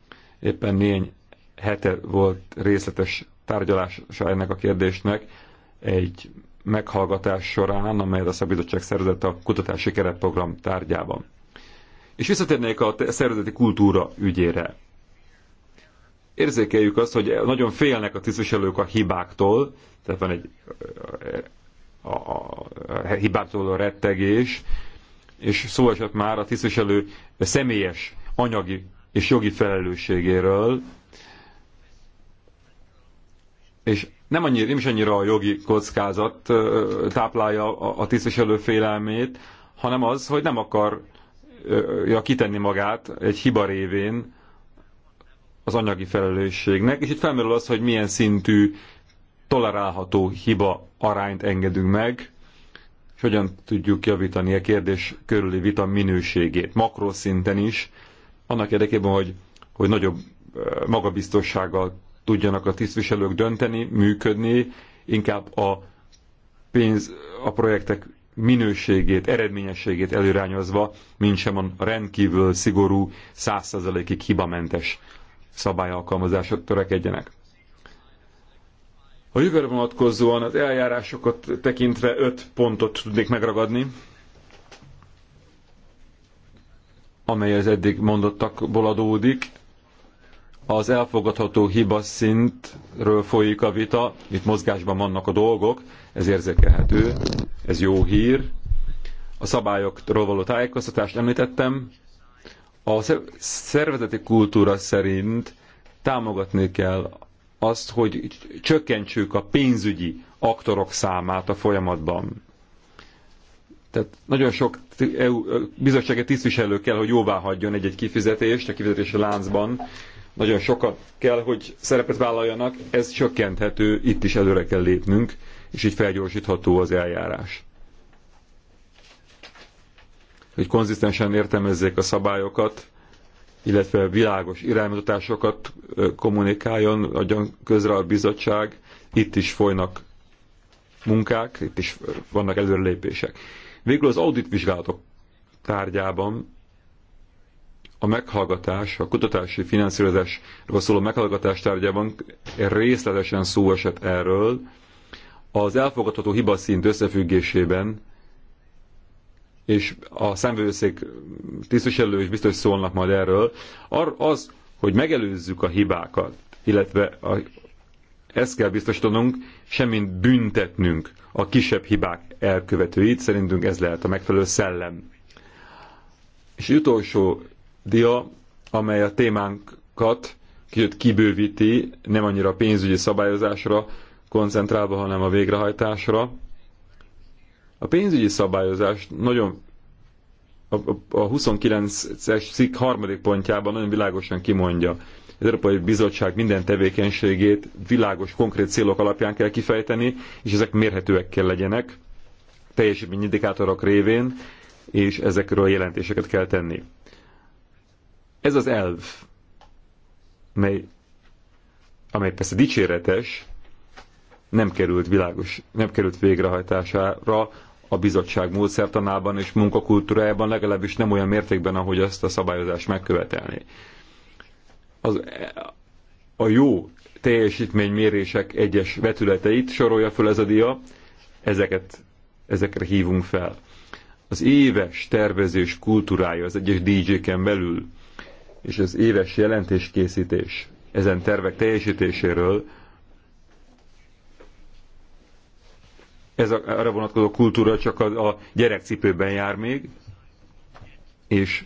Éppen néhány hete volt részletes tárgyalása ennek a kérdésnek egy meghallgatás során, amelyet a szabizottság szerzett a kutatási keretprogram tárgyában. És visszatérnék a szervezeti kultúra ügyére érzékeljük azt, hogy nagyon félnek a tisztviselők a hibáktól, tehát van egy a, a, a hibáktól a rettegés, és szó esett már a tisztviselő személyes anyagi és jogi felelősségéről, és nem, annyira, nem is annyira a jogi kockázat táplálja a tisztviselő félelmét, hanem az, hogy nem akarja kitenni magát egy hiba révén az anyagi felelősségnek, és itt felmerül az, hogy milyen szintű tolerálható hiba arányt engedünk meg, és hogyan tudjuk javítani a e kérdés körüli vita minőségét, makroszinten is, annak érdekében, hogy, hogy nagyobb magabiztossággal tudjanak a tisztviselők dönteni, működni, inkább a pénz, a projektek minőségét, eredményességét előrányozva, mint sem a rendkívül szigorú, százszerzelékig hibamentes szabályalkalmazásra törekedjenek. A jövőre vonatkozóan az eljárásokat tekintve öt pontot tudnék megragadni, amely az eddig mondottakból adódik. Az elfogadható hiba szintről folyik a vita, itt mozgásban vannak a dolgok, ez érzékelhető, ez jó hír. A szabályokról való tájékoztatást említettem, a szervezeti kultúra szerint támogatni kell azt, hogy csökkentsük a pénzügyi aktorok számát a folyamatban. Tehát nagyon sok EU, bizottsági tisztviselő kell, hogy jóvá hagyjon egy-egy kifizetést a kifizetési láncban. Nagyon sokat kell, hogy szerepet vállaljanak, ez csökkenthető, itt is előre kell lépnünk, és így felgyorsítható az eljárás hogy konzisztensen értelmezzék a szabályokat, illetve világos iránymutatásokat kommunikáljon, adjon közre a bizottság. Itt is folynak munkák, itt is vannak előrelépések. Végül az audit vizsgálatok tárgyában a meghallgatás, a kutatási finanszírozásról szóló meghallgatás tárgyában részletesen szó esett erről. Az elfogadható hibaszint összefüggésében és a szemvőszék tisztviselő is biztos szólnak majd erről, az, hogy megelőzzük a hibákat, illetve a, ezt kell biztosítanunk, semmint büntetnünk a kisebb hibák elkövetőit, szerintünk ez lehet a megfelelő szellem. És utolsó dia, amely a témánkat kicsit kibővíti, nem annyira a pénzügyi szabályozásra koncentrálva, hanem a végrehajtásra, a pénzügyi szabályozás nagyon a, a 29-es cikk harmadik pontjában nagyon világosan kimondja, az Európai Bizottság minden tevékenységét világos, konkrét célok alapján kell kifejteni, és ezek mérhetőek kell legyenek, teljesítmény indikátorok révén, és ezekről jelentéseket kell tenni. Ez az elv, mely, amely persze dicséretes, nem került világos, nem került végrehajtására a bizottság módszertanában és munkakultúrájában, legalábbis nem olyan mértékben, ahogy ezt a szabályozás megkövetelné. Az, a jó teljesítménymérések egyes vetületeit sorolja föl ez a dia, ezeket, ezekre hívunk fel. Az éves tervezés kultúrája az egyes DJ-ken belül, és az éves jelentéskészítés ezen tervek teljesítéséről ez a, arra vonatkozó kultúra csak a, a gyerekcipőben jár még, és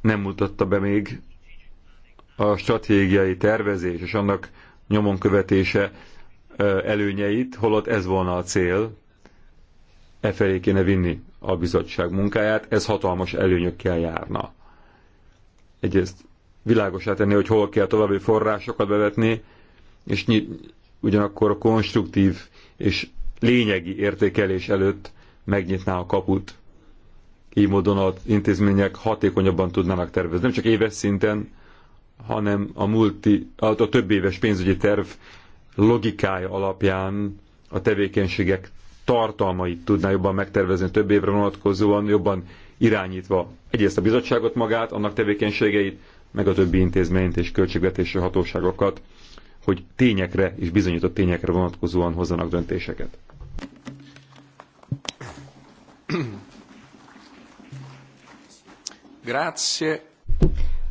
nem mutatta be még a stratégiai tervezés és annak nyomon követése előnyeit, holott ez volna a cél, e felé kéne vinni a bizottság munkáját, ez hatalmas előnyökkel járna. Egyrészt világosá tenni, hogy hol kell további forrásokat bevetni, és ugyanakkor a konstruktív és lényegi értékelés előtt megnyitná a kaput. Így módon az intézmények hatékonyabban tudnának tervezni, nem csak éves szinten, hanem a, multi, a, a több éves pénzügyi terv logikája alapján a tevékenységek tartalmait tudná jobban megtervezni több évre vonatkozóan, jobban irányítva egyrészt a bizottságot magát, annak tevékenységeit, meg a többi intézményt és költségvetési hatóságokat hogy tényekre és bizonyított tényekre vonatkozóan hozzanak döntéseket. Grazie.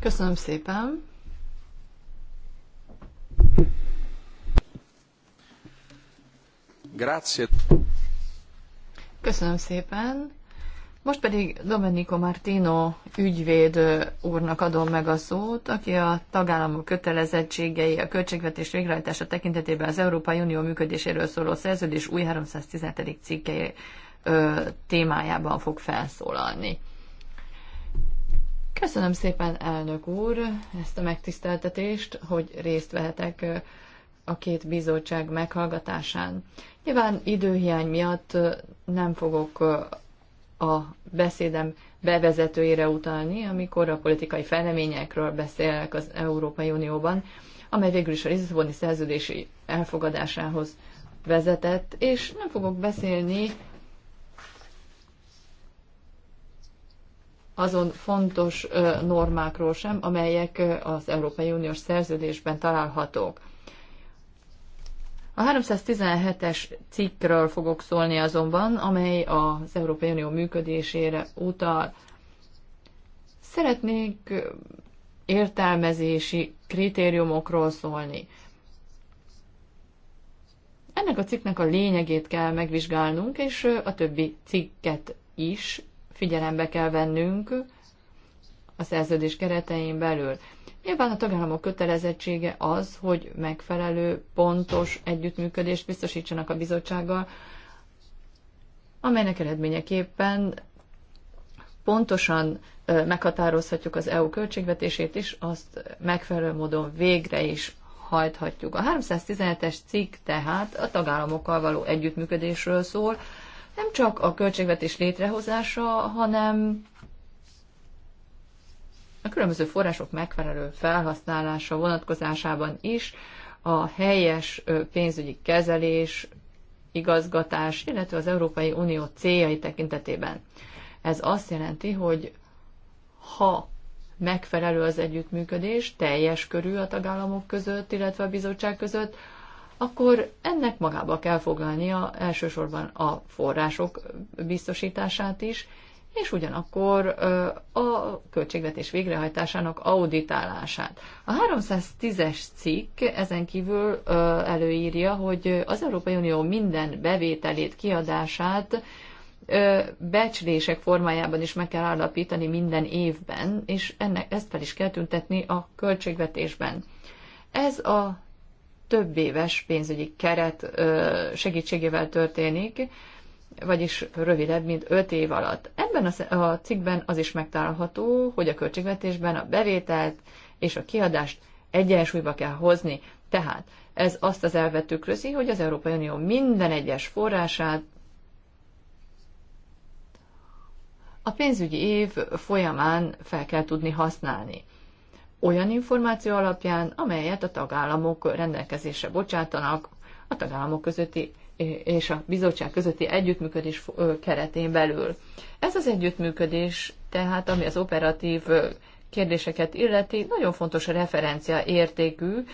Köszönöm szépen. Grazie. Köszönöm szépen. Most pedig Domenico Martino ügyvéd úrnak adom meg a szót, aki a tagállamok kötelezettségei a költségvetés végrehajtása tekintetében az Európai Unió működéséről szóló szerződés új 317. cikke témájában fog felszólalni. Köszönöm szépen, elnök úr, ezt a megtiszteltetést, hogy részt vehetek a két bizottság meghallgatásán. Nyilván időhiány miatt nem fogok a beszédem bevezetőjére utalni, amikor a politikai fejleményekről beszélek az Európai Unióban, amely végül is a Lisszaboni szerződési elfogadásához vezetett, és nem fogok beszélni azon fontos normákról sem, amelyek az Európai Uniós szerződésben találhatók. A 317-es cikkről fogok szólni azonban, amely az Európai Unió működésére utal. Szeretnék értelmezési kritériumokról szólni. Ennek a cikknek a lényegét kell megvizsgálnunk, és a többi cikket is figyelembe kell vennünk a szerződés keretein belül. Nyilván a tagállamok kötelezettsége az, hogy megfelelő, pontos együttműködést biztosítsanak a bizottsággal, amelynek eredményeképpen pontosan meghatározhatjuk az EU költségvetését, is, azt megfelelő módon végre is hajthatjuk. A 317-es cikk tehát a tagállamokkal való együttműködésről szól, nem csak a költségvetés létrehozása, hanem a különböző források megfelelő felhasználása vonatkozásában is a helyes pénzügyi kezelés, igazgatás, illetve az Európai Unió céljai tekintetében. Ez azt jelenti, hogy ha megfelelő az együttműködés, teljes körű a tagállamok között, illetve a bizottság között, akkor ennek magába kell foglalnia elsősorban a források biztosítását is, és ugyanakkor a költségvetés végrehajtásának auditálását. A 310-es cikk ezen kívül előírja, hogy az Európai Unió minden bevételét, kiadását becslések formájában is meg kell állapítani minden évben, és ennek ezt fel is kell tüntetni a költségvetésben. Ez a több éves pénzügyi keret segítségével történik, vagyis rövidebb, mint 5 év alatt. Ebben a cikkben az is megtalálható, hogy a költségvetésben a bevételt és a kiadást egyensúlyba kell hozni. Tehát ez azt az elvet tükrözi, hogy az Európai Unió minden egyes forrását a pénzügyi év folyamán fel kell tudni használni. Olyan információ alapján, amelyet a tagállamok rendelkezésre bocsátanak a tagállamok közötti és a bizottság közötti együttműködés keretén belül. Ez az együttműködés, tehát ami az operatív kérdéseket illeti, nagyon fontos a referencia értékű,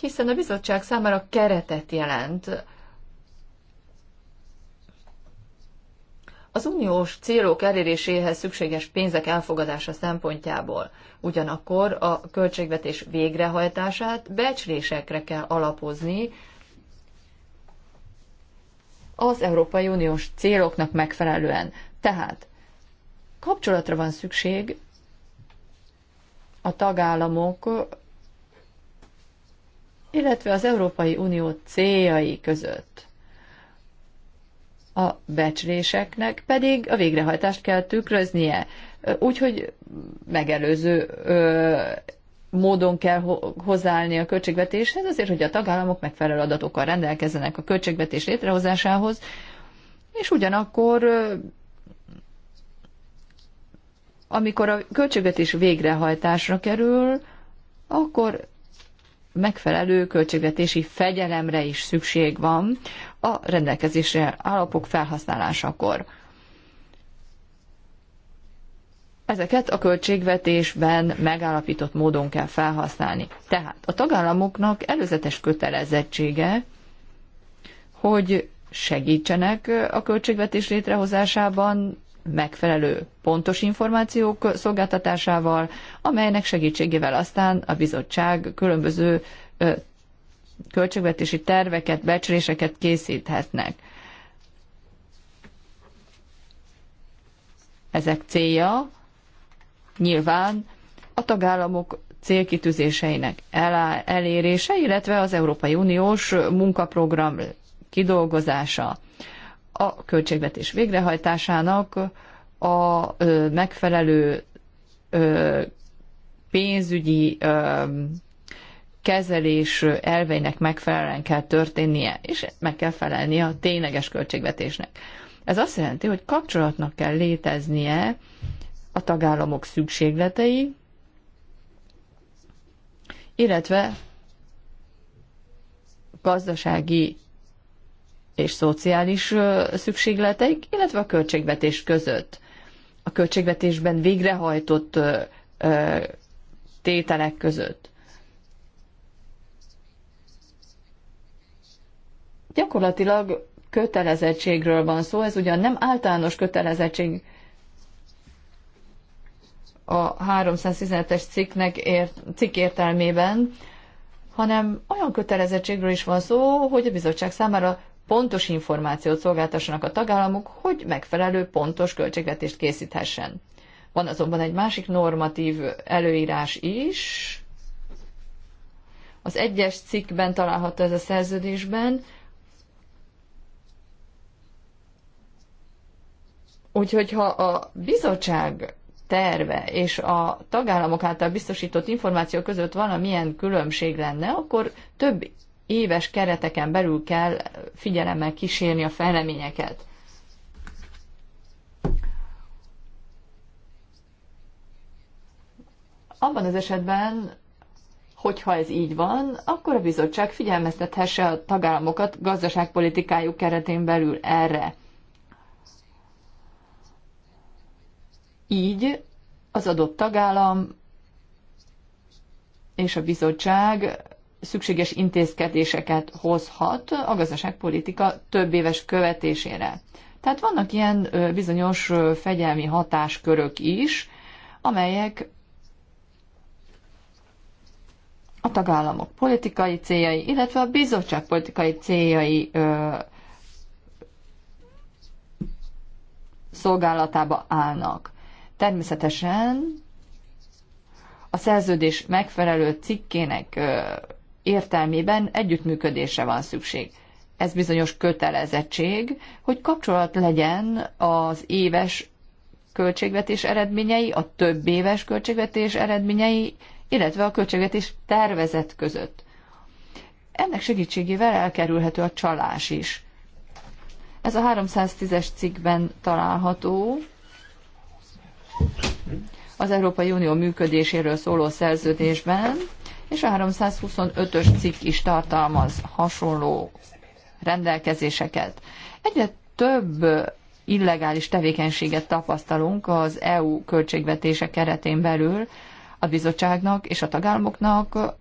hiszen a bizottság számára keretet jelent. Az uniós célok eléréséhez szükséges pénzek elfogadása szempontjából, ugyanakkor a költségvetés végrehajtását becslésekre kell alapozni, az Európai Uniós céloknak megfelelően. Tehát kapcsolatra van szükség a tagállamok, illetve az Európai Unió céljai között. A becsléseknek pedig a végrehajtást kell tükröznie, úgyhogy megelőző módon kell hozzáállni a költségvetéshez, azért, hogy a tagállamok megfelelő adatokkal rendelkezzenek a költségvetés létrehozásához, és ugyanakkor amikor a költségvetés végrehajtásra kerül, akkor megfelelő költségvetési fegyelemre is szükség van a rendelkezésre állapok felhasználásakor ezeket a költségvetésben megállapított módon kell felhasználni. Tehát a tagállamoknak előzetes kötelezettsége, hogy segítsenek a költségvetés létrehozásában megfelelő pontos információk szolgáltatásával, amelynek segítségével aztán a bizottság különböző költségvetési terveket, becsléseket készíthetnek. Ezek célja nyilván a tagállamok célkitűzéseinek elérése, illetve az Európai Uniós munkaprogram kidolgozása a költségvetés végrehajtásának a megfelelő pénzügyi kezelés elveinek megfelelően kell történnie, és meg kell felelnie a tényleges költségvetésnek. Ez azt jelenti, hogy kapcsolatnak kell léteznie a tagállamok szükségletei, illetve gazdasági és szociális szükségleteik, illetve a költségvetés között. A költségvetésben végrehajtott tételek között. Gyakorlatilag kötelezettségről van szó, ez ugyan nem általános kötelezettség a 317-es cikknek ért, cikk értelmében, hanem olyan kötelezettségről is van szó, hogy a bizottság számára pontos információt szolgáltassanak a tagállamok, hogy megfelelő pontos költségvetést készíthessen. Van azonban egy másik normatív előírás is, az egyes cikkben található ez a szerződésben, úgyhogy ha a bizottság terve és a tagállamok által biztosított információ között valamilyen különbség lenne, akkor több éves kereteken belül kell figyelemmel kísérni a fejleményeket. Abban az esetben, hogyha ez így van, akkor a bizottság figyelmeztethesse a tagállamokat gazdaságpolitikájuk keretén belül erre. Így az adott tagállam és a bizottság szükséges intézkedéseket hozhat a gazdaságpolitika több éves követésére. Tehát vannak ilyen bizonyos fegyelmi hatáskörök is, amelyek a tagállamok politikai céljai, illetve a bizottság politikai céljai ö, szolgálatába állnak. Természetesen a szerződés megfelelő cikkének értelmében együttműködésre van szükség. Ez bizonyos kötelezettség, hogy kapcsolat legyen az éves költségvetés eredményei, a több éves költségvetés eredményei, illetve a költségvetés tervezet között. Ennek segítségével elkerülhető a csalás is. Ez a 310-es cikkben található, az Európai Unió működéséről szóló szerződésben, és a 325-ös cikk is tartalmaz hasonló rendelkezéseket. Egyre több illegális tevékenységet tapasztalunk az EU költségvetése keretén belül a bizottságnak és a tagállamoknak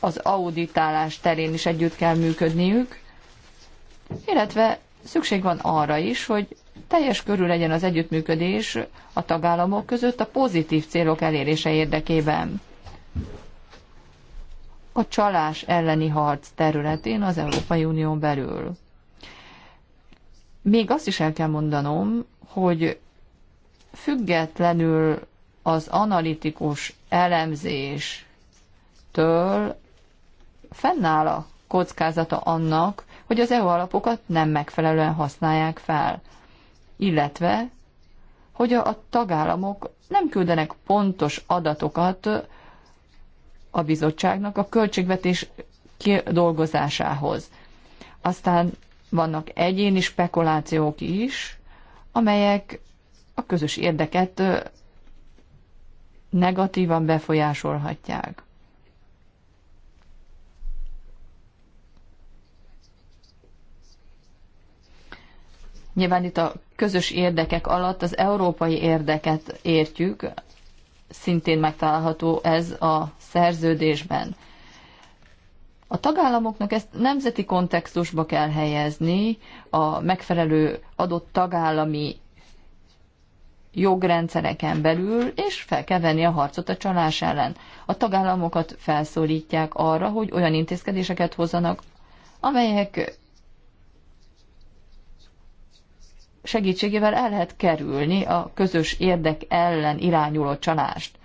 az auditálás terén is együtt kell működniük, illetve szükség van arra is, hogy teljes körül legyen az együttműködés a tagállamok között a pozitív célok elérése érdekében. A csalás elleni harc területén az Európai Unió belül. Még azt is el kell mondanom, hogy függetlenül az analitikus elemzéstől fennáll a kockázata annak, hogy az EU alapokat nem megfelelően használják fel illetve hogy a tagállamok nem küldenek pontos adatokat a bizottságnak a költségvetés kidolgozásához. Aztán vannak egyéni spekulációk is, amelyek a közös érdeket negatívan befolyásolhatják. Nyilván itt a közös érdekek alatt az európai érdeket értjük, szintén megtalálható ez a szerződésben. A tagállamoknak ezt nemzeti kontextusba kell helyezni, a megfelelő adott tagállami jogrendszereken belül, és fel kell venni a harcot a csalás ellen. A tagállamokat felszólítják arra, hogy olyan intézkedéseket hozzanak, amelyek segítségével el lehet kerülni a közös érdek ellen irányuló csalást.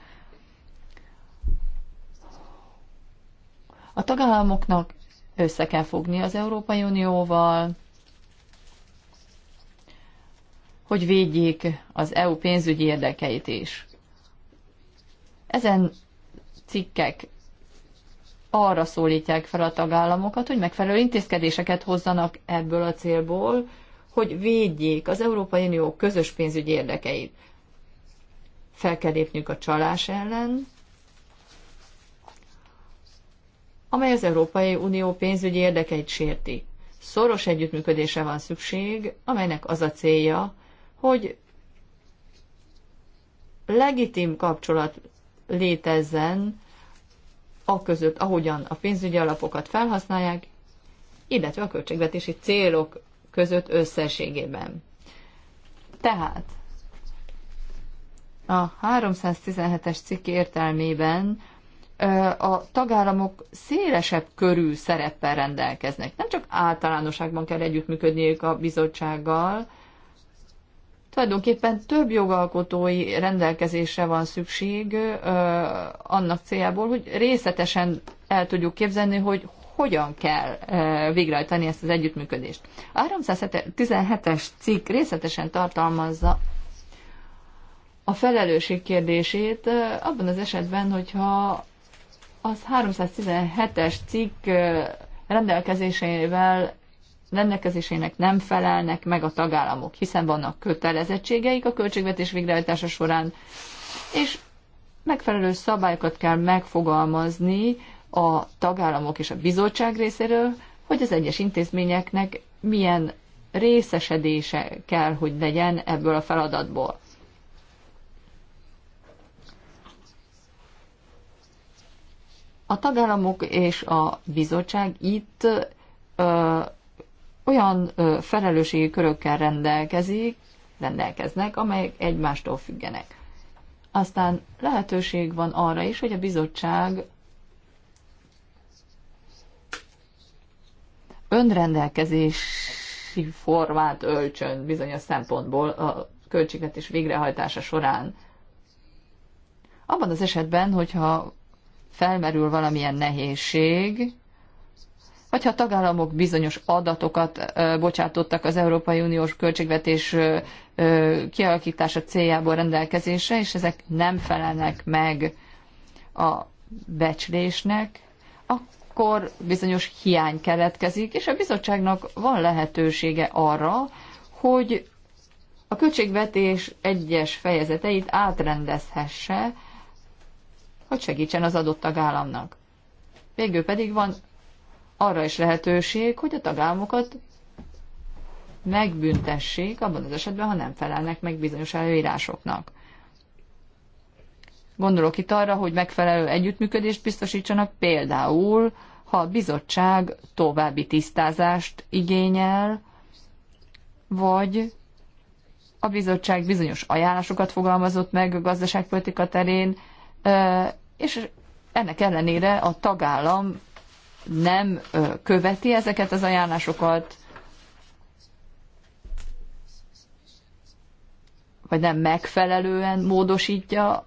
A tagállamoknak össze kell fogni az Európai Unióval, hogy védjék az EU pénzügyi érdekeit is. Ezen cikkek arra szólítják fel a tagállamokat, hogy megfelelő intézkedéseket hozzanak ebből a célból, hogy védjék az Európai Unió közös pénzügyi érdekeit. Fel kell lépnünk a csalás ellen, amely az Európai Unió pénzügyi érdekeit sérti. Szoros együttműködésre van szükség, amelynek az a célja, hogy legitim kapcsolat létezzen a között, ahogyan a pénzügyi alapokat felhasználják, illetve a költségvetési célok között összességében. Tehát a 317-es cikk értelmében a tagállamok szélesebb körű szereppel rendelkeznek. Nem csak általánosságban kell együttműködniük a bizottsággal, tulajdonképpen több jogalkotói rendelkezésre van szükség annak céljából, hogy részletesen el tudjuk képzelni, hogy hogyan kell e, végrehajtani ezt az együttműködést. A 317-es cikk részletesen tartalmazza a felelősség kérdését e, abban az esetben, hogyha az 317-es cikk e, rendelkezésével rendelkezésének nem felelnek meg a tagállamok, hiszen vannak kötelezettségeik a költségvetés végrehajtása során, és megfelelő szabályokat kell megfogalmazni a tagállamok és a bizottság részéről, hogy az egyes intézményeknek milyen részesedése kell, hogy legyen ebből a feladatból. A tagállamok és a bizottság itt ö, olyan ö, felelősségi körökkel rendelkezik, rendelkeznek, amelyek egymástól függenek. Aztán lehetőség van arra is, hogy a bizottság önrendelkezési formát ölcsön bizonyos szempontból a költségvetés végrehajtása során. Abban az esetben, hogyha felmerül valamilyen nehézség, vagy ha a tagállamok bizonyos adatokat bocsátottak az Európai Uniós költségvetés kialakítása céljából rendelkezésre, és ezek nem felelnek meg a becslésnek, akkor bizonyos hiány keletkezik, és a bizottságnak van lehetősége arra, hogy a költségvetés egyes fejezeteit átrendezhesse, hogy segítsen az adott tagállamnak. Végül pedig van arra is lehetőség, hogy a tagállamokat megbüntessék abban az esetben, ha nem felelnek meg bizonyos előírásoknak. Gondolok itt arra, hogy megfelelő együttműködést biztosítsanak például, ha a bizottság további tisztázást igényel, vagy a bizottság bizonyos ajánlásokat fogalmazott meg a gazdaságpolitika terén, és ennek ellenére a tagállam nem követi ezeket az ajánlásokat, vagy nem megfelelően módosítja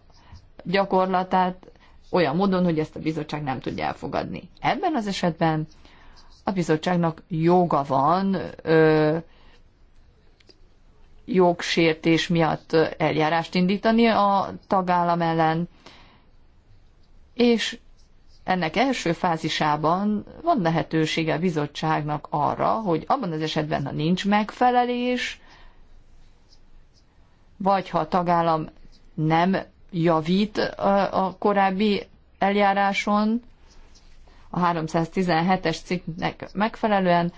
gyakorlatát olyan módon, hogy ezt a bizottság nem tudja elfogadni. Ebben az esetben a bizottságnak joga van ö, jogsértés miatt eljárást indítani a tagállam ellen, és ennek első fázisában van lehetősége a bizottságnak arra, hogy abban az esetben, ha nincs megfelelés, vagy ha a tagállam nem javít a korábbi eljáráson, a 317-es cikknek megfelelően,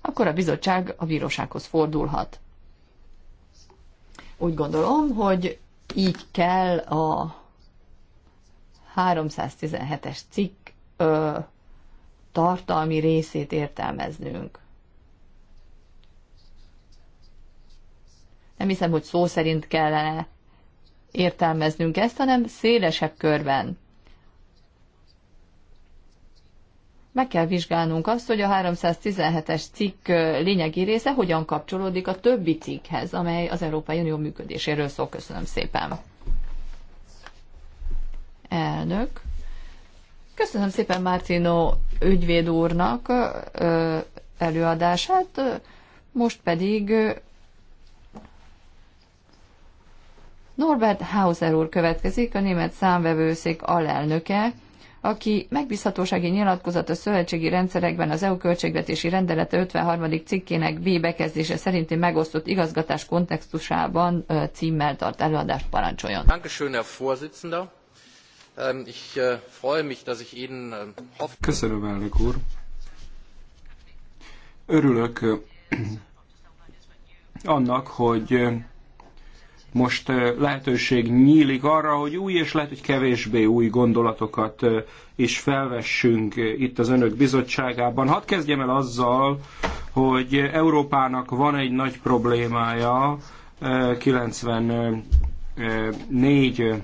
akkor a bizottság a bírósághoz fordulhat. Úgy gondolom, hogy így kell a 317-es cikk ö, tartalmi részét értelmeznünk. Nem hiszem, hogy szó szerint kellene értelmeznünk ezt, hanem szélesebb körben. Meg kell vizsgálnunk azt, hogy a 317-es cikk lényegi része hogyan kapcsolódik a többi cikkhez, amely az Európai Unió működéséről szól. Köszönöm szépen. Elnök. Köszönöm szépen Mártino ügyvéd úrnak előadását, most pedig Norbert Hauser úr következik, a német számvevőszék alelnöke, aki megbízhatósági nyilatkozat a szövetségi rendszerekben az EU költségvetési rendelete 53. cikkének B bekezdése szerinti megosztott igazgatás kontextusában címmel tart előadást parancsoljon. Ähm, äh, ähm, Köszönöm, elnök úr. Örülök annak, hogy most lehetőség nyílik arra, hogy új és lehet, hogy kevésbé új gondolatokat is felvessünk itt az Önök bizottságában. Hadd kezdjem el azzal, hogy Európának van egy nagy problémája, 94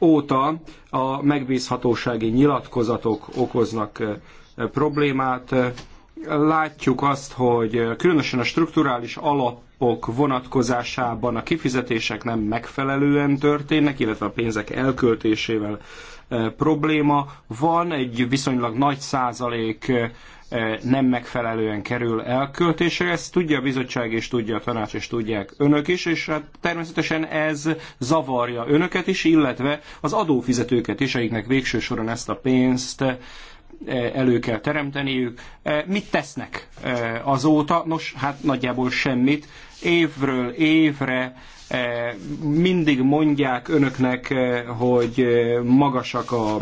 óta a megbízhatósági nyilatkozatok okoznak problémát látjuk azt, hogy különösen a strukturális alapok vonatkozásában a kifizetések nem megfelelően történnek, illetve a pénzek elköltésével e, probléma van, egy viszonylag nagy százalék e, nem megfelelően kerül elköltésre. Ezt tudja a bizottság, és tudja a tanács, és tudják önök is, és hát természetesen ez zavarja önöket is, illetve az adófizetőket is, akiknek végső soron ezt a pénzt E, elő kell teremteniük. E, mit tesznek e, azóta? Nos, hát nagyjából semmit. Évről évre mindig mondják önöknek, hogy magasak a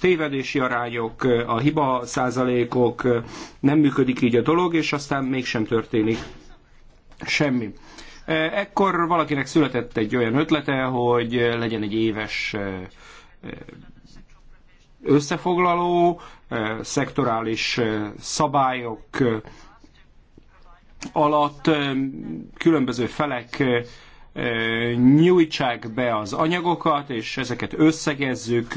tévedési arányok, a hiba százalékok, nem működik így a dolog, és aztán mégsem történik semmi. Ekkor valakinek született egy olyan ötlete, hogy legyen egy éves összefoglaló, eh, szektorális eh, szabályok eh, alatt különböző felek nyújtsák be az anyagokat, és ezeket összegezzük,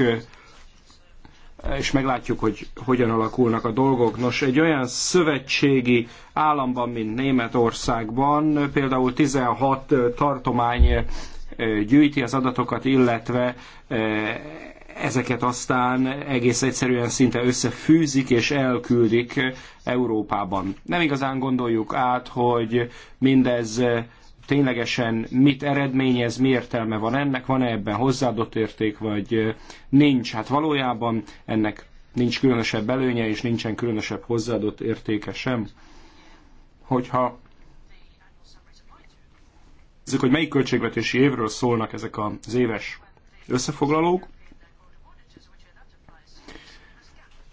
és meglátjuk, hogy hogyan alakulnak a dolgok. Nos, egy olyan szövetségi államban, mint Németországban, például 16 tartomány gyűjti az adatokat, illetve ezeket aztán egész egyszerűen szinte összefűzik és elküldik Európában. Nem igazán gondoljuk át, hogy mindez ténylegesen mit eredményez, mi értelme van ennek, van-e ebben hozzáadott érték, vagy nincs. Hát valójában ennek nincs különösebb előnye, és nincsen különösebb hozzáadott értéke sem. Hogyha nézzük, hogy melyik költségvetési évről szólnak ezek az éves összefoglalók,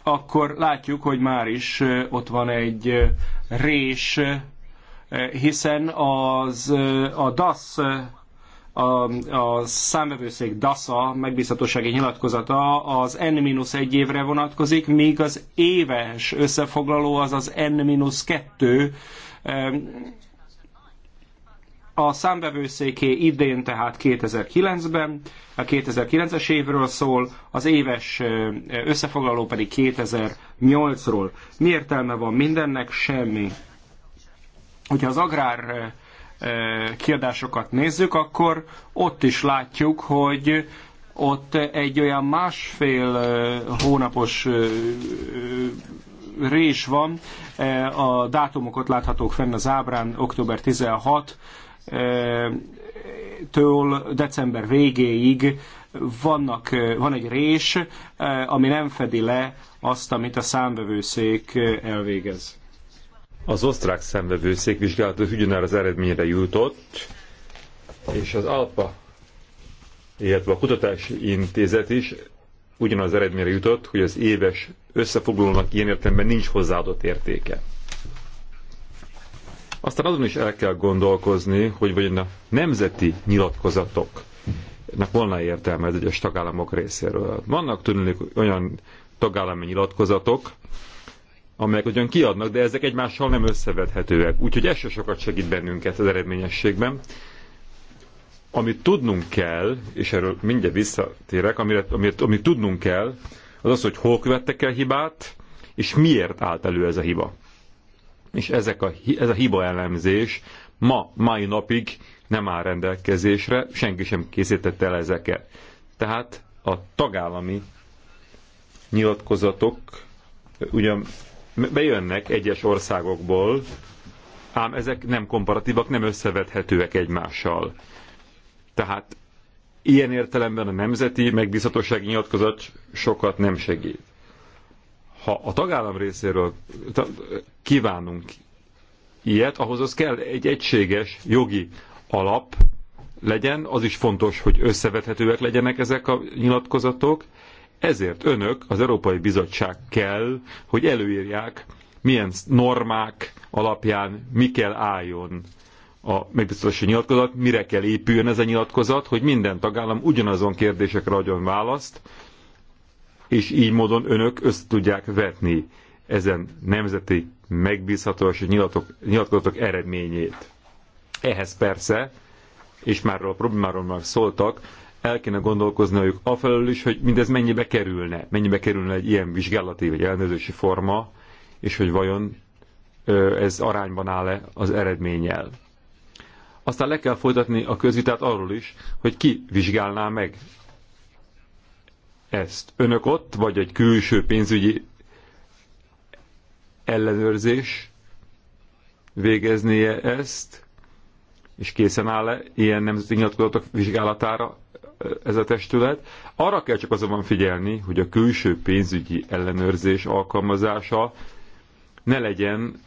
akkor látjuk, hogy már is ott van egy rés, hiszen az, a DAS a, a számvevőszék DASA megbízhatósági nyilatkozata az N-1 évre vonatkozik, míg az éves összefoglaló az az N-2 a számvevőszéké idén, tehát 2009-ben, a 2009-es évről szól, az éves összefoglaló pedig 2008-ról. Mi értelme van mindennek? Semmi. Hogyha az agrár kiadásokat nézzük, akkor ott is látjuk, hogy ott egy olyan másfél hónapos rés van, a dátumokat láthatók fenn az ábrán, október 16, től december végéig vannak, eh, van egy rés, eh, ami nem fedi le azt, amit a számvevőszék eh, elvégez. Az osztrák számvevőszék vizsgálatot ugyanár az eredményre jutott, és az Alpa, illetve a Kutatási Intézet is ugyanaz eredményre jutott, hogy az éves összefoglalónak ilyen értelemben nincs hozzáadott értéke. Aztán azon is el kell gondolkozni, hogy vagy a nemzeti nyilatkozatoknak volna értelme az egyes tagállamok részéről. Vannak tűnik olyan tagállami nyilatkozatok, amelyek ugyan kiadnak, de ezek egymással nem összevethetőek. Úgyhogy ez se sokat segít bennünket az eredményességben. Amit tudnunk kell, és erről mindjárt visszatérek, amire, amit, amit tudnunk kell, az az, hogy hol követtek el hibát, és miért állt elő ez a hiba és ezek a, ez a hiba elemzés ma, mai napig nem áll rendelkezésre, senki sem készítette el ezeket. Tehát a tagállami nyilatkozatok ugyan bejönnek egyes országokból, ám ezek nem komparatívak, nem összevethetőek egymással. Tehát ilyen értelemben a nemzeti megbízhatósági nyilatkozat sokat nem segít. Ha a tagállam részéről kívánunk ilyet, ahhoz az kell egy egységes jogi alap legyen, az is fontos, hogy összevethetőek legyenek ezek a nyilatkozatok, ezért önök, az Európai Bizottság kell, hogy előírják, milyen normák alapján mi kell álljon a megbiztosítási nyilatkozat, mire kell épüljön ez a nyilatkozat, hogy minden tagállam ugyanazon kérdésekre adjon választ, és így módon önök össze tudják vetni ezen nemzeti megbízhatós nyilatok, nyilatkozatok eredményét. Ehhez persze, és már a problémáról már szóltak, el kéne ők afelől is, hogy mindez mennyibe kerülne, mennyibe kerülne egy ilyen vizsgálati vagy ellenőrzési forma, és hogy vajon ez arányban áll-e az eredménnyel. Aztán le kell folytatni a közvitát arról is, hogy ki vizsgálná meg ezt? Önök ott, vagy egy külső pénzügyi ellenőrzés végeznie ezt, és készen áll-e ilyen nemzeti nyilatkozatok vizsgálatára ez a testület. Arra kell csak azonban figyelni, hogy a külső pénzügyi ellenőrzés alkalmazása ne legyen,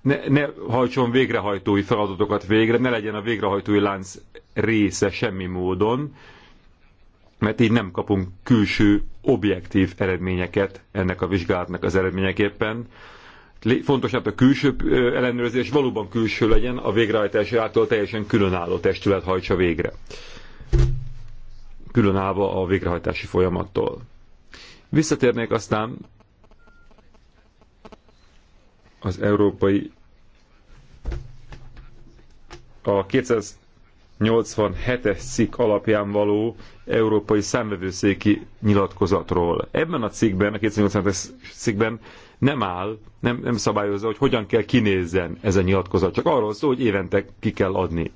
ne, ne hajtson végrehajtói feladatokat végre, ne legyen a végrehajtói lánc része semmi módon, mert így nem kapunk külső objektív eredményeket ennek a vizsgálatnak az eredményeképpen. Fontosabb a külső ellenőrzés valóban külső legyen, a végrehajtásától teljesen különálló testület hajtsa végre. Különállva a végrehajtási folyamattól. Visszatérnék aztán az európai a 200 87-es cikk alapján való európai számvevőszéki nyilatkozatról. Ebben a cikkben, a 287-es cikkben nem áll, nem, nem szabályozza, hogy hogyan kell kinézzen ez a nyilatkozat, csak arról szól, hogy évente ki kell adni.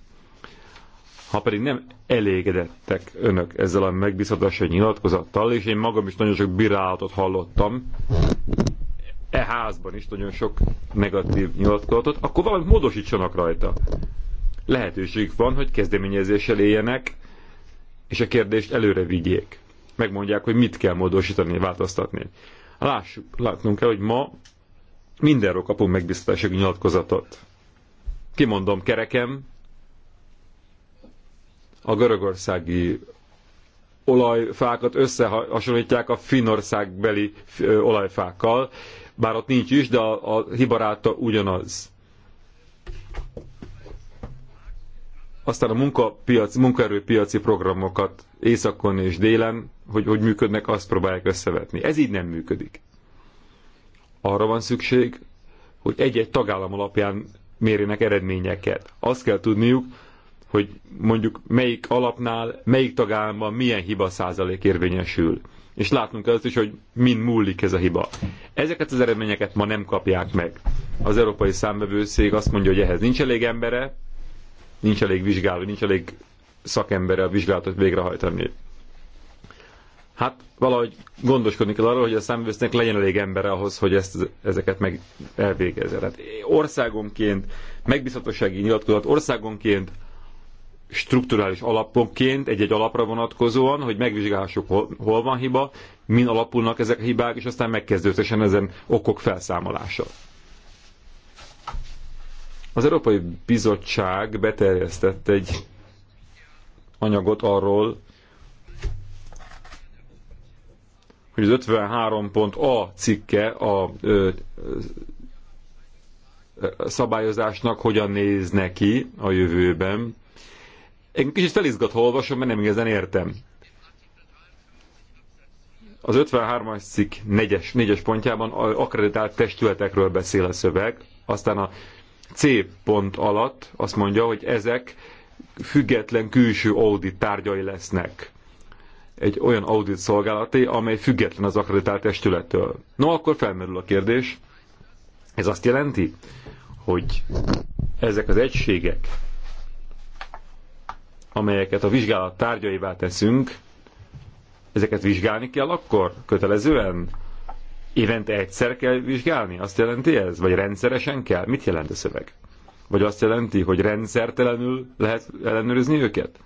Ha pedig nem elégedettek önök ezzel a megbízhatási nyilatkozattal, és én magam is nagyon sok birálatot hallottam, e házban is nagyon sok negatív nyilatkozatot, akkor valamit módosítsanak rajta lehetőségük van, hogy kezdeményezéssel éljenek, és a kérdést előre vigyék. Megmondják, hogy mit kell módosítani, változtatni. Lássuk, látnunk kell, hogy ma mindenről kapunk megbiztosítási nyilatkozatot. Kimondom kerekem, a görögországi olajfákat összehasonlítják a beli olajfákkal, bár ott nincs is, de a, a hibaráta ugyanaz. Aztán a munkapiac, munkaerőpiaci programokat északon és délen, hogy hogy működnek, azt próbálják összevetni. Ez így nem működik. Arra van szükség, hogy egy-egy tagállam alapján mérjenek eredményeket. Azt kell tudniuk, hogy mondjuk melyik alapnál, melyik tagállamban milyen hiba százalék érvényesül. És látnunk kell azt is, hogy min múlik ez a hiba. Ezeket az eredményeket ma nem kapják meg. Az Európai Számbevőszék azt mondja, hogy ehhez nincs elég embere, nincs elég vizsgáló, nincs elég szakembere a vizsgálatot végrehajtani. Hát valahogy gondoskodni kell arról, hogy a számvősznek legyen elég embere ahhoz, hogy ezt, ezeket meg elvégezze. Tehát országonként megbízhatósági nyilatkozat, országonként strukturális alapokként, egy-egy alapra vonatkozóan, hogy megvizsgálhassuk, hol, hol van hiba, min alapulnak ezek a hibák, és aztán megkezdődhessen ezen okok felszámolása. Az Európai Bizottság beterjesztett egy anyagot arról, hogy az 53.a cikke a ö, ö, szabályozásnak hogyan néz neki a jövőben. Én kicsit ha olvasom, mert nem igazán értem. Az 53-as cikk 4-es, pontjában a akreditált testületekről beszél a szöveg, aztán a C pont alatt azt mondja, hogy ezek független külső audit tárgyai lesznek. Egy olyan audit szolgálaté, amely független az akreditált testülettől. No, akkor felmerül a kérdés. Ez azt jelenti, hogy ezek az egységek, amelyeket a vizsgálat tárgyaivá teszünk, ezeket vizsgálni kell akkor kötelezően? évente egyszer kell vizsgálni? Azt jelenti ez? Vagy rendszeresen kell? Mit jelent a szöveg? Vagy azt jelenti, hogy rendszertelenül lehet ellenőrizni őket?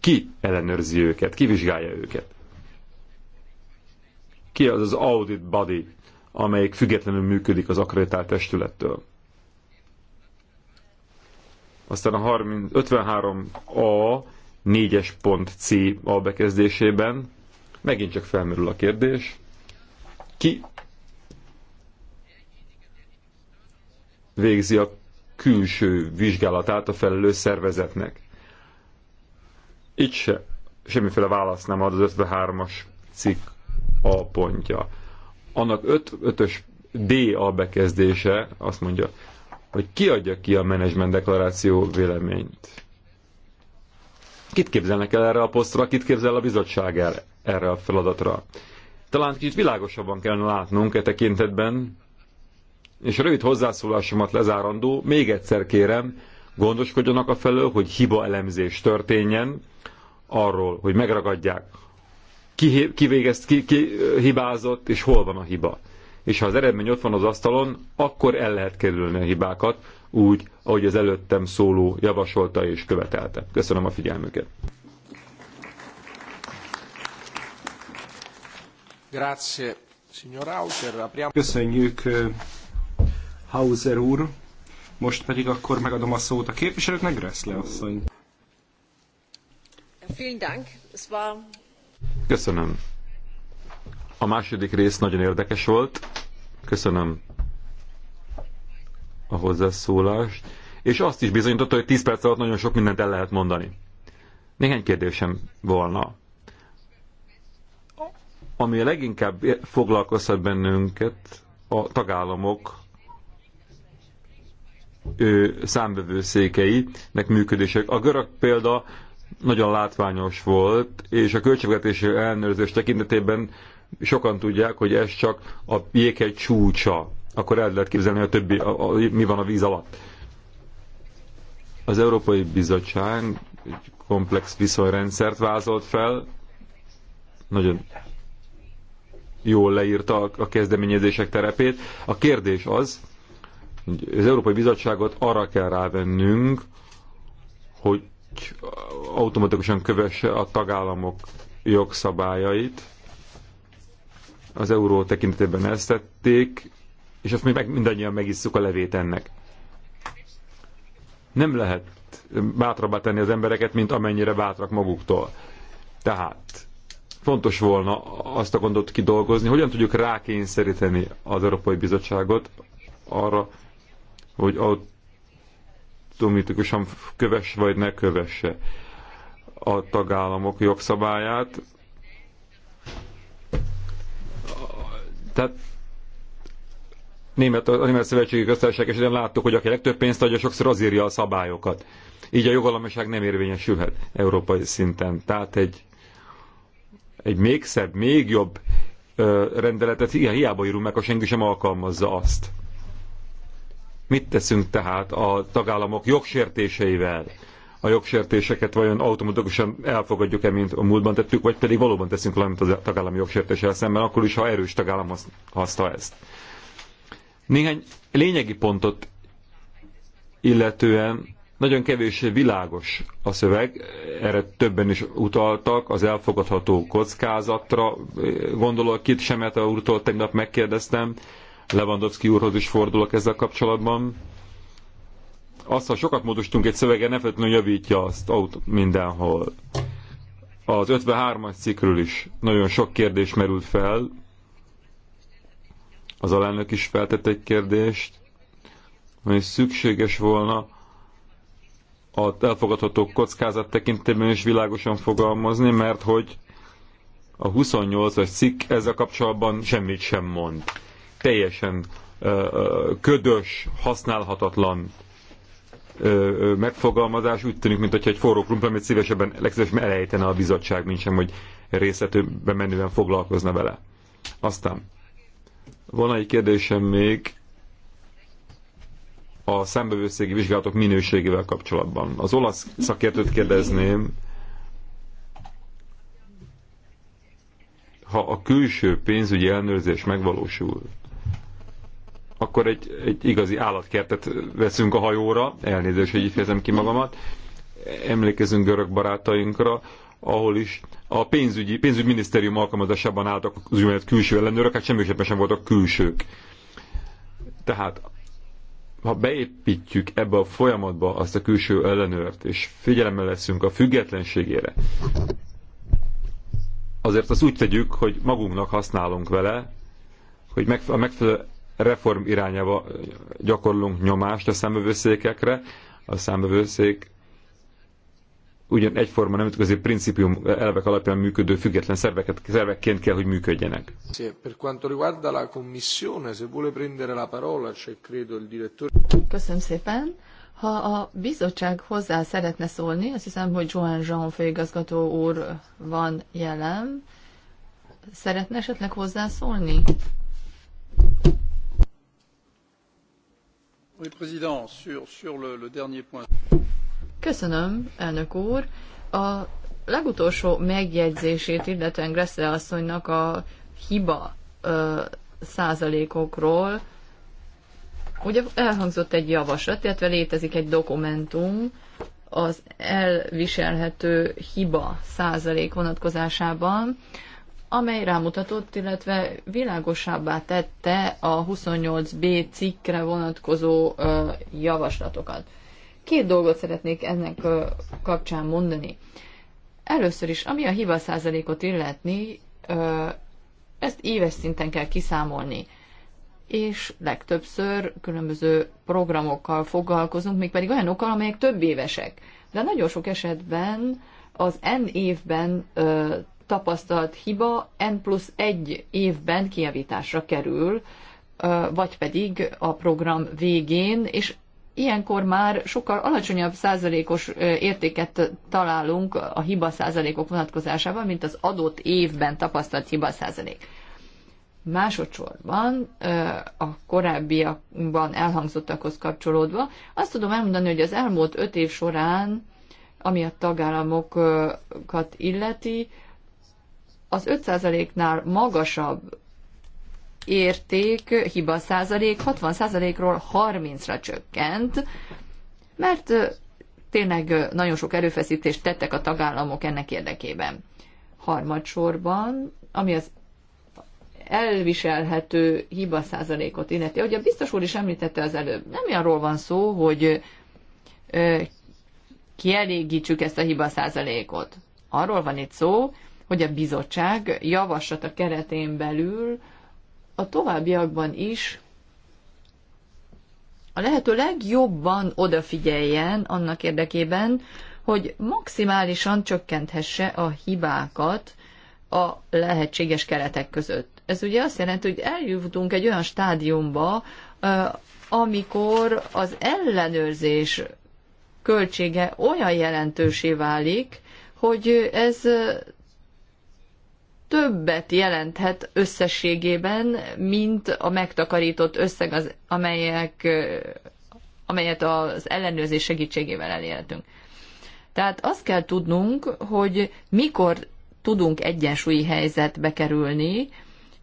Ki ellenőrzi őket? Ki vizsgálja őket? Ki az az audit body, amelyik függetlenül működik az akreditált testülettől? Aztán a 53A 4-es pont C albekezdésében megint csak felmerül a kérdés, ki végzi a külső vizsgálatát a felelős szervezetnek? Itt se semmiféle választ nem ad az 53-as cikk a pontja. Annak 5-ös D a bekezdése azt mondja, hogy ki adja ki a menedzsment deklaráció véleményt. Kit képzelnek el erre a posztra, kit képzel a bizottság el erre a feladatra? Talán kicsit világosabban kellene látnunk e tekintetben, és a rövid hozzászólásomat lezárandó, még egyszer kérem, gondoskodjanak a felől, hogy hiba elemzés történjen arról, hogy megragadják, ki, ki, végezt, ki, ki hibázott, és hol van a hiba. És ha az eredmény ott van az asztalon, akkor el lehet kerülni a hibákat, úgy, ahogy az előttem szóló javasolta és követelte. Köszönöm a figyelmüket. Köszönjük, eh, Hauser úr. Most pedig akkor megadom a szót a képviselőknek, Gressle asszony. Köszönöm. A második rész nagyon érdekes volt. Köszönöm a hozzászólást. És azt is bizonyította, hogy 10 perc alatt nagyon sok mindent el lehet mondani. Néhány kérdésem volna ami a leginkább foglalkoztat bennünket, a tagállamok ő, számbevőszékeinek működések. A görög példa nagyon látványos volt, és a költségvetési ellenőrzés tekintetében sokan tudják, hogy ez csak a jéghegy csúcsa. Akkor el lehet képzelni, a többi, a, a, mi van a víz alatt. Az Európai Bizottság egy komplex viszonyrendszert vázolt fel, nagyon jól leírta a kezdeményezések terepét. A kérdés az, hogy az Európai Bizottságot arra kell rávennünk, hogy automatikusan kövesse a tagállamok jogszabályait. Az euró tekintetében ezt tették, és azt mi meg mindannyian megisszuk a levét ennek. Nem lehet bátrabbá tenni az embereket, mint amennyire bátrak maguktól. Tehát fontos volna azt a gondot kidolgozni, hogyan tudjuk rákényszeríteni az Európai Bizottságot arra, hogy automatikusan kövesse vagy ne kövesse a tagállamok jogszabályát. Tehát német, a Német Szövetségi Köztársaság esetén láttuk, hogy aki legtöbb pénzt adja, sokszor az írja a szabályokat. Így a jogalamiság nem érvényesülhet európai szinten. Tehát egy egy még szebb, még jobb rendeletet, hiába írunk meg, ha senki sem alkalmazza azt. Mit teszünk tehát a tagállamok jogsértéseivel? A jogsértéseket vajon automatikusan elfogadjuk-e, mint a múltban tettük, vagy pedig valóban teszünk valamit a tagállami jogsértéssel szemben, akkor is, ha erős tagállam haszta ezt. Néhány lényegi pontot illetően nagyon kevés világos a szöveg, erre többen is utaltak, az elfogadható kockázatra eh, gondolok itt, a úrtól tegnap megkérdeztem, Lewandowski úrhoz is fordulok ezzel kapcsolatban. Azt, ha sokat módosítunk egy szövegen, ne feltétlenül javítja azt aut mindenhol. Az 53-as cikkről is nagyon sok kérdés merült fel. Az alelnök is feltett egy kérdést, hogy szükséges volna a elfogadható kockázat tekintetében is világosan fogalmazni, mert hogy a 28-as cikk ezzel kapcsolatban semmit sem mond. Teljesen ö, ködös, használhatatlan ö, megfogalmazás úgy tűnik, mint egy forró krumpli, amit szívesebben, legszívesebben elejtene a bizottság, mint sem, hogy részletőben menően foglalkozna vele. Aztán van egy kérdésem még a szembevőszégi vizsgálatok minőségével kapcsolatban. Az olasz szakértőt kérdezném, ha a külső pénzügyi ellenőrzés megvalósul, akkor egy, egy igazi állatkertet veszünk a hajóra, elnézést, hogy így fejezem ki magamat, emlékezünk görög barátainkra, ahol is a pénzügyi, pénzügyminisztérium alkalmazásában álltak az külső ellenőrök, hát semmiképpen sem voltak külsők. Tehát ha beépítjük ebbe a folyamatba azt a külső ellenőrt, és figyelemmel leszünk a függetlenségére, azért azt úgy tegyük, hogy magunknak használunk vele, hogy a megfelelő reform irányába gyakorlunk nyomást a számbevőszékekre, a számbevőszék ugyan egyforma nemzetközi principium elvek alapján működő független szerveket, szervekként kell, hogy működjenek. Köszönöm szépen. Ha a bizottság hozzá szeretne szólni, azt hiszem, hogy Johan Jean főigazgató úr van jelen. Szeretne esetleg hozzászólni? Oui, président, sur, sur le, le dernier point. Köszönöm, elnök úr. A legutolsó megjegyzését, illetve Gressle asszonynak a hiba ö, százalékokról, ugye elhangzott egy javaslat, illetve létezik egy dokumentum az elviselhető hiba százalék vonatkozásában, amely rámutatott, illetve világosabbá tette a 28b cikkre vonatkozó ö, javaslatokat. Két dolgot szeretnék ennek kapcsán mondani. Először is, ami a hiba százalékot illetni, ezt éves szinten kell kiszámolni és legtöbbször különböző programokkal foglalkozunk, még pedig olyanokkal, amelyek több évesek. De nagyon sok esetben az N évben ö, tapasztalt hiba N plusz egy évben kijavításra kerül, ö, vagy pedig a program végén, és ilyenkor már sokkal alacsonyabb százalékos értéket találunk a hiba százalékok vonatkozásában, mint az adott évben tapasztalt hiba százalék. Másodszorban a korábbiakban elhangzottakhoz kapcsolódva, azt tudom elmondani, hogy az elmúlt öt év során, ami a tagállamokat illeti, az 5%-nál magasabb érték, hiba százalék 60 százalékról 30-ra csökkent, mert tényleg nagyon sok erőfeszítést tettek a tagállamok ennek érdekében. Harmadsorban, ami az elviselhető hiba százalékot illeti. Ugye a biztos úr is említette az előbb, nem arról van szó, hogy ö, kielégítsük ezt a hiba százalékot. Arról van itt szó, hogy a bizottság javaslata keretén belül a továbbiakban is a lehető legjobban odafigyeljen annak érdekében, hogy maximálisan csökkenthesse a hibákat a lehetséges keretek között. Ez ugye azt jelenti, hogy eljutunk egy olyan stádiumba, amikor az ellenőrzés költsége olyan jelentősé válik, hogy ez többet jelenthet összességében, mint a megtakarított összeg, az, amelyek, amelyet az ellenőrzés segítségével elérhetünk. Tehát azt kell tudnunk, hogy mikor tudunk egyensúlyi helyzetbe kerülni,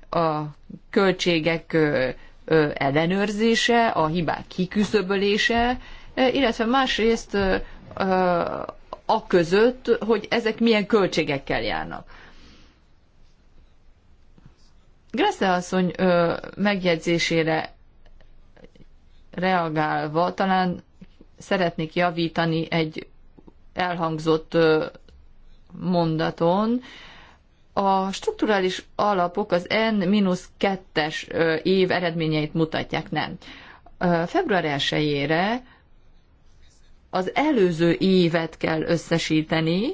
a költségek ellenőrzése, a hibák kiküszöbölése, illetve másrészt a között, hogy ezek milyen költségekkel járnak Gressle asszony ö, megjegyzésére reagálva talán szeretnék javítani egy elhangzott ö, mondaton. A strukturális alapok az N-2-es év eredményeit mutatják, nem. Február 1 az előző évet kell összesíteni,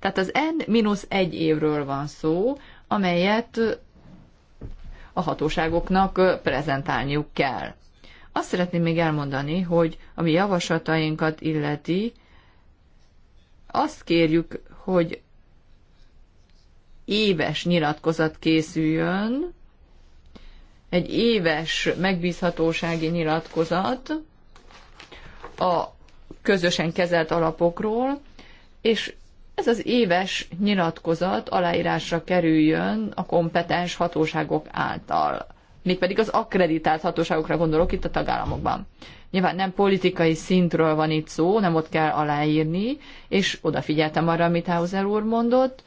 tehát az N-1 évről van szó, amelyet a hatóságoknak prezentálniuk kell. Azt szeretném még elmondani, hogy ami javaslatainkat illeti, azt kérjük, hogy éves nyilatkozat készüljön, egy éves megbízhatósági nyilatkozat a közösen kezelt alapokról, és ez az éves nyilatkozat aláírásra kerüljön a kompetens hatóságok által. Mégpedig az akkreditált hatóságokra gondolok itt a tagállamokban. Nyilván nem politikai szintről van itt szó, nem ott kell aláírni, és odafigyeltem arra, amit Hauser úr mondott.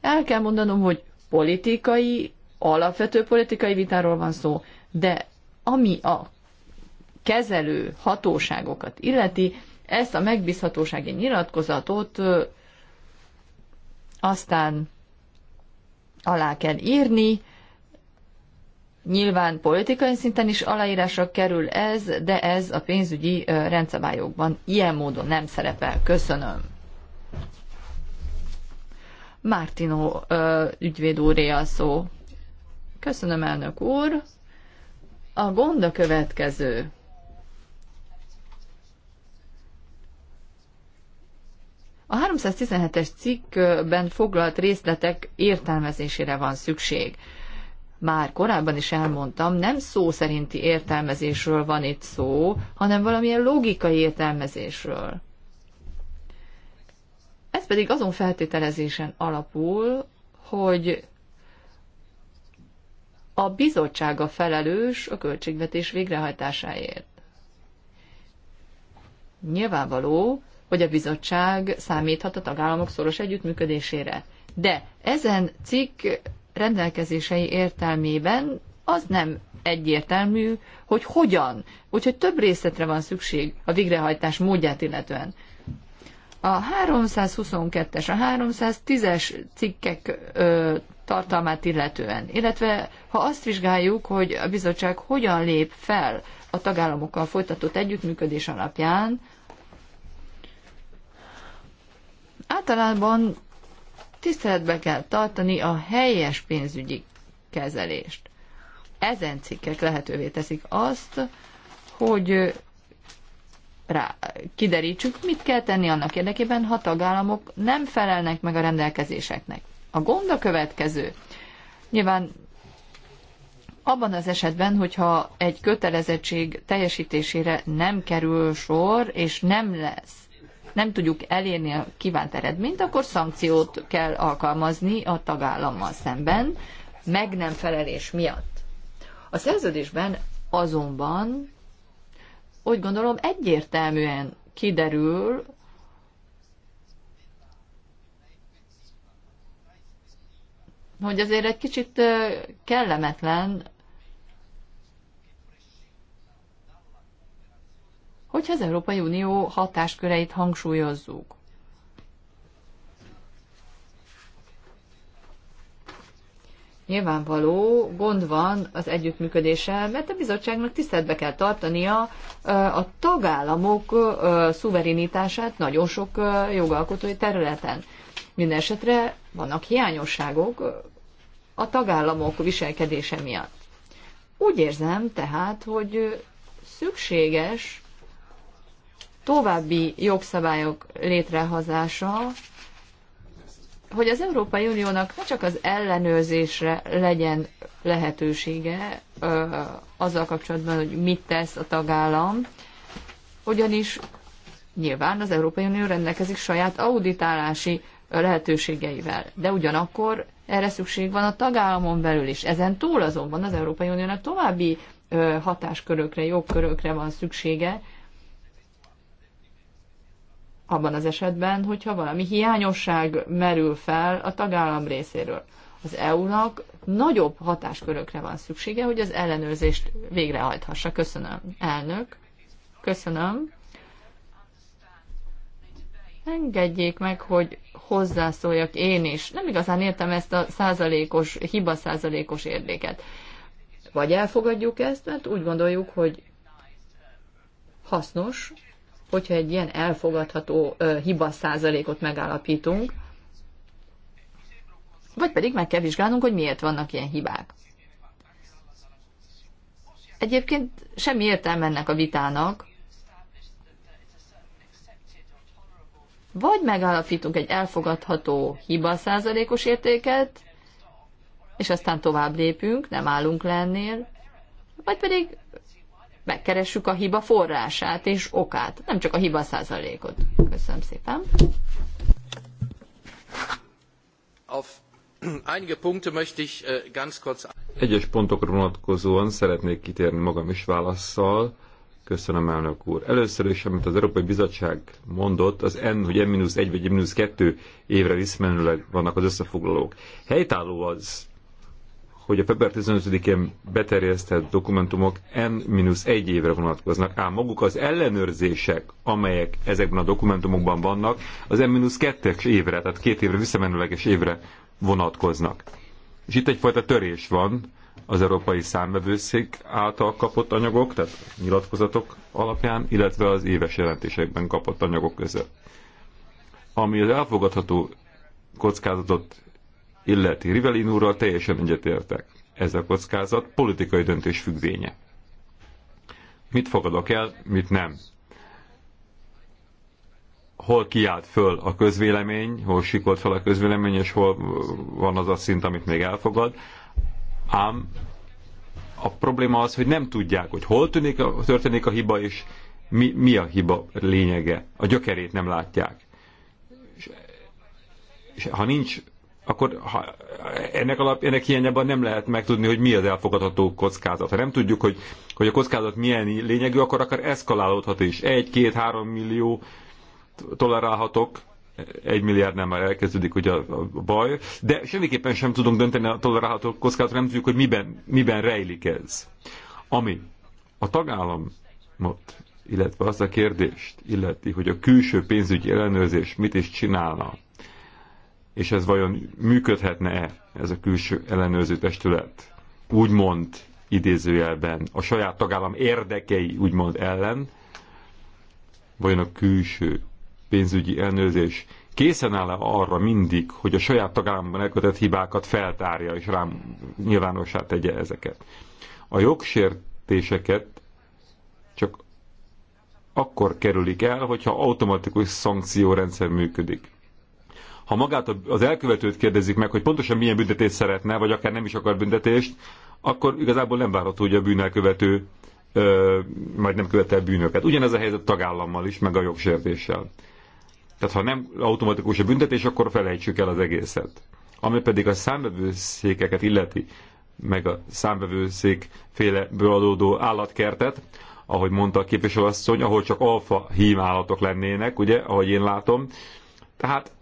El kell mondanom, hogy politikai, alapvető politikai vitáról van szó, de ami a kezelő hatóságokat illeti, ezt a megbízhatósági nyilatkozatot aztán alá kell írni, Nyilván politikai szinten is aláírásra kerül ez, de ez a pénzügyi rendszabályokban ilyen módon nem szerepel. Köszönöm. Mártino ügyvéd úré a szó. Köszönöm, elnök úr. A gond a következő. A 317-es cikkben foglalt részletek értelmezésére van szükség. Már korábban is elmondtam, nem szó szerinti értelmezésről van itt szó, hanem valamilyen logikai értelmezésről. Ez pedig azon feltételezésen alapul, hogy a bizottság a felelős a költségvetés végrehajtásáért. Nyilvánvaló, hogy a bizottság számíthat a tagállamok szoros együttműködésére. De ezen cikk rendelkezései értelmében az nem egyértelmű, hogy hogyan. Úgyhogy több részletre van szükség a végrehajtás módját illetően. A 322-es, a 310-es cikkek ö, tartalmát illetően, illetve ha azt vizsgáljuk, hogy a bizottság hogyan lép fel a tagállamokkal folytatott együttműködés alapján, Általában tiszteletbe kell tartani a helyes pénzügyi kezelést. Ezen cikkek lehetővé teszik azt, hogy rá, kiderítsük, mit kell tenni annak érdekében, ha tagállamok nem felelnek meg a rendelkezéseknek. A gond a következő. Nyilván abban az esetben, hogyha egy kötelezettség teljesítésére nem kerül sor, és nem lesz nem tudjuk elérni a kívánt eredményt, akkor szankciót kell alkalmazni a tagállammal szemben, meg nem felelés miatt. A szerződésben azonban úgy gondolom egyértelműen kiderül, hogy azért egy kicsit kellemetlen hogyha az Európai Unió hatásköreit hangsúlyozzuk. Nyilvánvaló gond van az együttműködéssel, mert a bizottságnak tiszteletbe kell tartania a tagállamok szuverenitását nagyon sok jogalkotói területen. Mindenesetre vannak hiányosságok a tagállamok viselkedése miatt. Úgy érzem tehát, hogy szükséges további jogszabályok létrehozása, hogy az Európai Uniónak ne csak az ellenőrzésre legyen lehetősége ö, azzal kapcsolatban, hogy mit tesz a tagállam, ugyanis nyilván az Európai Unió rendelkezik saját auditálási lehetőségeivel, de ugyanakkor erre szükség van a tagállamon belül is. Ezen túl azonban az Európai Uniónak további hatáskörökre, jogkörökre van szüksége, abban az esetben, hogyha valami hiányosság merül fel a tagállam részéről. Az EU-nak nagyobb hatáskörökre van szüksége, hogy az ellenőrzést végrehajthassa. Köszönöm, elnök. Köszönöm. Engedjék meg, hogy hozzászóljak én is. Nem igazán értem ezt a százalékos, hiba százalékos érdéket. Vagy elfogadjuk ezt, mert úgy gondoljuk, hogy hasznos, hogyha egy ilyen elfogadható hiba százalékot megállapítunk, vagy pedig meg kell vizsgálnunk, hogy miért vannak ilyen hibák. Egyébként semmi értelme ennek a vitának. Vagy megállapítunk egy elfogadható hiba százalékos értéket, és aztán tovább lépünk, nem állunk le vagy pedig megkeressük a hiba forrását és okát, nem csak a hiba százalékot. Köszönöm szépen. Auf einige Punkte möchte ich äh, ganz kurz... Egyes pontokra vonatkozóan szeretnék kitérni magam is válaszsal. Köszönöm, elnök úr. Először is, amit az Európai Bizottság mondott, az N, hogy N-1 vagy N-2 évre visszmenőleg vannak az összefoglalók. Helytálló az, hogy a február 15-én beterjesztett dokumentumok N-1 évre vonatkoznak, ám maguk az ellenőrzések, amelyek ezekben a dokumentumokban vannak, az n 2 évre, tehát két évre visszamenőleges évre vonatkoznak. És itt egyfajta törés van az Európai Számbevőszék által kapott anyagok, tehát nyilatkozatok alapján, illetve az éves jelentésekben kapott anyagok között. Ami az elfogadható kockázatot illeti. Rivelin úrral teljesen egyetértek. Ez a kockázat politikai döntés függvénye. Mit fogadok el, mit nem. Hol kiállt föl a közvélemény, hol sikolt fel a közvélemény, és hol van az a szint, amit még elfogad. Ám a probléma az, hogy nem tudják, hogy hol tűnik, történik a hiba, és mi, mi a hiba lényege. A gyökerét nem látják. És, és ha nincs akkor ha ennek, alap, ennek hiányában nem lehet megtudni, hogy mi az elfogadható kockázat. Ha nem tudjuk, hogy, hogy a kockázat milyen lényegű, akkor akár eszkalálódhat is. Egy, két, három millió tolerálhatok, egy milliárdnál már elkezdődik ugye a, a baj, de semmiképpen sem tudunk dönteni a tolerálható kockázatra, nem tudjuk, hogy miben, miben rejlik ez. Ami a tagállamot, illetve azt a kérdést illeti, hogy a külső pénzügyi ellenőrzés mit is csinálna, és ez vajon működhetne-e ez a külső ellenőrző testület? Úgymond idézőjelben a saját tagállam érdekei úgymond ellen, vajon a külső pénzügyi ellenőrzés készen áll -e arra mindig, hogy a saját tagállamban elkövetett hibákat feltárja és rám nyilvánossá tegye ezeket. A jogsértéseket csak akkor kerülik el, hogyha automatikus szankciórendszer működik ha magát az elkövetőt kérdezik meg, hogy pontosan milyen büntetést szeretne, vagy akár nem is akar büntetést, akkor igazából nem várható, hogy a bűnelkövető ö, majd nem követel bűnöket. Ugyanez a helyzet tagállammal is, meg a jogsértéssel. Tehát ha nem automatikus a büntetés, akkor felejtsük el az egészet. Ami pedig a számbevőszékeket illeti, meg a számbevőszék féleből adódó állatkertet, ahogy mondta a képviselőasszony, ahol csak alfa hím állatok lennének, ugye, ahogy én látom. Tehát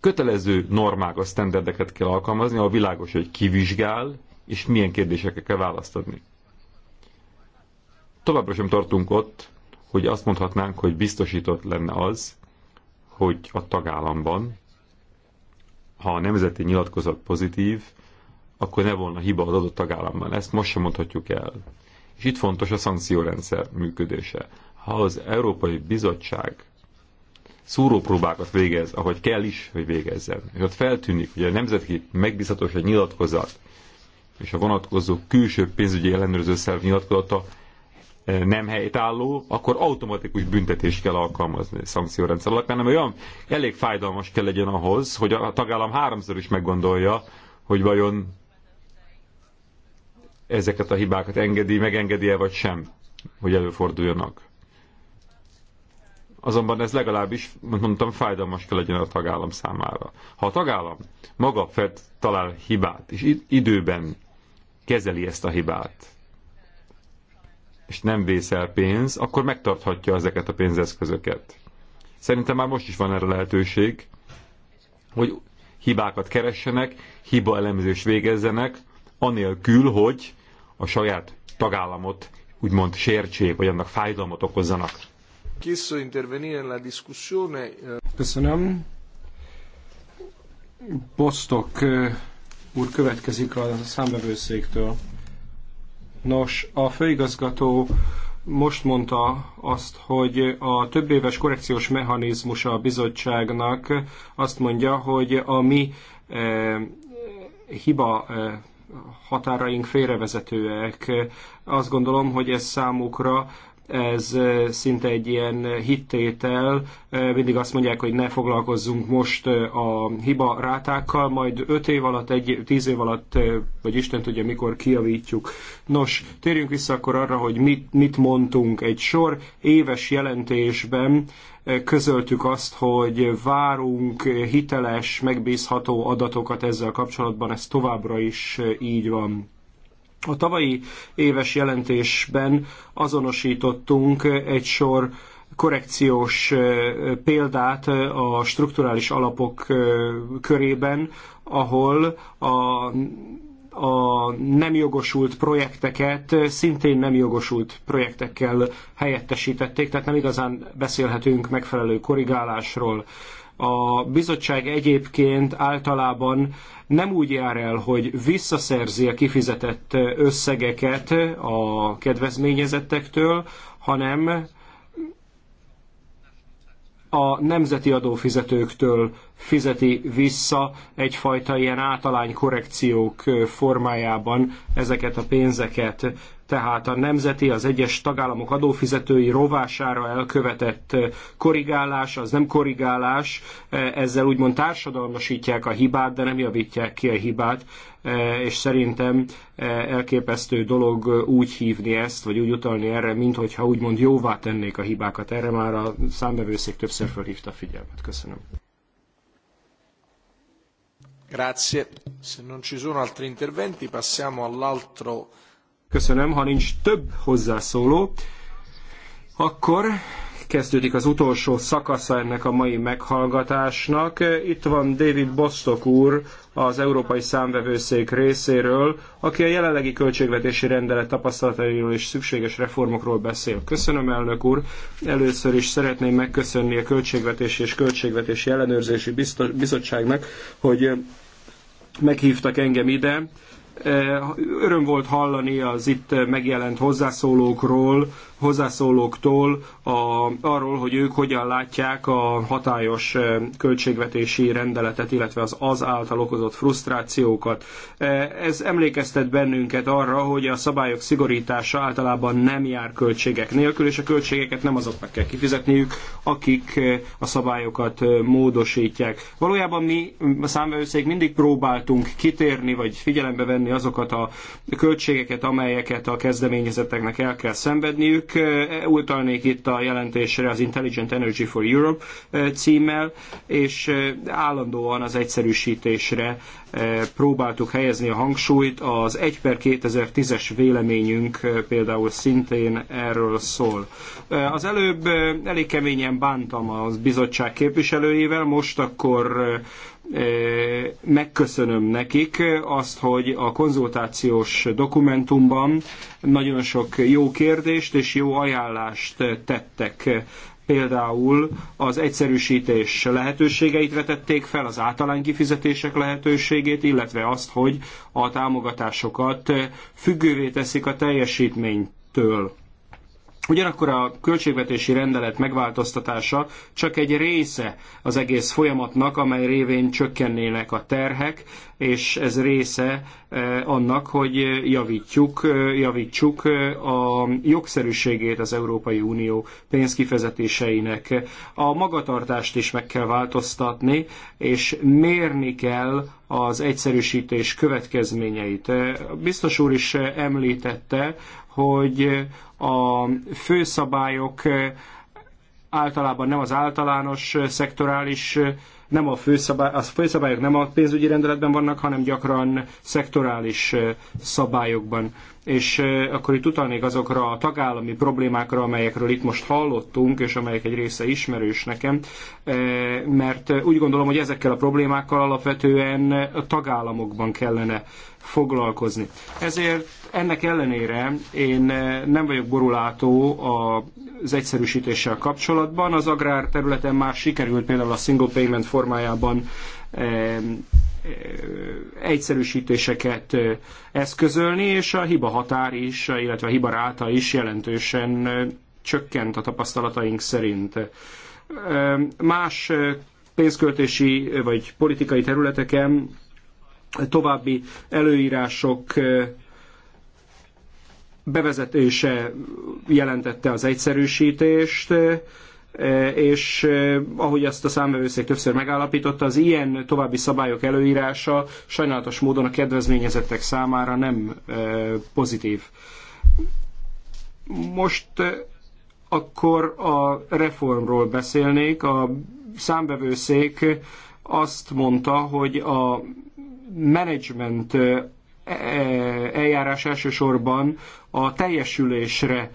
kötelező normákat, sztenderdeket kell alkalmazni, a világos, hogy kivizsgál, és milyen kérdésekre kell választ adni. Továbbra sem tartunk ott, hogy azt mondhatnánk, hogy biztosított lenne az, hogy a tagállamban, ha a nemzeti nyilatkozat pozitív, akkor ne volna hiba az adott tagállamban. Ezt most sem mondhatjuk el. És itt fontos a szankciórendszer működése. Ha az Európai Bizottság szúrópróbákat végez, ahogy kell is, hogy végezzen. És ott feltűnik, hogy a nemzetközi megbízhatóság nyilatkozat, és a vonatkozó külső pénzügyi ellenőrző szerv nyilatkozata eh, nem helytálló, akkor automatikus büntetést kell alkalmazni szankciórendszer alapján, nem olyan elég fájdalmas kell legyen ahhoz, hogy a tagállam háromszor is meggondolja, hogy vajon ezeket a hibákat engedi, megengedi-e vagy sem, hogy előforduljanak. Azonban ez legalábbis, mondtam, fájdalmas kell legyen a tagállam számára. Ha a tagállam maga fed talál hibát, és időben kezeli ezt a hibát, és nem vészel pénz, akkor megtarthatja ezeket a pénzeszközöket. Szerintem már most is van erre lehetőség, hogy hibákat keressenek, hiba elemzés végezzenek, anélkül, hogy a saját tagállamot úgymond sértsék, vagy annak fájdalmat okozzanak. Eh. Köszönöm. Bostok eh, úr következik a számbevőszéktől. Nos, a főigazgató most mondta azt, hogy a több éves korrekciós mechanizmus a bizottságnak azt mondja, hogy a mi eh, hiba eh, határaink félrevezetőek. Azt gondolom, hogy ez számukra ez szinte egy ilyen hittétel. Mindig azt mondják, hogy ne foglalkozzunk most a hiba rátákkal, majd 5 év alatt, egy 10 év alatt, vagy Isten tudja mikor kiavítjuk, Nos, térjünk vissza akkor arra, hogy mit, mit mondtunk. Egy sor éves jelentésben közöltük azt, hogy várunk hiteles, megbízható adatokat ezzel kapcsolatban, ez továbbra is így van a tavalyi éves jelentésben azonosítottunk egy sor korrekciós példát a strukturális alapok körében, ahol a, a nem jogosult projekteket szintén nem jogosult projektekkel helyettesítették, tehát nem igazán beszélhetünk megfelelő korrigálásról. A bizottság egyébként általában nem úgy jár el, hogy visszaszerzi a kifizetett összegeket a kedvezményezettektől, hanem a nemzeti adófizetőktől fizeti vissza egyfajta ilyen általány korrekciók formájában ezeket a pénzeket. Tehát a nemzeti, az egyes tagállamok adófizetői rovására elkövetett korrigálás, az nem korrigálás, ezzel úgymond társadalmasítják a hibát, de nem javítják ki a hibát, és szerintem elképesztő dolog úgy hívni ezt, vagy úgy utalni erre, mint úgymond jóvá tennék a hibákat. Erre már a számbevőszék többször felhívta a figyelmet. Köszönöm. Grazie. Se non ci sono altri interventi, passiamo all'altro. Köszönöm, ha nincs több hozzászóló, akkor Kezdődik az utolsó szakasza ennek a mai meghallgatásnak. Itt van David Bostock úr az Európai Számvevőszék részéről, aki a jelenlegi költségvetési rendelet tapasztalatairól és szükséges reformokról beszél. Köszönöm, elnök úr! Először is szeretném megköszönni a Költségvetési és Költségvetési Ellenőrzési Bizottságnak, hogy meghívtak engem ide. Öröm volt hallani az itt megjelent hozzászólókról, hozzászólóktól a, arról, hogy ők hogyan látják a hatályos eh, költségvetési rendeletet, illetve az az által okozott frusztrációkat. Eh, ez emlékeztet bennünket arra, hogy a szabályok szigorítása általában nem jár költségek nélkül, és a költségeket nem azoknak kell kifizetniük, akik eh, a szabályokat módosítják. Valójában mi a számvevőszék mindig próbáltunk kitérni, vagy figyelembe venni azokat a költségeket, amelyeket a kezdeményezeteknek el kell szenvedniük, csak utalnék itt a jelentésre az Intelligent Energy for Europe címmel, és állandóan az egyszerűsítésre próbáltuk helyezni a hangsúlyt. Az 1 per 2010-es véleményünk például szintén erről szól. Az előbb elég keményen bántam az bizottság képviselőjével, most akkor megköszönöm nekik azt, hogy a konzultációs dokumentumban nagyon sok jó kérdést és jó ajánlást tettek például az egyszerűsítés lehetőségeit vetették fel, az általány kifizetések lehetőségét, illetve azt, hogy a támogatásokat függővé teszik a teljesítménytől. Ugyanakkor a költségvetési rendelet megváltoztatása csak egy része az egész folyamatnak, amely révén csökkennének a terhek, és ez része eh, annak, hogy javítjuk, eh, javítsuk eh, a jogszerűségét az Európai Unió pénzkifezetéseinek. A magatartást is meg kell változtatni, és mérni kell az egyszerűsítés következményeit. Biztos úr is említette hogy a főszabályok általában nem az általános szektorális, nem a, főszabály, a főszabályok nem a pénzügyi rendeletben vannak, hanem gyakran szektorális szabályokban. És akkor itt utalnék azokra a tagállami problémákra, amelyekről itt most hallottunk, és amelyek egy része ismerős nekem, mert úgy gondolom, hogy ezekkel a problémákkal alapvetően a tagállamokban kellene foglalkozni. Ezért ennek ellenére én eh, nem vagyok borulátó az egyszerűsítéssel kapcsolatban. Az agrár területen már sikerült például a single payment formájában eh, eh, egyszerűsítéseket eszközölni, és a hiba határ is, illetve a hiba ráta is jelentősen csökkent a tapasztalataink szerint. Más pénzköltési vagy politikai területeken további előírások eh, bevezetése jelentette az egyszerűsítést, eh, és eh, ahogy azt a számvevőszék többször megállapította, az ilyen további szabályok előírása sajnálatos módon a kedvezményezettek számára nem pozitív. Most akkor a reformról beszélnék. A számvevőszék azt mondta, hogy a management e, eljárás elsősorban a teljesülésre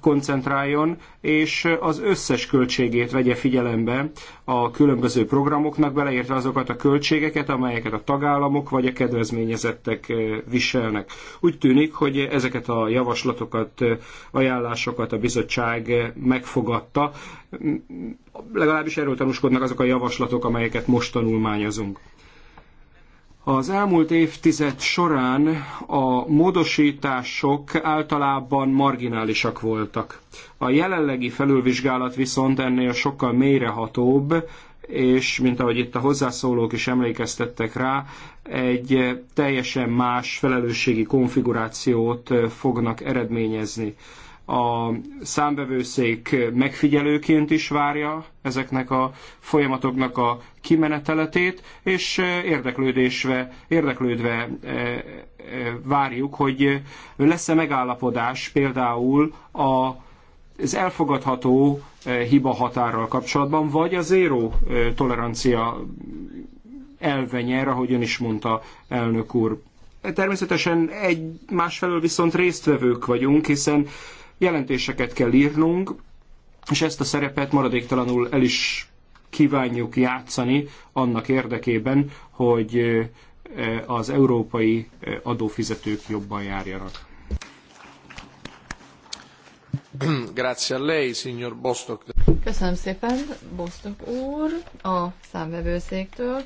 koncentráljon, és az összes költségét vegye figyelembe a különböző programoknak, beleértve azokat a költségeket, amelyeket a tagállamok vagy a kedvezményezettek viselnek. Úgy tűnik, hogy ezeket a javaslatokat, ajánlásokat a bizottság megfogadta. Legalábbis erről tanúskodnak azok a javaslatok, amelyeket most tanulmányozunk. Az elmúlt évtized során a módosítások általában marginálisak voltak. A jelenlegi felülvizsgálat viszont ennél sokkal mélyrehatóbb, és mint ahogy itt a hozzászólók is emlékeztettek rá, egy teljesen más felelősségi konfigurációt fognak eredményezni a számbevőszék megfigyelőként is várja ezeknek a folyamatoknak a kimeneteletét, és eh, érdeklődésve, érdeklődve eh, eh, várjuk, hogy lesz-e megállapodás például a az elfogadható hiba határral kapcsolatban, vagy a zéró tolerancia elve nyer, ahogy ön is mondta, elnök úr. Természetesen egy másfelől viszont résztvevők vagyunk, hiszen jelentéseket kell írnunk, és ezt a szerepet maradéktalanul el is kívánjuk játszani annak érdekében, hogy az európai adófizetők jobban járjanak. Grazie a lei, signor Bostock. Köszönöm szépen, Bostock úr, a számvevőszéktől.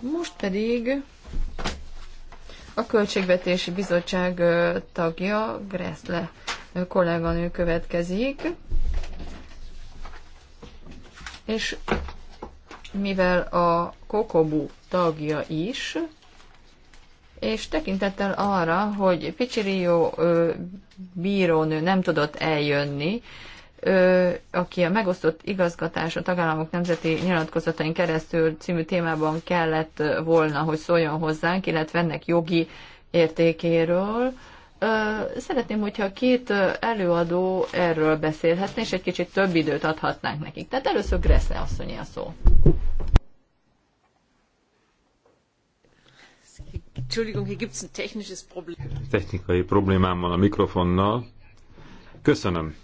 Most pedig a Költségvetési Bizottság tagja Gressle kolléganő következik. És mivel a Kokobu tagja is, és tekintettel arra, hogy Picsirió bírónő nem tudott eljönni, ö, aki a megosztott igazgatás a tagállamok nemzeti nyilatkozatain keresztül című témában kellett volna, hogy szóljon hozzánk, illetve ennek jogi értékéről szeretném, hogyha a két előadó erről beszélhetne, és egy kicsit több időt adhatnánk nekik. Tehát először Gressle asszonyi a szó. Technikai problémám van a mikrofonnal. Köszönöm.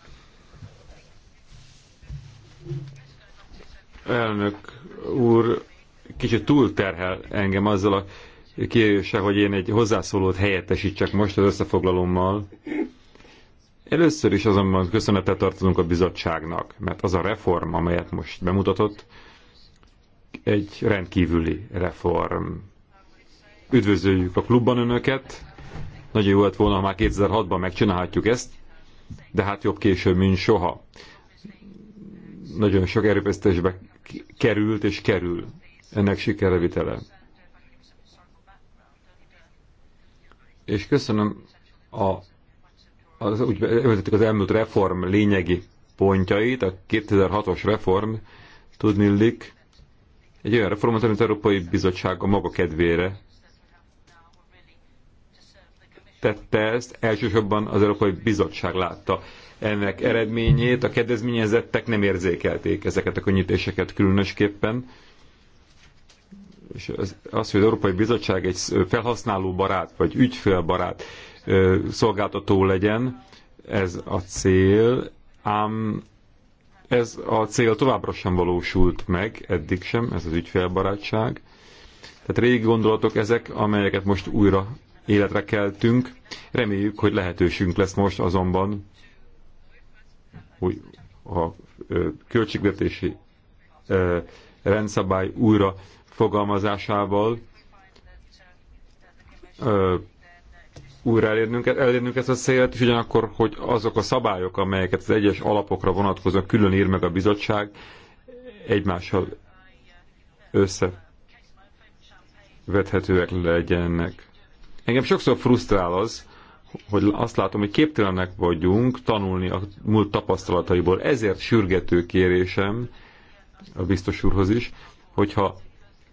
Elnök úr, kicsit túlterhel engem azzal a kijöjjön hogy én egy hozzászólót helyettesítsek most az összefoglalommal. Először is azonban köszönetet tartozunk a bizottságnak, mert az a reform, amelyet most bemutatott, egy rendkívüli reform. Üdvözöljük a klubban önöket, nagyon jó lett volna, ha már 2006-ban megcsinálhatjuk ezt, de hát jobb később, mint soha. Nagyon sok erőfeszítésbe került és kerül ennek sikerevitele. és köszönöm a, az, úgy említettük az elmúlt reform lényegi pontjait, a 2006-os reform, tudnillik, egy olyan reformot, amit az Európai Bizottság a maga kedvére tette ezt, elsősorban az Európai Bizottság látta ennek eredményét, a kedvezményezettek nem érzékelték ezeket a könnyítéseket különösképpen és az, hogy az Európai Bizottság egy felhasználóbarát vagy ügyfélbarát szolgáltató legyen, ez a cél, ám ez a cél továbbra sem valósult meg, eddig sem, ez az ügyfélbarátság. Tehát régi gondolatok ezek, amelyeket most újra életre keltünk. Reméljük, hogy lehetőségünk lesz most azonban, hogy a költségvetési rendszabály újra fogalmazásával ö, újra elérnünk, elérnünk ezt a célt, és ugyanakkor, hogy azok a szabályok, amelyeket az egyes alapokra vonatkoznak, külön ír meg a bizottság, egymással összevethetőek legyenek. Engem sokszor frusztrál az, hogy azt látom, hogy képtelenek vagyunk tanulni a múlt tapasztalataiból. Ezért sürgető kérésem, a biztos úrhoz is, hogyha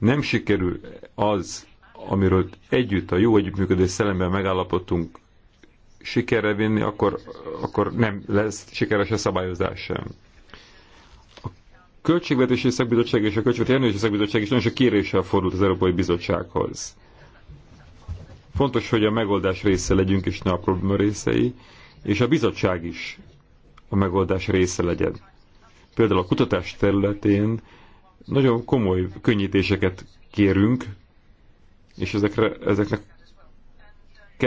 nem sikerül az, amiről együtt a jó együttműködés szellemben megállapodtunk sikerre vinni, akkor, akkor nem lesz sikeres a szabályozás sem. A Költségvetési Szakbizottság és a Költségvetési Ellenőrzési Szakbizottság is nagyon sok kéréssel fordult az Európai Bizottsághoz. Fontos, hogy a megoldás része legyünk, és ne a probléma részei, és a bizottság is a megoldás része legyen. Például a kutatás területén nagyon komoly könnyítéseket kérünk, és ezekre, ezeknek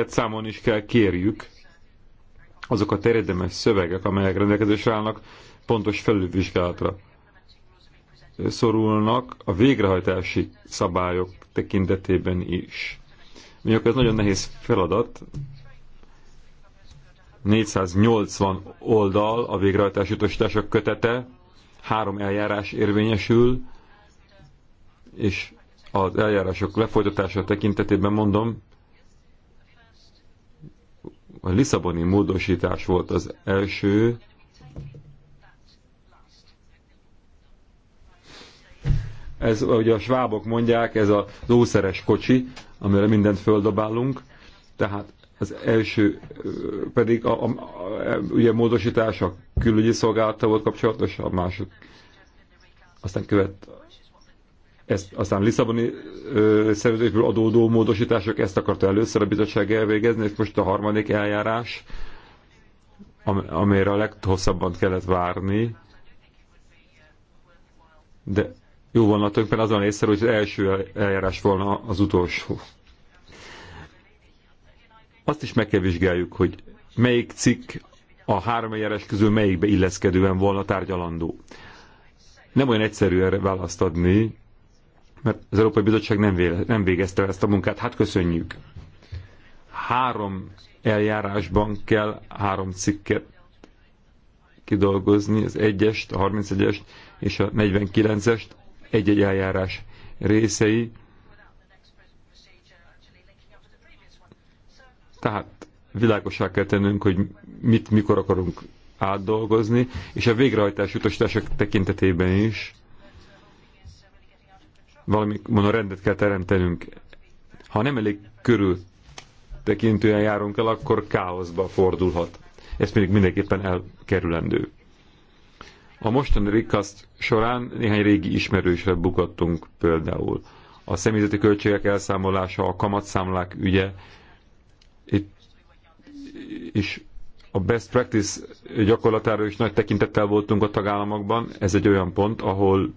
számon is kell kérjük azok a terjedemes szövegek, amelyek rendelkezésre állnak, pontos felülvizsgálatra szorulnak a végrehajtási szabályok tekintetében is. Mondjuk ez nagyon nehéz feladat, 480 oldal a végrehajtási utasítások kötete, három eljárás érvényesül, és az eljárások lefolytatása tekintetében mondom, a Lisszaboni módosítás volt az első, ez, ahogy a svábok mondják, ez a ószeres kocsi, amire mindent földobálunk, tehát az első pedig a, a, a, ugye módosítás a külügyi szolgálata volt kapcsolatos, a mások aztán követ ezt, aztán Lisszaboni szerződésből adódó módosítások ezt akarta először a bizottság elvégezni, és most a harmadik eljárás, am, amire a leghosszabban kellett várni, de jó volna tökben azon észre, hogy az első eljárás volna az utolsó. Azt is meg kell vizsgáljuk, hogy melyik cikk a három eljárás közül melyikbe illeszkedően volna tárgyalandó. Nem olyan egyszerű erre választ adni, mert az Európai Bizottság nem, véle, nem végezte ezt a munkát. Hát köszönjük. Három eljárásban kell három cikket kidolgozni, az 1-est, a 31-est és a 49-est egy-egy eljárás részei Tehát világosá kell tennünk, hogy mit, mikor akarunk átdolgozni, és a végrehajtás utasítások tekintetében is valami mondom, rendet kell teremtenünk. Ha nem elég körül tekintően járunk el, akkor káoszba fordulhat. Ez pedig mindenképpen elkerülendő. A mostani rikaszt során néhány régi ismerősre bukottunk például. A személyzeti költségek elszámolása, a kamatszámlák ügye, itt is a best practice gyakorlatára is nagy tekintettel voltunk a tagállamokban. Ez egy olyan pont, ahol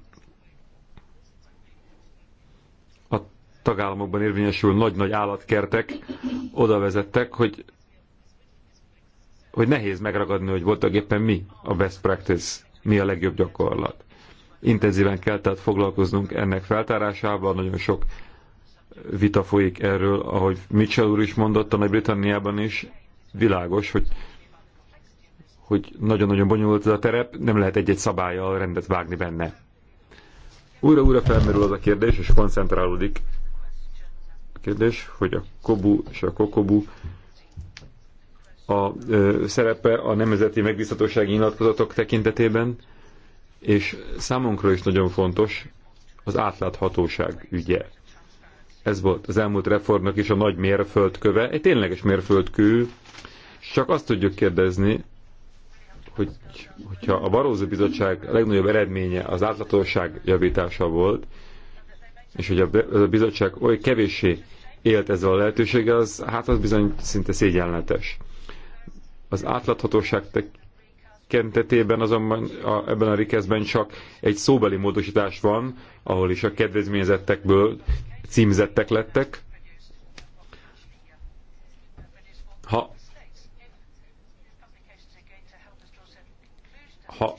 a tagállamokban érvényesül nagy-nagy állatkertek oda vezettek, hogy, hogy nehéz megragadni, hogy voltak éppen mi a best practice, mi a legjobb gyakorlat. Intenzíven kell tehát foglalkoznunk ennek feltárásával, nagyon sok vita folyik erről, ahogy Mitchell úr is mondotta, Nagy-Britanniában is világos, hogy hogy nagyon-nagyon bonyolult ez a terep, nem lehet egy-egy szabályjal rendet vágni benne. Újra-újra felmerül az a kérdés, és koncentrálódik a kérdés, hogy a kobu és a kokobu a ö, szerepe a nemzeti megbízhatósági nyilatkozatok tekintetében, és számunkra is nagyon fontos az átláthatóság ügye. Ez volt az elmúlt reformnak is a nagy mérföldköve, egy tényleges mérföldkő, csak azt tudjuk kérdezni, hogy, hogyha a Barózó Bizottság legnagyobb eredménye az átlatosság javítása volt, és hogy a, a bizottság oly kevéssé élt ezzel a lehetőséggel, az, hát az bizony szinte szégyenletes. Az átláthatóság tekintetében azonban a, ebben a rikeszben csak egy szóbeli módosítás van, ahol is a kedvezményezettekből címzettek lettek. Ha, ha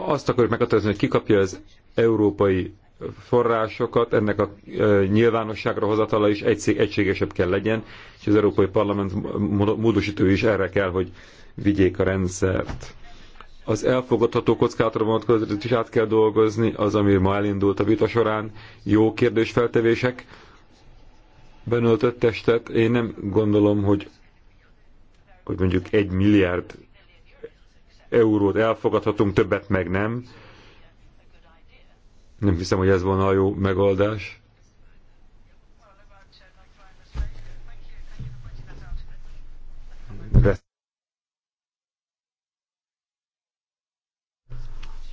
azt akarjuk meghatározni, hogy kikapja az európai forrásokat, ennek a nyilvánosságra hozatala is egy egységesebb kell legyen, és az Európai Parlament módosítő is erre kell, hogy vigyék a rendszert az elfogadható kockátra vonatkozott is át kell dolgozni, az, ami ma elindult a vita során, jó kérdésfeltevések benöltött testet. Én nem gondolom, hogy, hogy mondjuk egy milliárd eurót elfogadhatunk, többet meg nem. Nem hiszem, hogy ez volna a jó megoldás.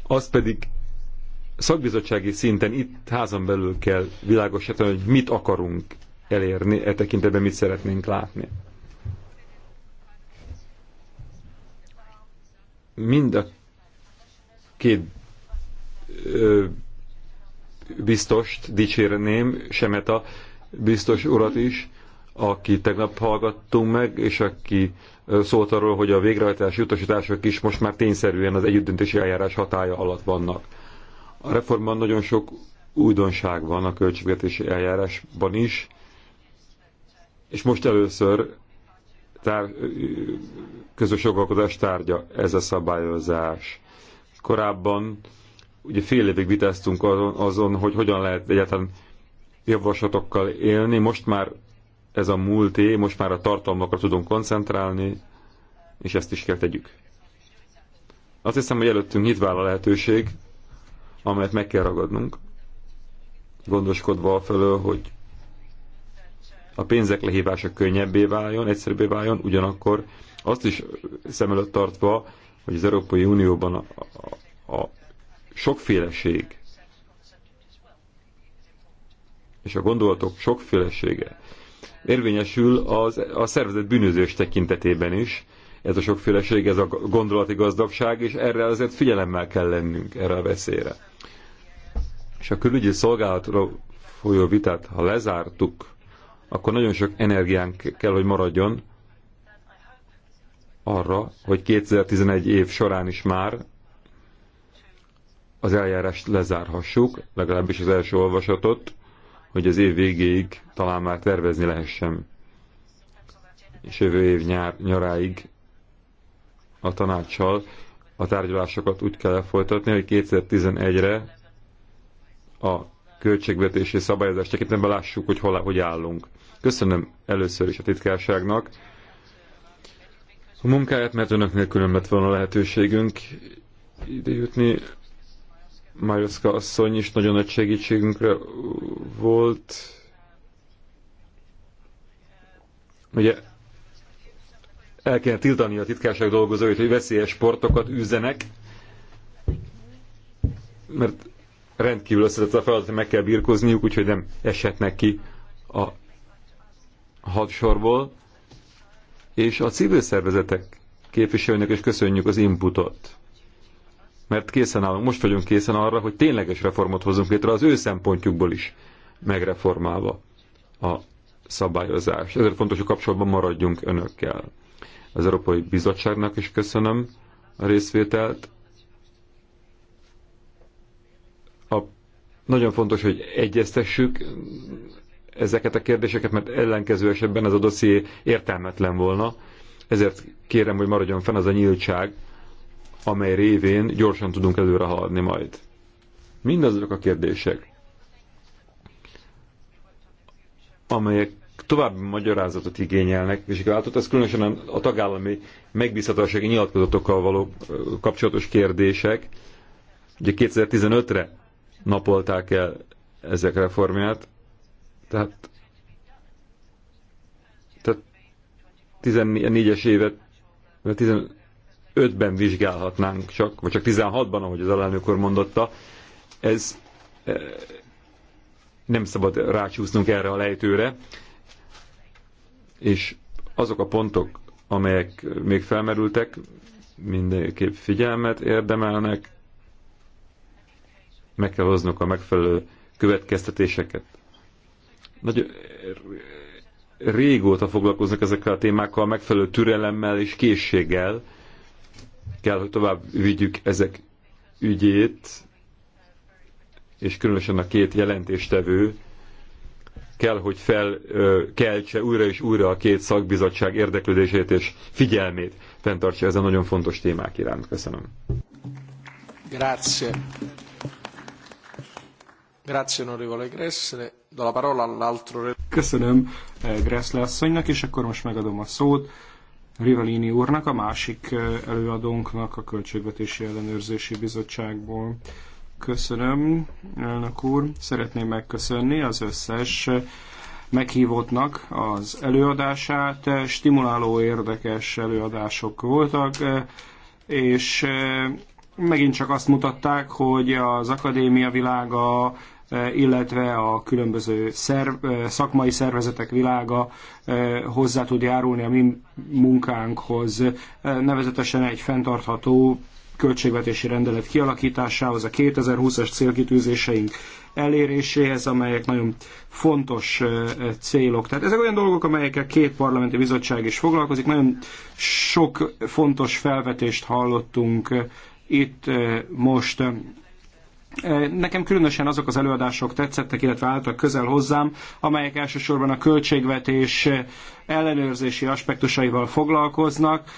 az pedig szakbizottsági szinten itt házan belül kell világosítani, hogy mit akarunk elérni, e tekintetben mit szeretnénk látni. Mind a két ö, biztost dicsérném, Semeta biztos urat is, aki tegnap hallgattunk meg, és aki szólt arról, hogy a végrehajtási utasítások is most már tényszerűen az együttdöntési eljárás hatája alatt vannak. A reformban nagyon sok újdonság van a költségvetési eljárásban is, és most először tár, közös jogalkozás tárgya ez a szabályozás. Korábban ugye fél évig vitáztunk azon, azon hogy hogyan lehet egyáltalán javaslatokkal élni, most már ez a múlté, most már a tartalmakra tudunk koncentrálni, és ezt is kell tegyük. Azt hiszem, hogy előttünk nyitva a lehetőség, amelyet meg kell ragadnunk, gondoskodva felől, hogy a pénzek lehívása könnyebbé váljon, egyszerűbbé váljon, ugyanakkor azt is szem előtt tartva, hogy az Európai Unióban a, a, a sokféleség és a gondolatok sokfélesége érvényesül az, a szervezet bűnözős tekintetében is. Ez a sokféleség, ez a gondolati gazdagság, és erre azért figyelemmel kell lennünk, erre a veszélyre. És a külügyi szolgálatra folyó vitát, ha lezártuk, akkor nagyon sok energiánk kell, hogy maradjon arra, hogy 2011 év során is már az eljárást lezárhassuk, legalábbis az első olvasatot, hogy az év végéig talán már tervezni lehessen, és jövő év nyár, nyaráig a tanácssal a tárgyalásokat úgy kell folytatni, hogy 2011-re a költségvetési szabályozást tekintetben lássuk, hogy hol, hogy állunk. Köszönöm először is a titkárságnak a munkáját, mert önök különbet nem lett volna lehetőségünk idejutni. Májoszka asszony is nagyon nagy segítségünkre volt. Ugye el kell tiltani a titkárság dolgozóit, hogy veszélyes sportokat üzenek, mert rendkívül összetett a feladat, meg kell birkozniuk, úgyhogy nem eshetnek ki a hadsorból. És a civil szervezetek képviselőnek is köszönjük az inputot mert készen állunk, most vagyunk készen arra, hogy tényleges reformot hozzunk létre az ő szempontjukból is megreformálva a szabályozás. Ezért fontos, hogy kapcsolatban maradjunk önökkel. Az Európai Bizottságnak is köszönöm a részvételt. A, nagyon fontos, hogy egyeztessük ezeket a kérdéseket, mert ellenkező esetben ez a dosszié értelmetlen volna. Ezért kérem, hogy maradjon fenn az a nyíltság, amely révén gyorsan tudunk előre haladni majd. Mindazok a kérdések, amelyek további magyarázatot igényelnek, látott, ez különösen a tagállami megbízhatósági nyilatkozatokkal való kapcsolatos kérdések. Ugye 2015-re napolták el ezek reformját, tehát, tehát 14-es évet, 10, 5-ben vizsgálhatnánk csak, vagy csak 16-ban, ahogy az alelnök úr mondotta, ez e, nem szabad rácsúsznunk erre a lejtőre, és azok a pontok, amelyek még felmerültek, mindenképp figyelmet érdemelnek, meg kell hoznunk a megfelelő következtetéseket. Nagy régóta foglalkoznak ezekkel a témákkal, megfelelő türelemmel és készséggel, kell, hogy tovább vigyük ezek ügyét, és különösen a két jelentéstevő kell, hogy felkeltse újra és újra a két szakbizottság érdeklődését és figyelmét fenntartsa ezen nagyon fontos témák iránt. Köszönöm. Grazie. Grazie, onorevole Gressle. Do la parola all'altro... Köszönöm eh, Gressle asszonynak, és akkor most megadom a szót Rivalini úrnak, a másik előadónknak a Költségvetési Ellenőrzési Bizottságból. Köszönöm, elnök úr. Szeretném megköszönni az összes meghívottnak az előadását. Stimuláló, érdekes előadások voltak, és megint csak azt mutatták, hogy az akadémia világa E, illetve a különböző szerv, e, szakmai szervezetek világa e, hozzá tud járulni a mi munkánkhoz, nevezetesen egy fenntartható költségvetési rendelet kialakításához, a 2020-as célkitűzéseink eléréséhez, amelyek nagyon fontos célok. Tehát ezek olyan dolgok, amelyekkel két parlamenti bizottság is foglalkozik. Nagyon sok fontos felvetést hallottunk itt most Nekem különösen azok az előadások tetszettek, illetve álltak közel hozzám, amelyek elsősorban a költségvetés ellenőrzési aspektusaival foglalkoznak.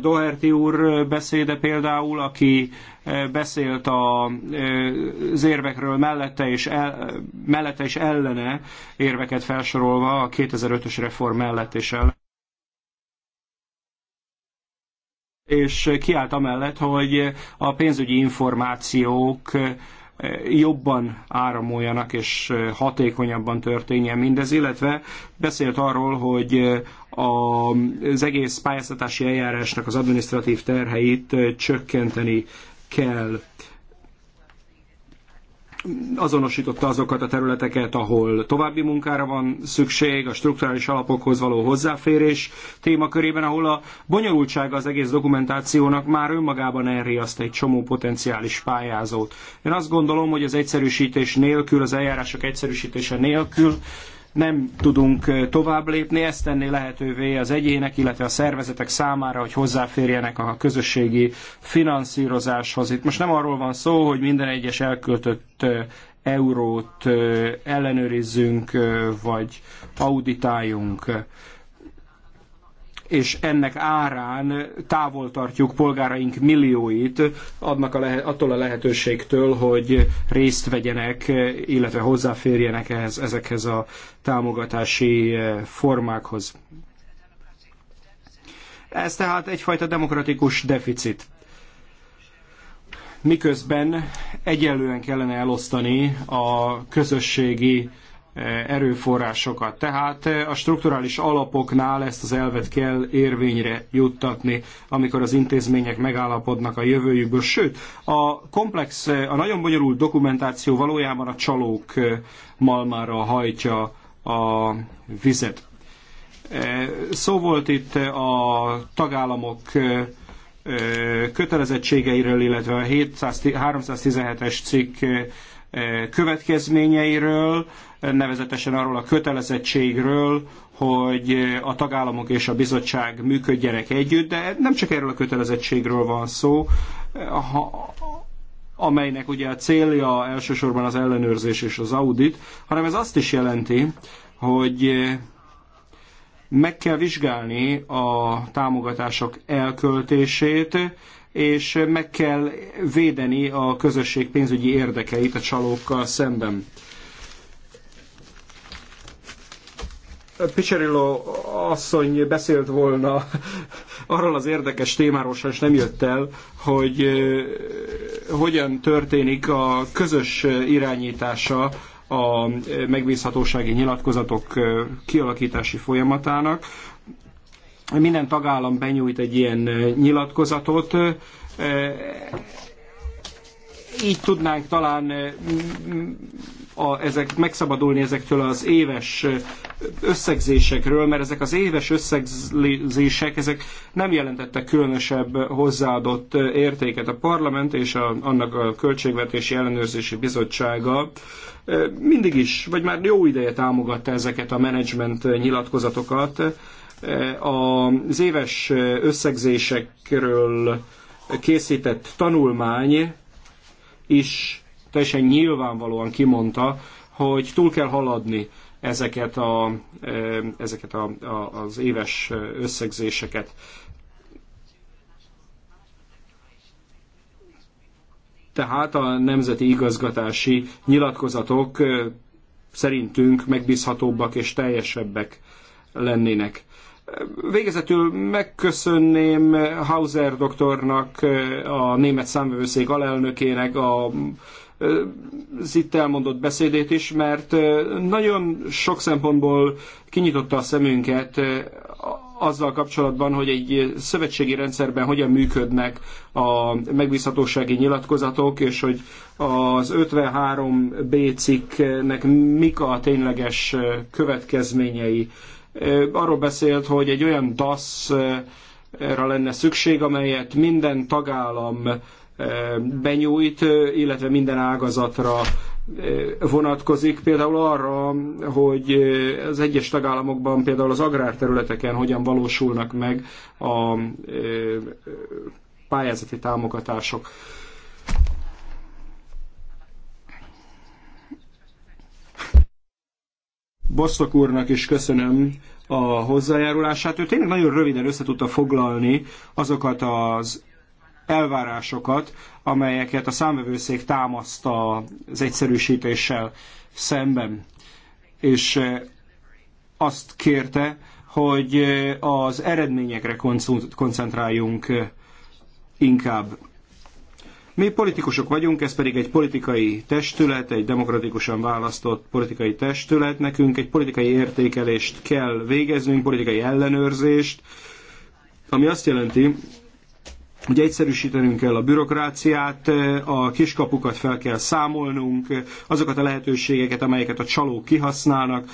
Doherty úr beszéde például, aki beszélt a érvekről mellette és, el, mellette és ellene érveket felsorolva a 2005-ös reform mellett és ellen. és kiállt amellett, hogy a pénzügyi információk jobban áramoljanak és hatékonyabban történjen mindez, illetve beszélt arról, hogy az egész pályáztatási eljárásnak az administratív terheit csökkenteni kell azonosította azokat a területeket, ahol további munkára van szükség, a strukturális alapokhoz való hozzáférés témakörében, ahol a bonyolultsága az egész dokumentációnak már önmagában elriaszt egy csomó potenciális pályázót. Én azt gondolom, hogy az egyszerűsítés nélkül, az eljárások egyszerűsítése nélkül nem tudunk tovább lépni, ezt tenni lehetővé az egyének, illetve a szervezetek számára, hogy hozzáférjenek a közösségi finanszírozáshoz. Itt most nem arról van szó, hogy minden egyes elköltött eurót ellenőrizzünk, vagy auditáljunk és ennek árán távol tartjuk polgáraink millióit annak a lehet, attól a lehetőségtől, hogy részt vegyenek, illetve hozzáférjenek ehhez, ezekhez a támogatási eh, formákhoz. Ez tehát egyfajta demokratikus deficit miközben egyelően kellene elosztani a közösségi erőforrásokat. Tehát eh, a strukturális alapoknál ezt az elvet kell érvényre juttatni, amikor az intézmények megállapodnak a jövőjükből. Sőt, a komplex, eh, a nagyon bonyolult dokumentáció valójában a csalók eh, malmára hajtja a vizet. Szó volt itt a tagállamok kötelezettségeiről, illetve a 317-es cikk következményeiről, nevezetesen arról a kötelezettségről, hogy a tagállamok és a bizottság működjenek együtt, de nem csak erről a kötelezettségről van szó, ha, amelynek ugye a célja elsősorban az ellenőrzés és az audit, hanem ez azt is jelenti, hogy meg kell vizsgálni a támogatások elköltését, és meg kell védeni a közösség pénzügyi érdekeit a csalókkal szemben. Picserillo asszony beszélt volna arról az érdekes témáról, sajnos nem jött el, hogy hogyan történik a közös irányítása a megbízhatósági nyilatkozatok kialakítási folyamatának minden tagállam benyújt egy ilyen nyilatkozatot, így tudnánk talán a, ezek, megszabadulni ezektől az éves összegzésekről, mert ezek az éves összegzések ezek nem jelentettek különösebb hozzáadott értéket. A parlament és a, annak a Költségvetési Ellenőrzési Bizottsága mindig is, vagy már jó ideje támogatta ezeket a menedzsment nyilatkozatokat, az éves összegzésekről készített tanulmány is teljesen nyilvánvalóan kimondta, hogy túl kell haladni ezeket, a, e, ezeket a, a, az éves összegzéseket. Tehát a nemzeti igazgatási nyilatkozatok e, szerintünk megbízhatóbbak és teljesebbek lennének. Végezetül megköszönném Hauser doktornak, a német számvevőszék alelnökének a az itt elmondott beszédét is, mert nagyon sok szempontból kinyitotta a szemünket azzal kapcsolatban, hogy egy szövetségi rendszerben hogyan működnek a megbízhatósági nyilatkozatok, és hogy az 53B cikknek mik a tényleges következményei arról beszélt, hogy egy olyan DASZ-ra lenne szükség, amelyet minden tagállam benyújt, illetve minden ágazatra vonatkozik, például arra, hogy az egyes tagállamokban, például az agrárterületeken hogyan valósulnak meg a pályázati támogatások. Bosszok úrnak is köszönöm a hozzájárulását. Ő tényleg nagyon röviden össze tudta foglalni azokat az elvárásokat, amelyeket a számvevőszék támaszt az egyszerűsítéssel szemben. És azt kérte, hogy az eredményekre koncentráljunk inkább. Mi politikusok vagyunk, ez pedig egy politikai testület, egy demokratikusan választott politikai testület. Nekünk egy politikai értékelést kell végeznünk, politikai ellenőrzést, ami azt jelenti, hogy egyszerűsítenünk kell a bürokráciát, a kiskapukat fel kell számolnunk, azokat a lehetőségeket, amelyeket a csalók kihasználnak,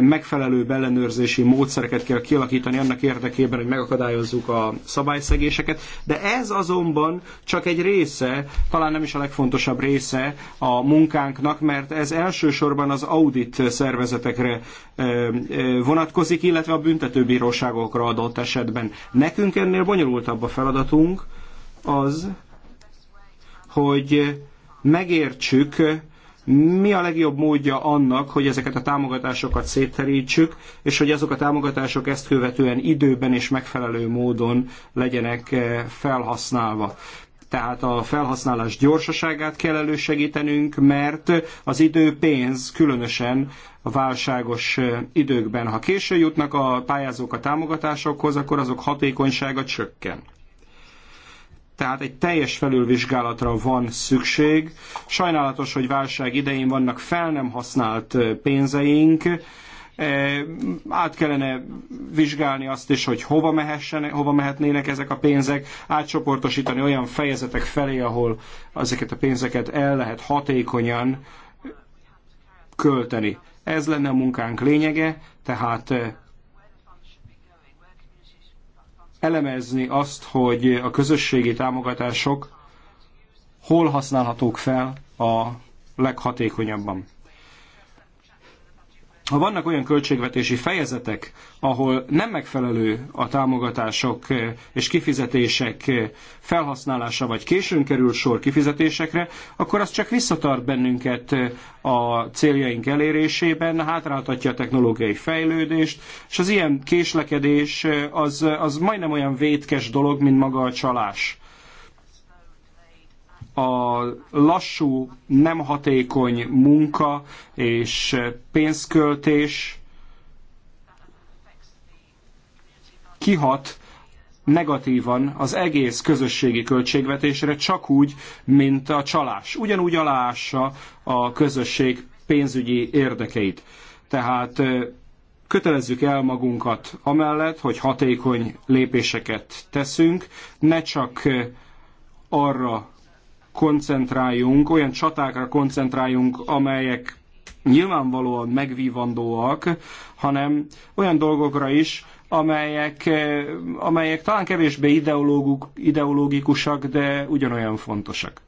megfelelő ellenőrzési módszereket kell kialakítani annak érdekében, hogy megakadályozzuk a szabályszegéseket, de ez azonban csak egy része, talán nem is a legfontosabb része a munkánknak, mert ez elsősorban az audit szervezetekre vonatkozik, illetve a büntetőbíróságokra adott esetben. Nekünk ennél bonyolultabb a feladatunk, az, hogy megértsük, mi a legjobb módja annak, hogy ezeket a támogatásokat szétterítsük, és hogy azok a támogatások ezt követően időben és megfelelő módon legyenek eh, felhasználva tehát a felhasználás gyorsaságát kell elősegítenünk, mert az idő pénz, különösen a válságos eh, időkben. Ha késő jutnak a pályázók a támogatásokhoz, akkor azok hatékonysága csökken tehát egy teljes felülvizsgálatra van szükség. Sajnálatos, hogy válság idején vannak fel nem használt pénzeink, át kellene vizsgálni azt is, hogy hova, hova mehetnének ezek a pénzek, átcsoportosítani olyan fejezetek felé, ahol ezeket a pénzeket el lehet hatékonyan költeni. Ez lenne a munkánk lényege, tehát elemezni azt, hogy a közösségi támogatások hol használhatók fel a leghatékonyabban ha vannak olyan költségvetési fejezetek, ahol nem megfelelő a támogatások eh, és kifizetések eh, felhasználása, vagy későn kerül sor kifizetésekre, akkor az csak visszatart bennünket eh, a céljaink elérésében, hátráltatja a technológiai fejlődést, és az ilyen késlekedés az, az majdnem olyan vétkes dolog, mint maga a csalás a lassú, nem hatékony munka és pénzköltés kihat negatívan az egész közösségi költségvetésre, csak úgy, mint a csalás. Ugyanúgy aláássa a közösség pénzügyi érdekeit. Tehát kötelezzük el magunkat amellett, hogy hatékony lépéseket teszünk, ne csak arra koncentráljunk, olyan csatákra koncentráljunk, amelyek nyilvánvalóan megvívandóak, hanem olyan dolgokra is, amelyek, eh, amelyek talán kevésbé ideológikusak, de ugyanolyan fontosak.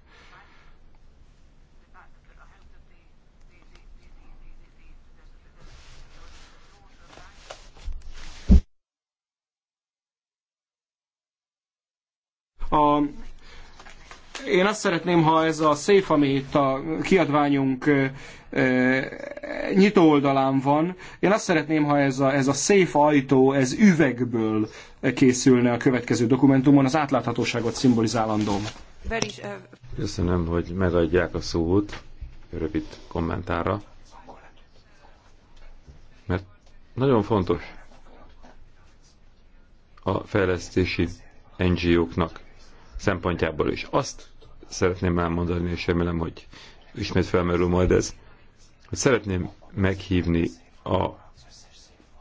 A én azt szeretném, ha ez a széf, ami itt a kiadványunk nyitó oldalán van, én azt szeretném, ha ez a, ez a széf ajtó, ez üvegből készülne a következő dokumentumon, az átláthatóságot szimbolizálandó. Uh, Köszönöm, hogy megadják a szót rövid kommentára, mert nagyon fontos a fejlesztési NGO-knak szempontjából is. Azt szeretném elmondani, és remélem, hogy ismét felmerül majd ez, hogy szeretném meghívni a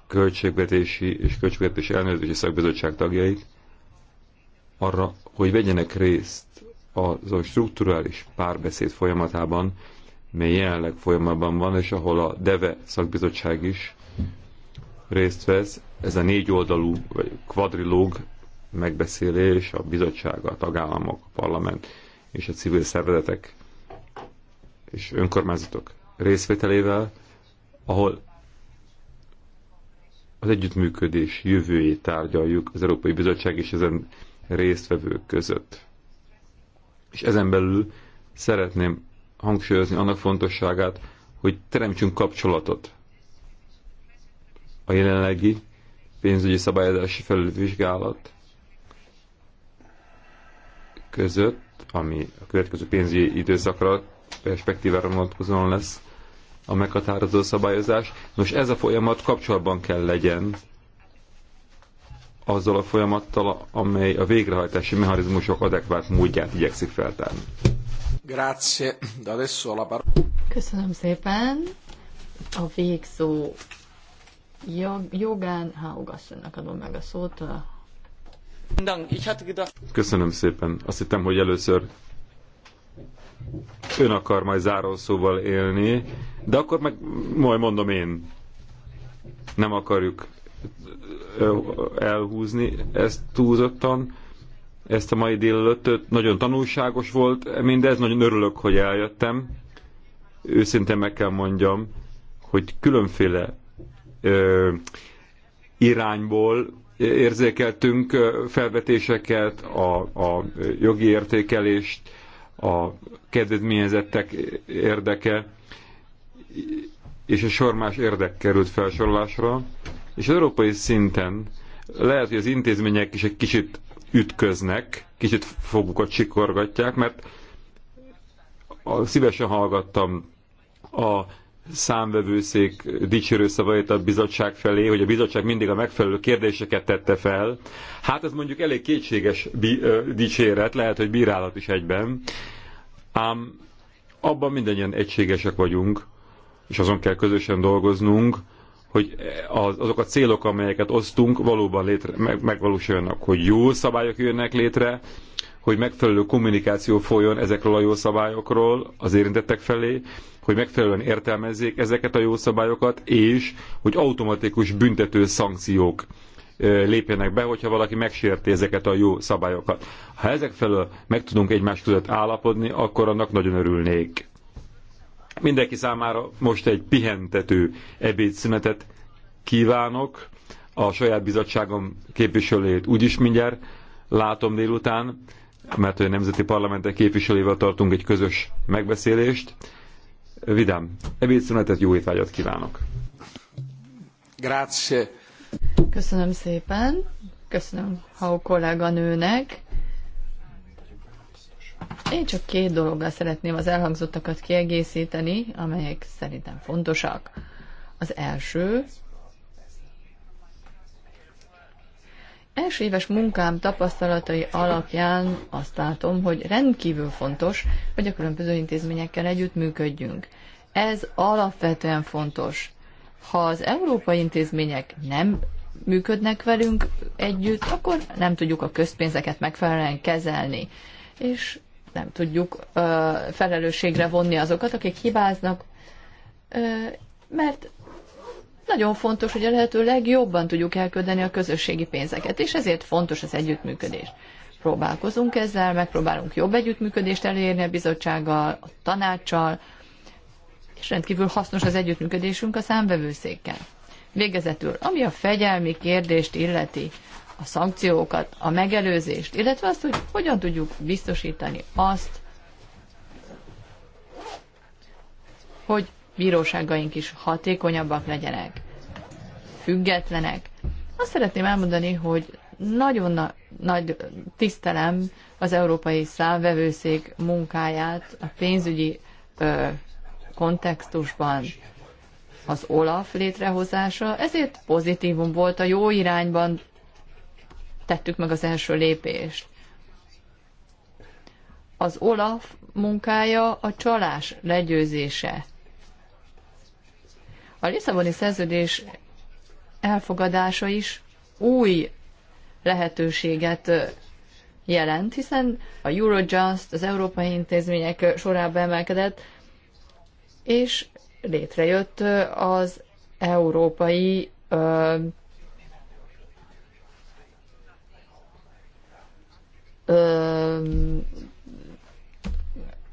költségvetési és költségvetési elnőzési szakbizottság tagjait arra, hogy vegyenek részt az a strukturális párbeszéd folyamatában, mely jelenleg folyamatban van, és ahol a DEVE szakbizottság is részt vesz, ez a négy oldalú vagy kvadrilóg megbeszélés, a bizottság, a tagállamok, a parlament és a civil szervezetek és önkormányzatok részvételével, ahol az együttműködés jövőjét tárgyaljuk az Európai Bizottság és ezen résztvevők között. És ezen belül szeretném hangsúlyozni annak fontosságát, hogy teremtsünk kapcsolatot a jelenlegi pénzügyi szabályozási felülvizsgálat között, ami a következő pénzügyi időszakra perspektívára vonatkozóan lesz a meghatározó szabályozás. Nos, ez a folyamat kapcsolatban kell legyen azzal a folyamattal, amely a végrehajtási mechanizmusok adekvát módját igyekszik feltárni. Grazie. De adesso la parola. Köszönöm szépen. A végszó jogán, ha ugassanak adom meg a szót Köszönöm szépen. Azt hittem, hogy először ön akar majd zárószóval élni, de akkor meg majd mondom én. Nem akarjuk elhúzni ezt túlzottan, ezt a mai délelőttöt. Nagyon tanulságos volt mindez, nagyon örülök, hogy eljöttem. Őszintén meg kell mondjam, hogy különféle ö, irányból érzékeltünk felvetéseket, a, a jogi értékelést, a kedvezményezettek érdeke, és a sor más érdek került felsorolásra, és az európai szinten lehet, hogy az intézmények is egy kicsit ütköznek, kicsit fogukat sikorgatják, mert a, szívesen hallgattam a számvevőszék dicsérő szavait a bizottság felé, hogy a bizottság mindig a megfelelő kérdéseket tette fel. Hát ez mondjuk elég kétséges dicséret, lehet, hogy bírálat is egyben. Ám abban mindannyian egységesek vagyunk, és azon kell közösen dolgoznunk, hogy az, azok a célok, amelyeket osztunk, valóban létre, meg, megvalósuljanak, hogy jó szabályok jönnek létre, hogy megfelelő kommunikáció folyjon ezekről a jó szabályokról az érintettek felé, hogy megfelelően értelmezzék ezeket a jó szabályokat, és hogy automatikus büntető szankciók lépjenek be, hogyha valaki megsérti ezeket a jó szabályokat. Ha ezek felől meg tudunk egymás között állapodni, akkor annak nagyon örülnék. Mindenki számára most egy pihentető ebédszünetet kívánok. A saját bizottságom képviselőjét úgyis mindjárt látom délután, mert a Nemzeti Parlamentek képviselővel tartunk egy közös megbeszélést vidám ebédszünetet, jó étvágyat kívánok! Grazie. Köszönöm szépen, köszönöm Hau kolléganőnek. Én csak két dologra szeretném az elhangzottakat kiegészíteni, amelyek szerintem fontosak. Az első, első éves munkám tapasztalatai alapján azt látom, hogy rendkívül fontos, hogy a különböző intézményekkel együtt működjünk. Ez alapvetően fontos. Ha az európai intézmények nem működnek velünk együtt, akkor nem tudjuk a közpénzeket megfelelően kezelni, és nem tudjuk ö, felelősségre vonni azokat, akik hibáznak, ö, mert nagyon fontos, hogy a lehető legjobban tudjuk elköldeni a közösségi pénzeket, és ezért fontos az együttműködés. Próbálkozunk ezzel, megpróbálunk jobb együttműködést elérni a bizottsággal, a tanácssal, és rendkívül hasznos az együttműködésünk a számvevőszékkel. Végezetül, ami a fegyelmi kérdést illeti, a szankciókat, a megelőzést, illetve azt, hogy hogyan tudjuk biztosítani azt, hogy bíróságaink is hatékonyabbak legyenek, függetlenek. Azt szeretném elmondani, hogy nagyon na- nagy tisztelem az Európai Számvevőszék munkáját a pénzügyi ö, kontextusban az OLAF létrehozása, ezért pozitívum volt, a jó irányban tettük meg az első lépést. Az OLAF munkája a csalás legyőzése a Lisszaboni szerződés elfogadása is új lehetőséget jelent, hiszen a Eurojust az európai intézmények sorába emelkedett, és létrejött az európai ö, ö,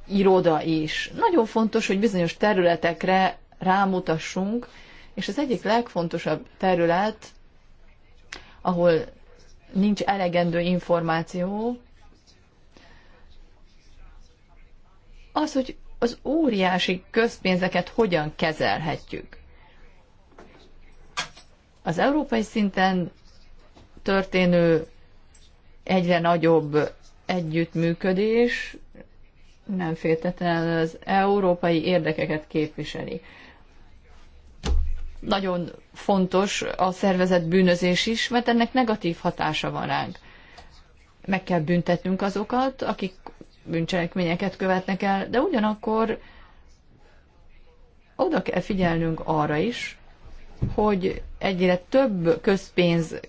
iroda is. Nagyon fontos, hogy bizonyos területekre rámutassunk, és az egyik legfontosabb terület, ahol nincs elegendő információ, az, hogy az óriási közpénzeket hogyan kezelhetjük. Az európai szinten történő egyre nagyobb együttműködés nem féltetlenül az európai érdekeket képviseli nagyon fontos a szervezet bűnözés is, mert ennek negatív hatása van ránk. Meg kell büntetnünk azokat, akik bűncselekményeket követnek el, de ugyanakkor oda kell figyelnünk arra is, hogy egyre több közpénz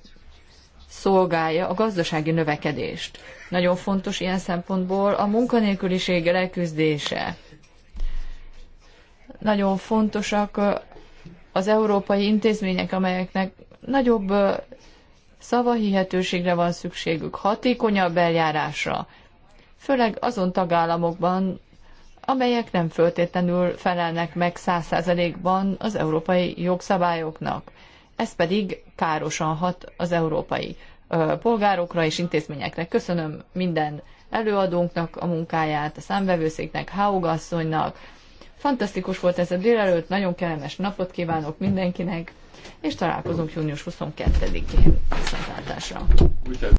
szolgálja a gazdasági növekedést. Nagyon fontos ilyen szempontból a munkanélküliség leküzdése. Nagyon fontosak az európai intézmények, amelyeknek nagyobb szavahihetőségre van szükségük, hatékonyabb eljárásra, főleg azon tagállamokban, amelyek nem föltétlenül felelnek meg száz százalékban az európai jogszabályoknak. Ez pedig károsan hat az európai polgárokra és intézményekre. Köszönöm minden előadónknak a munkáját, a számvevőszéknek, Haugasszonynak, Fantasztikus volt ez a délelőtt, nagyon kellemes napot kívánok mindenkinek, és találkozunk június 22-én viszontlátásra.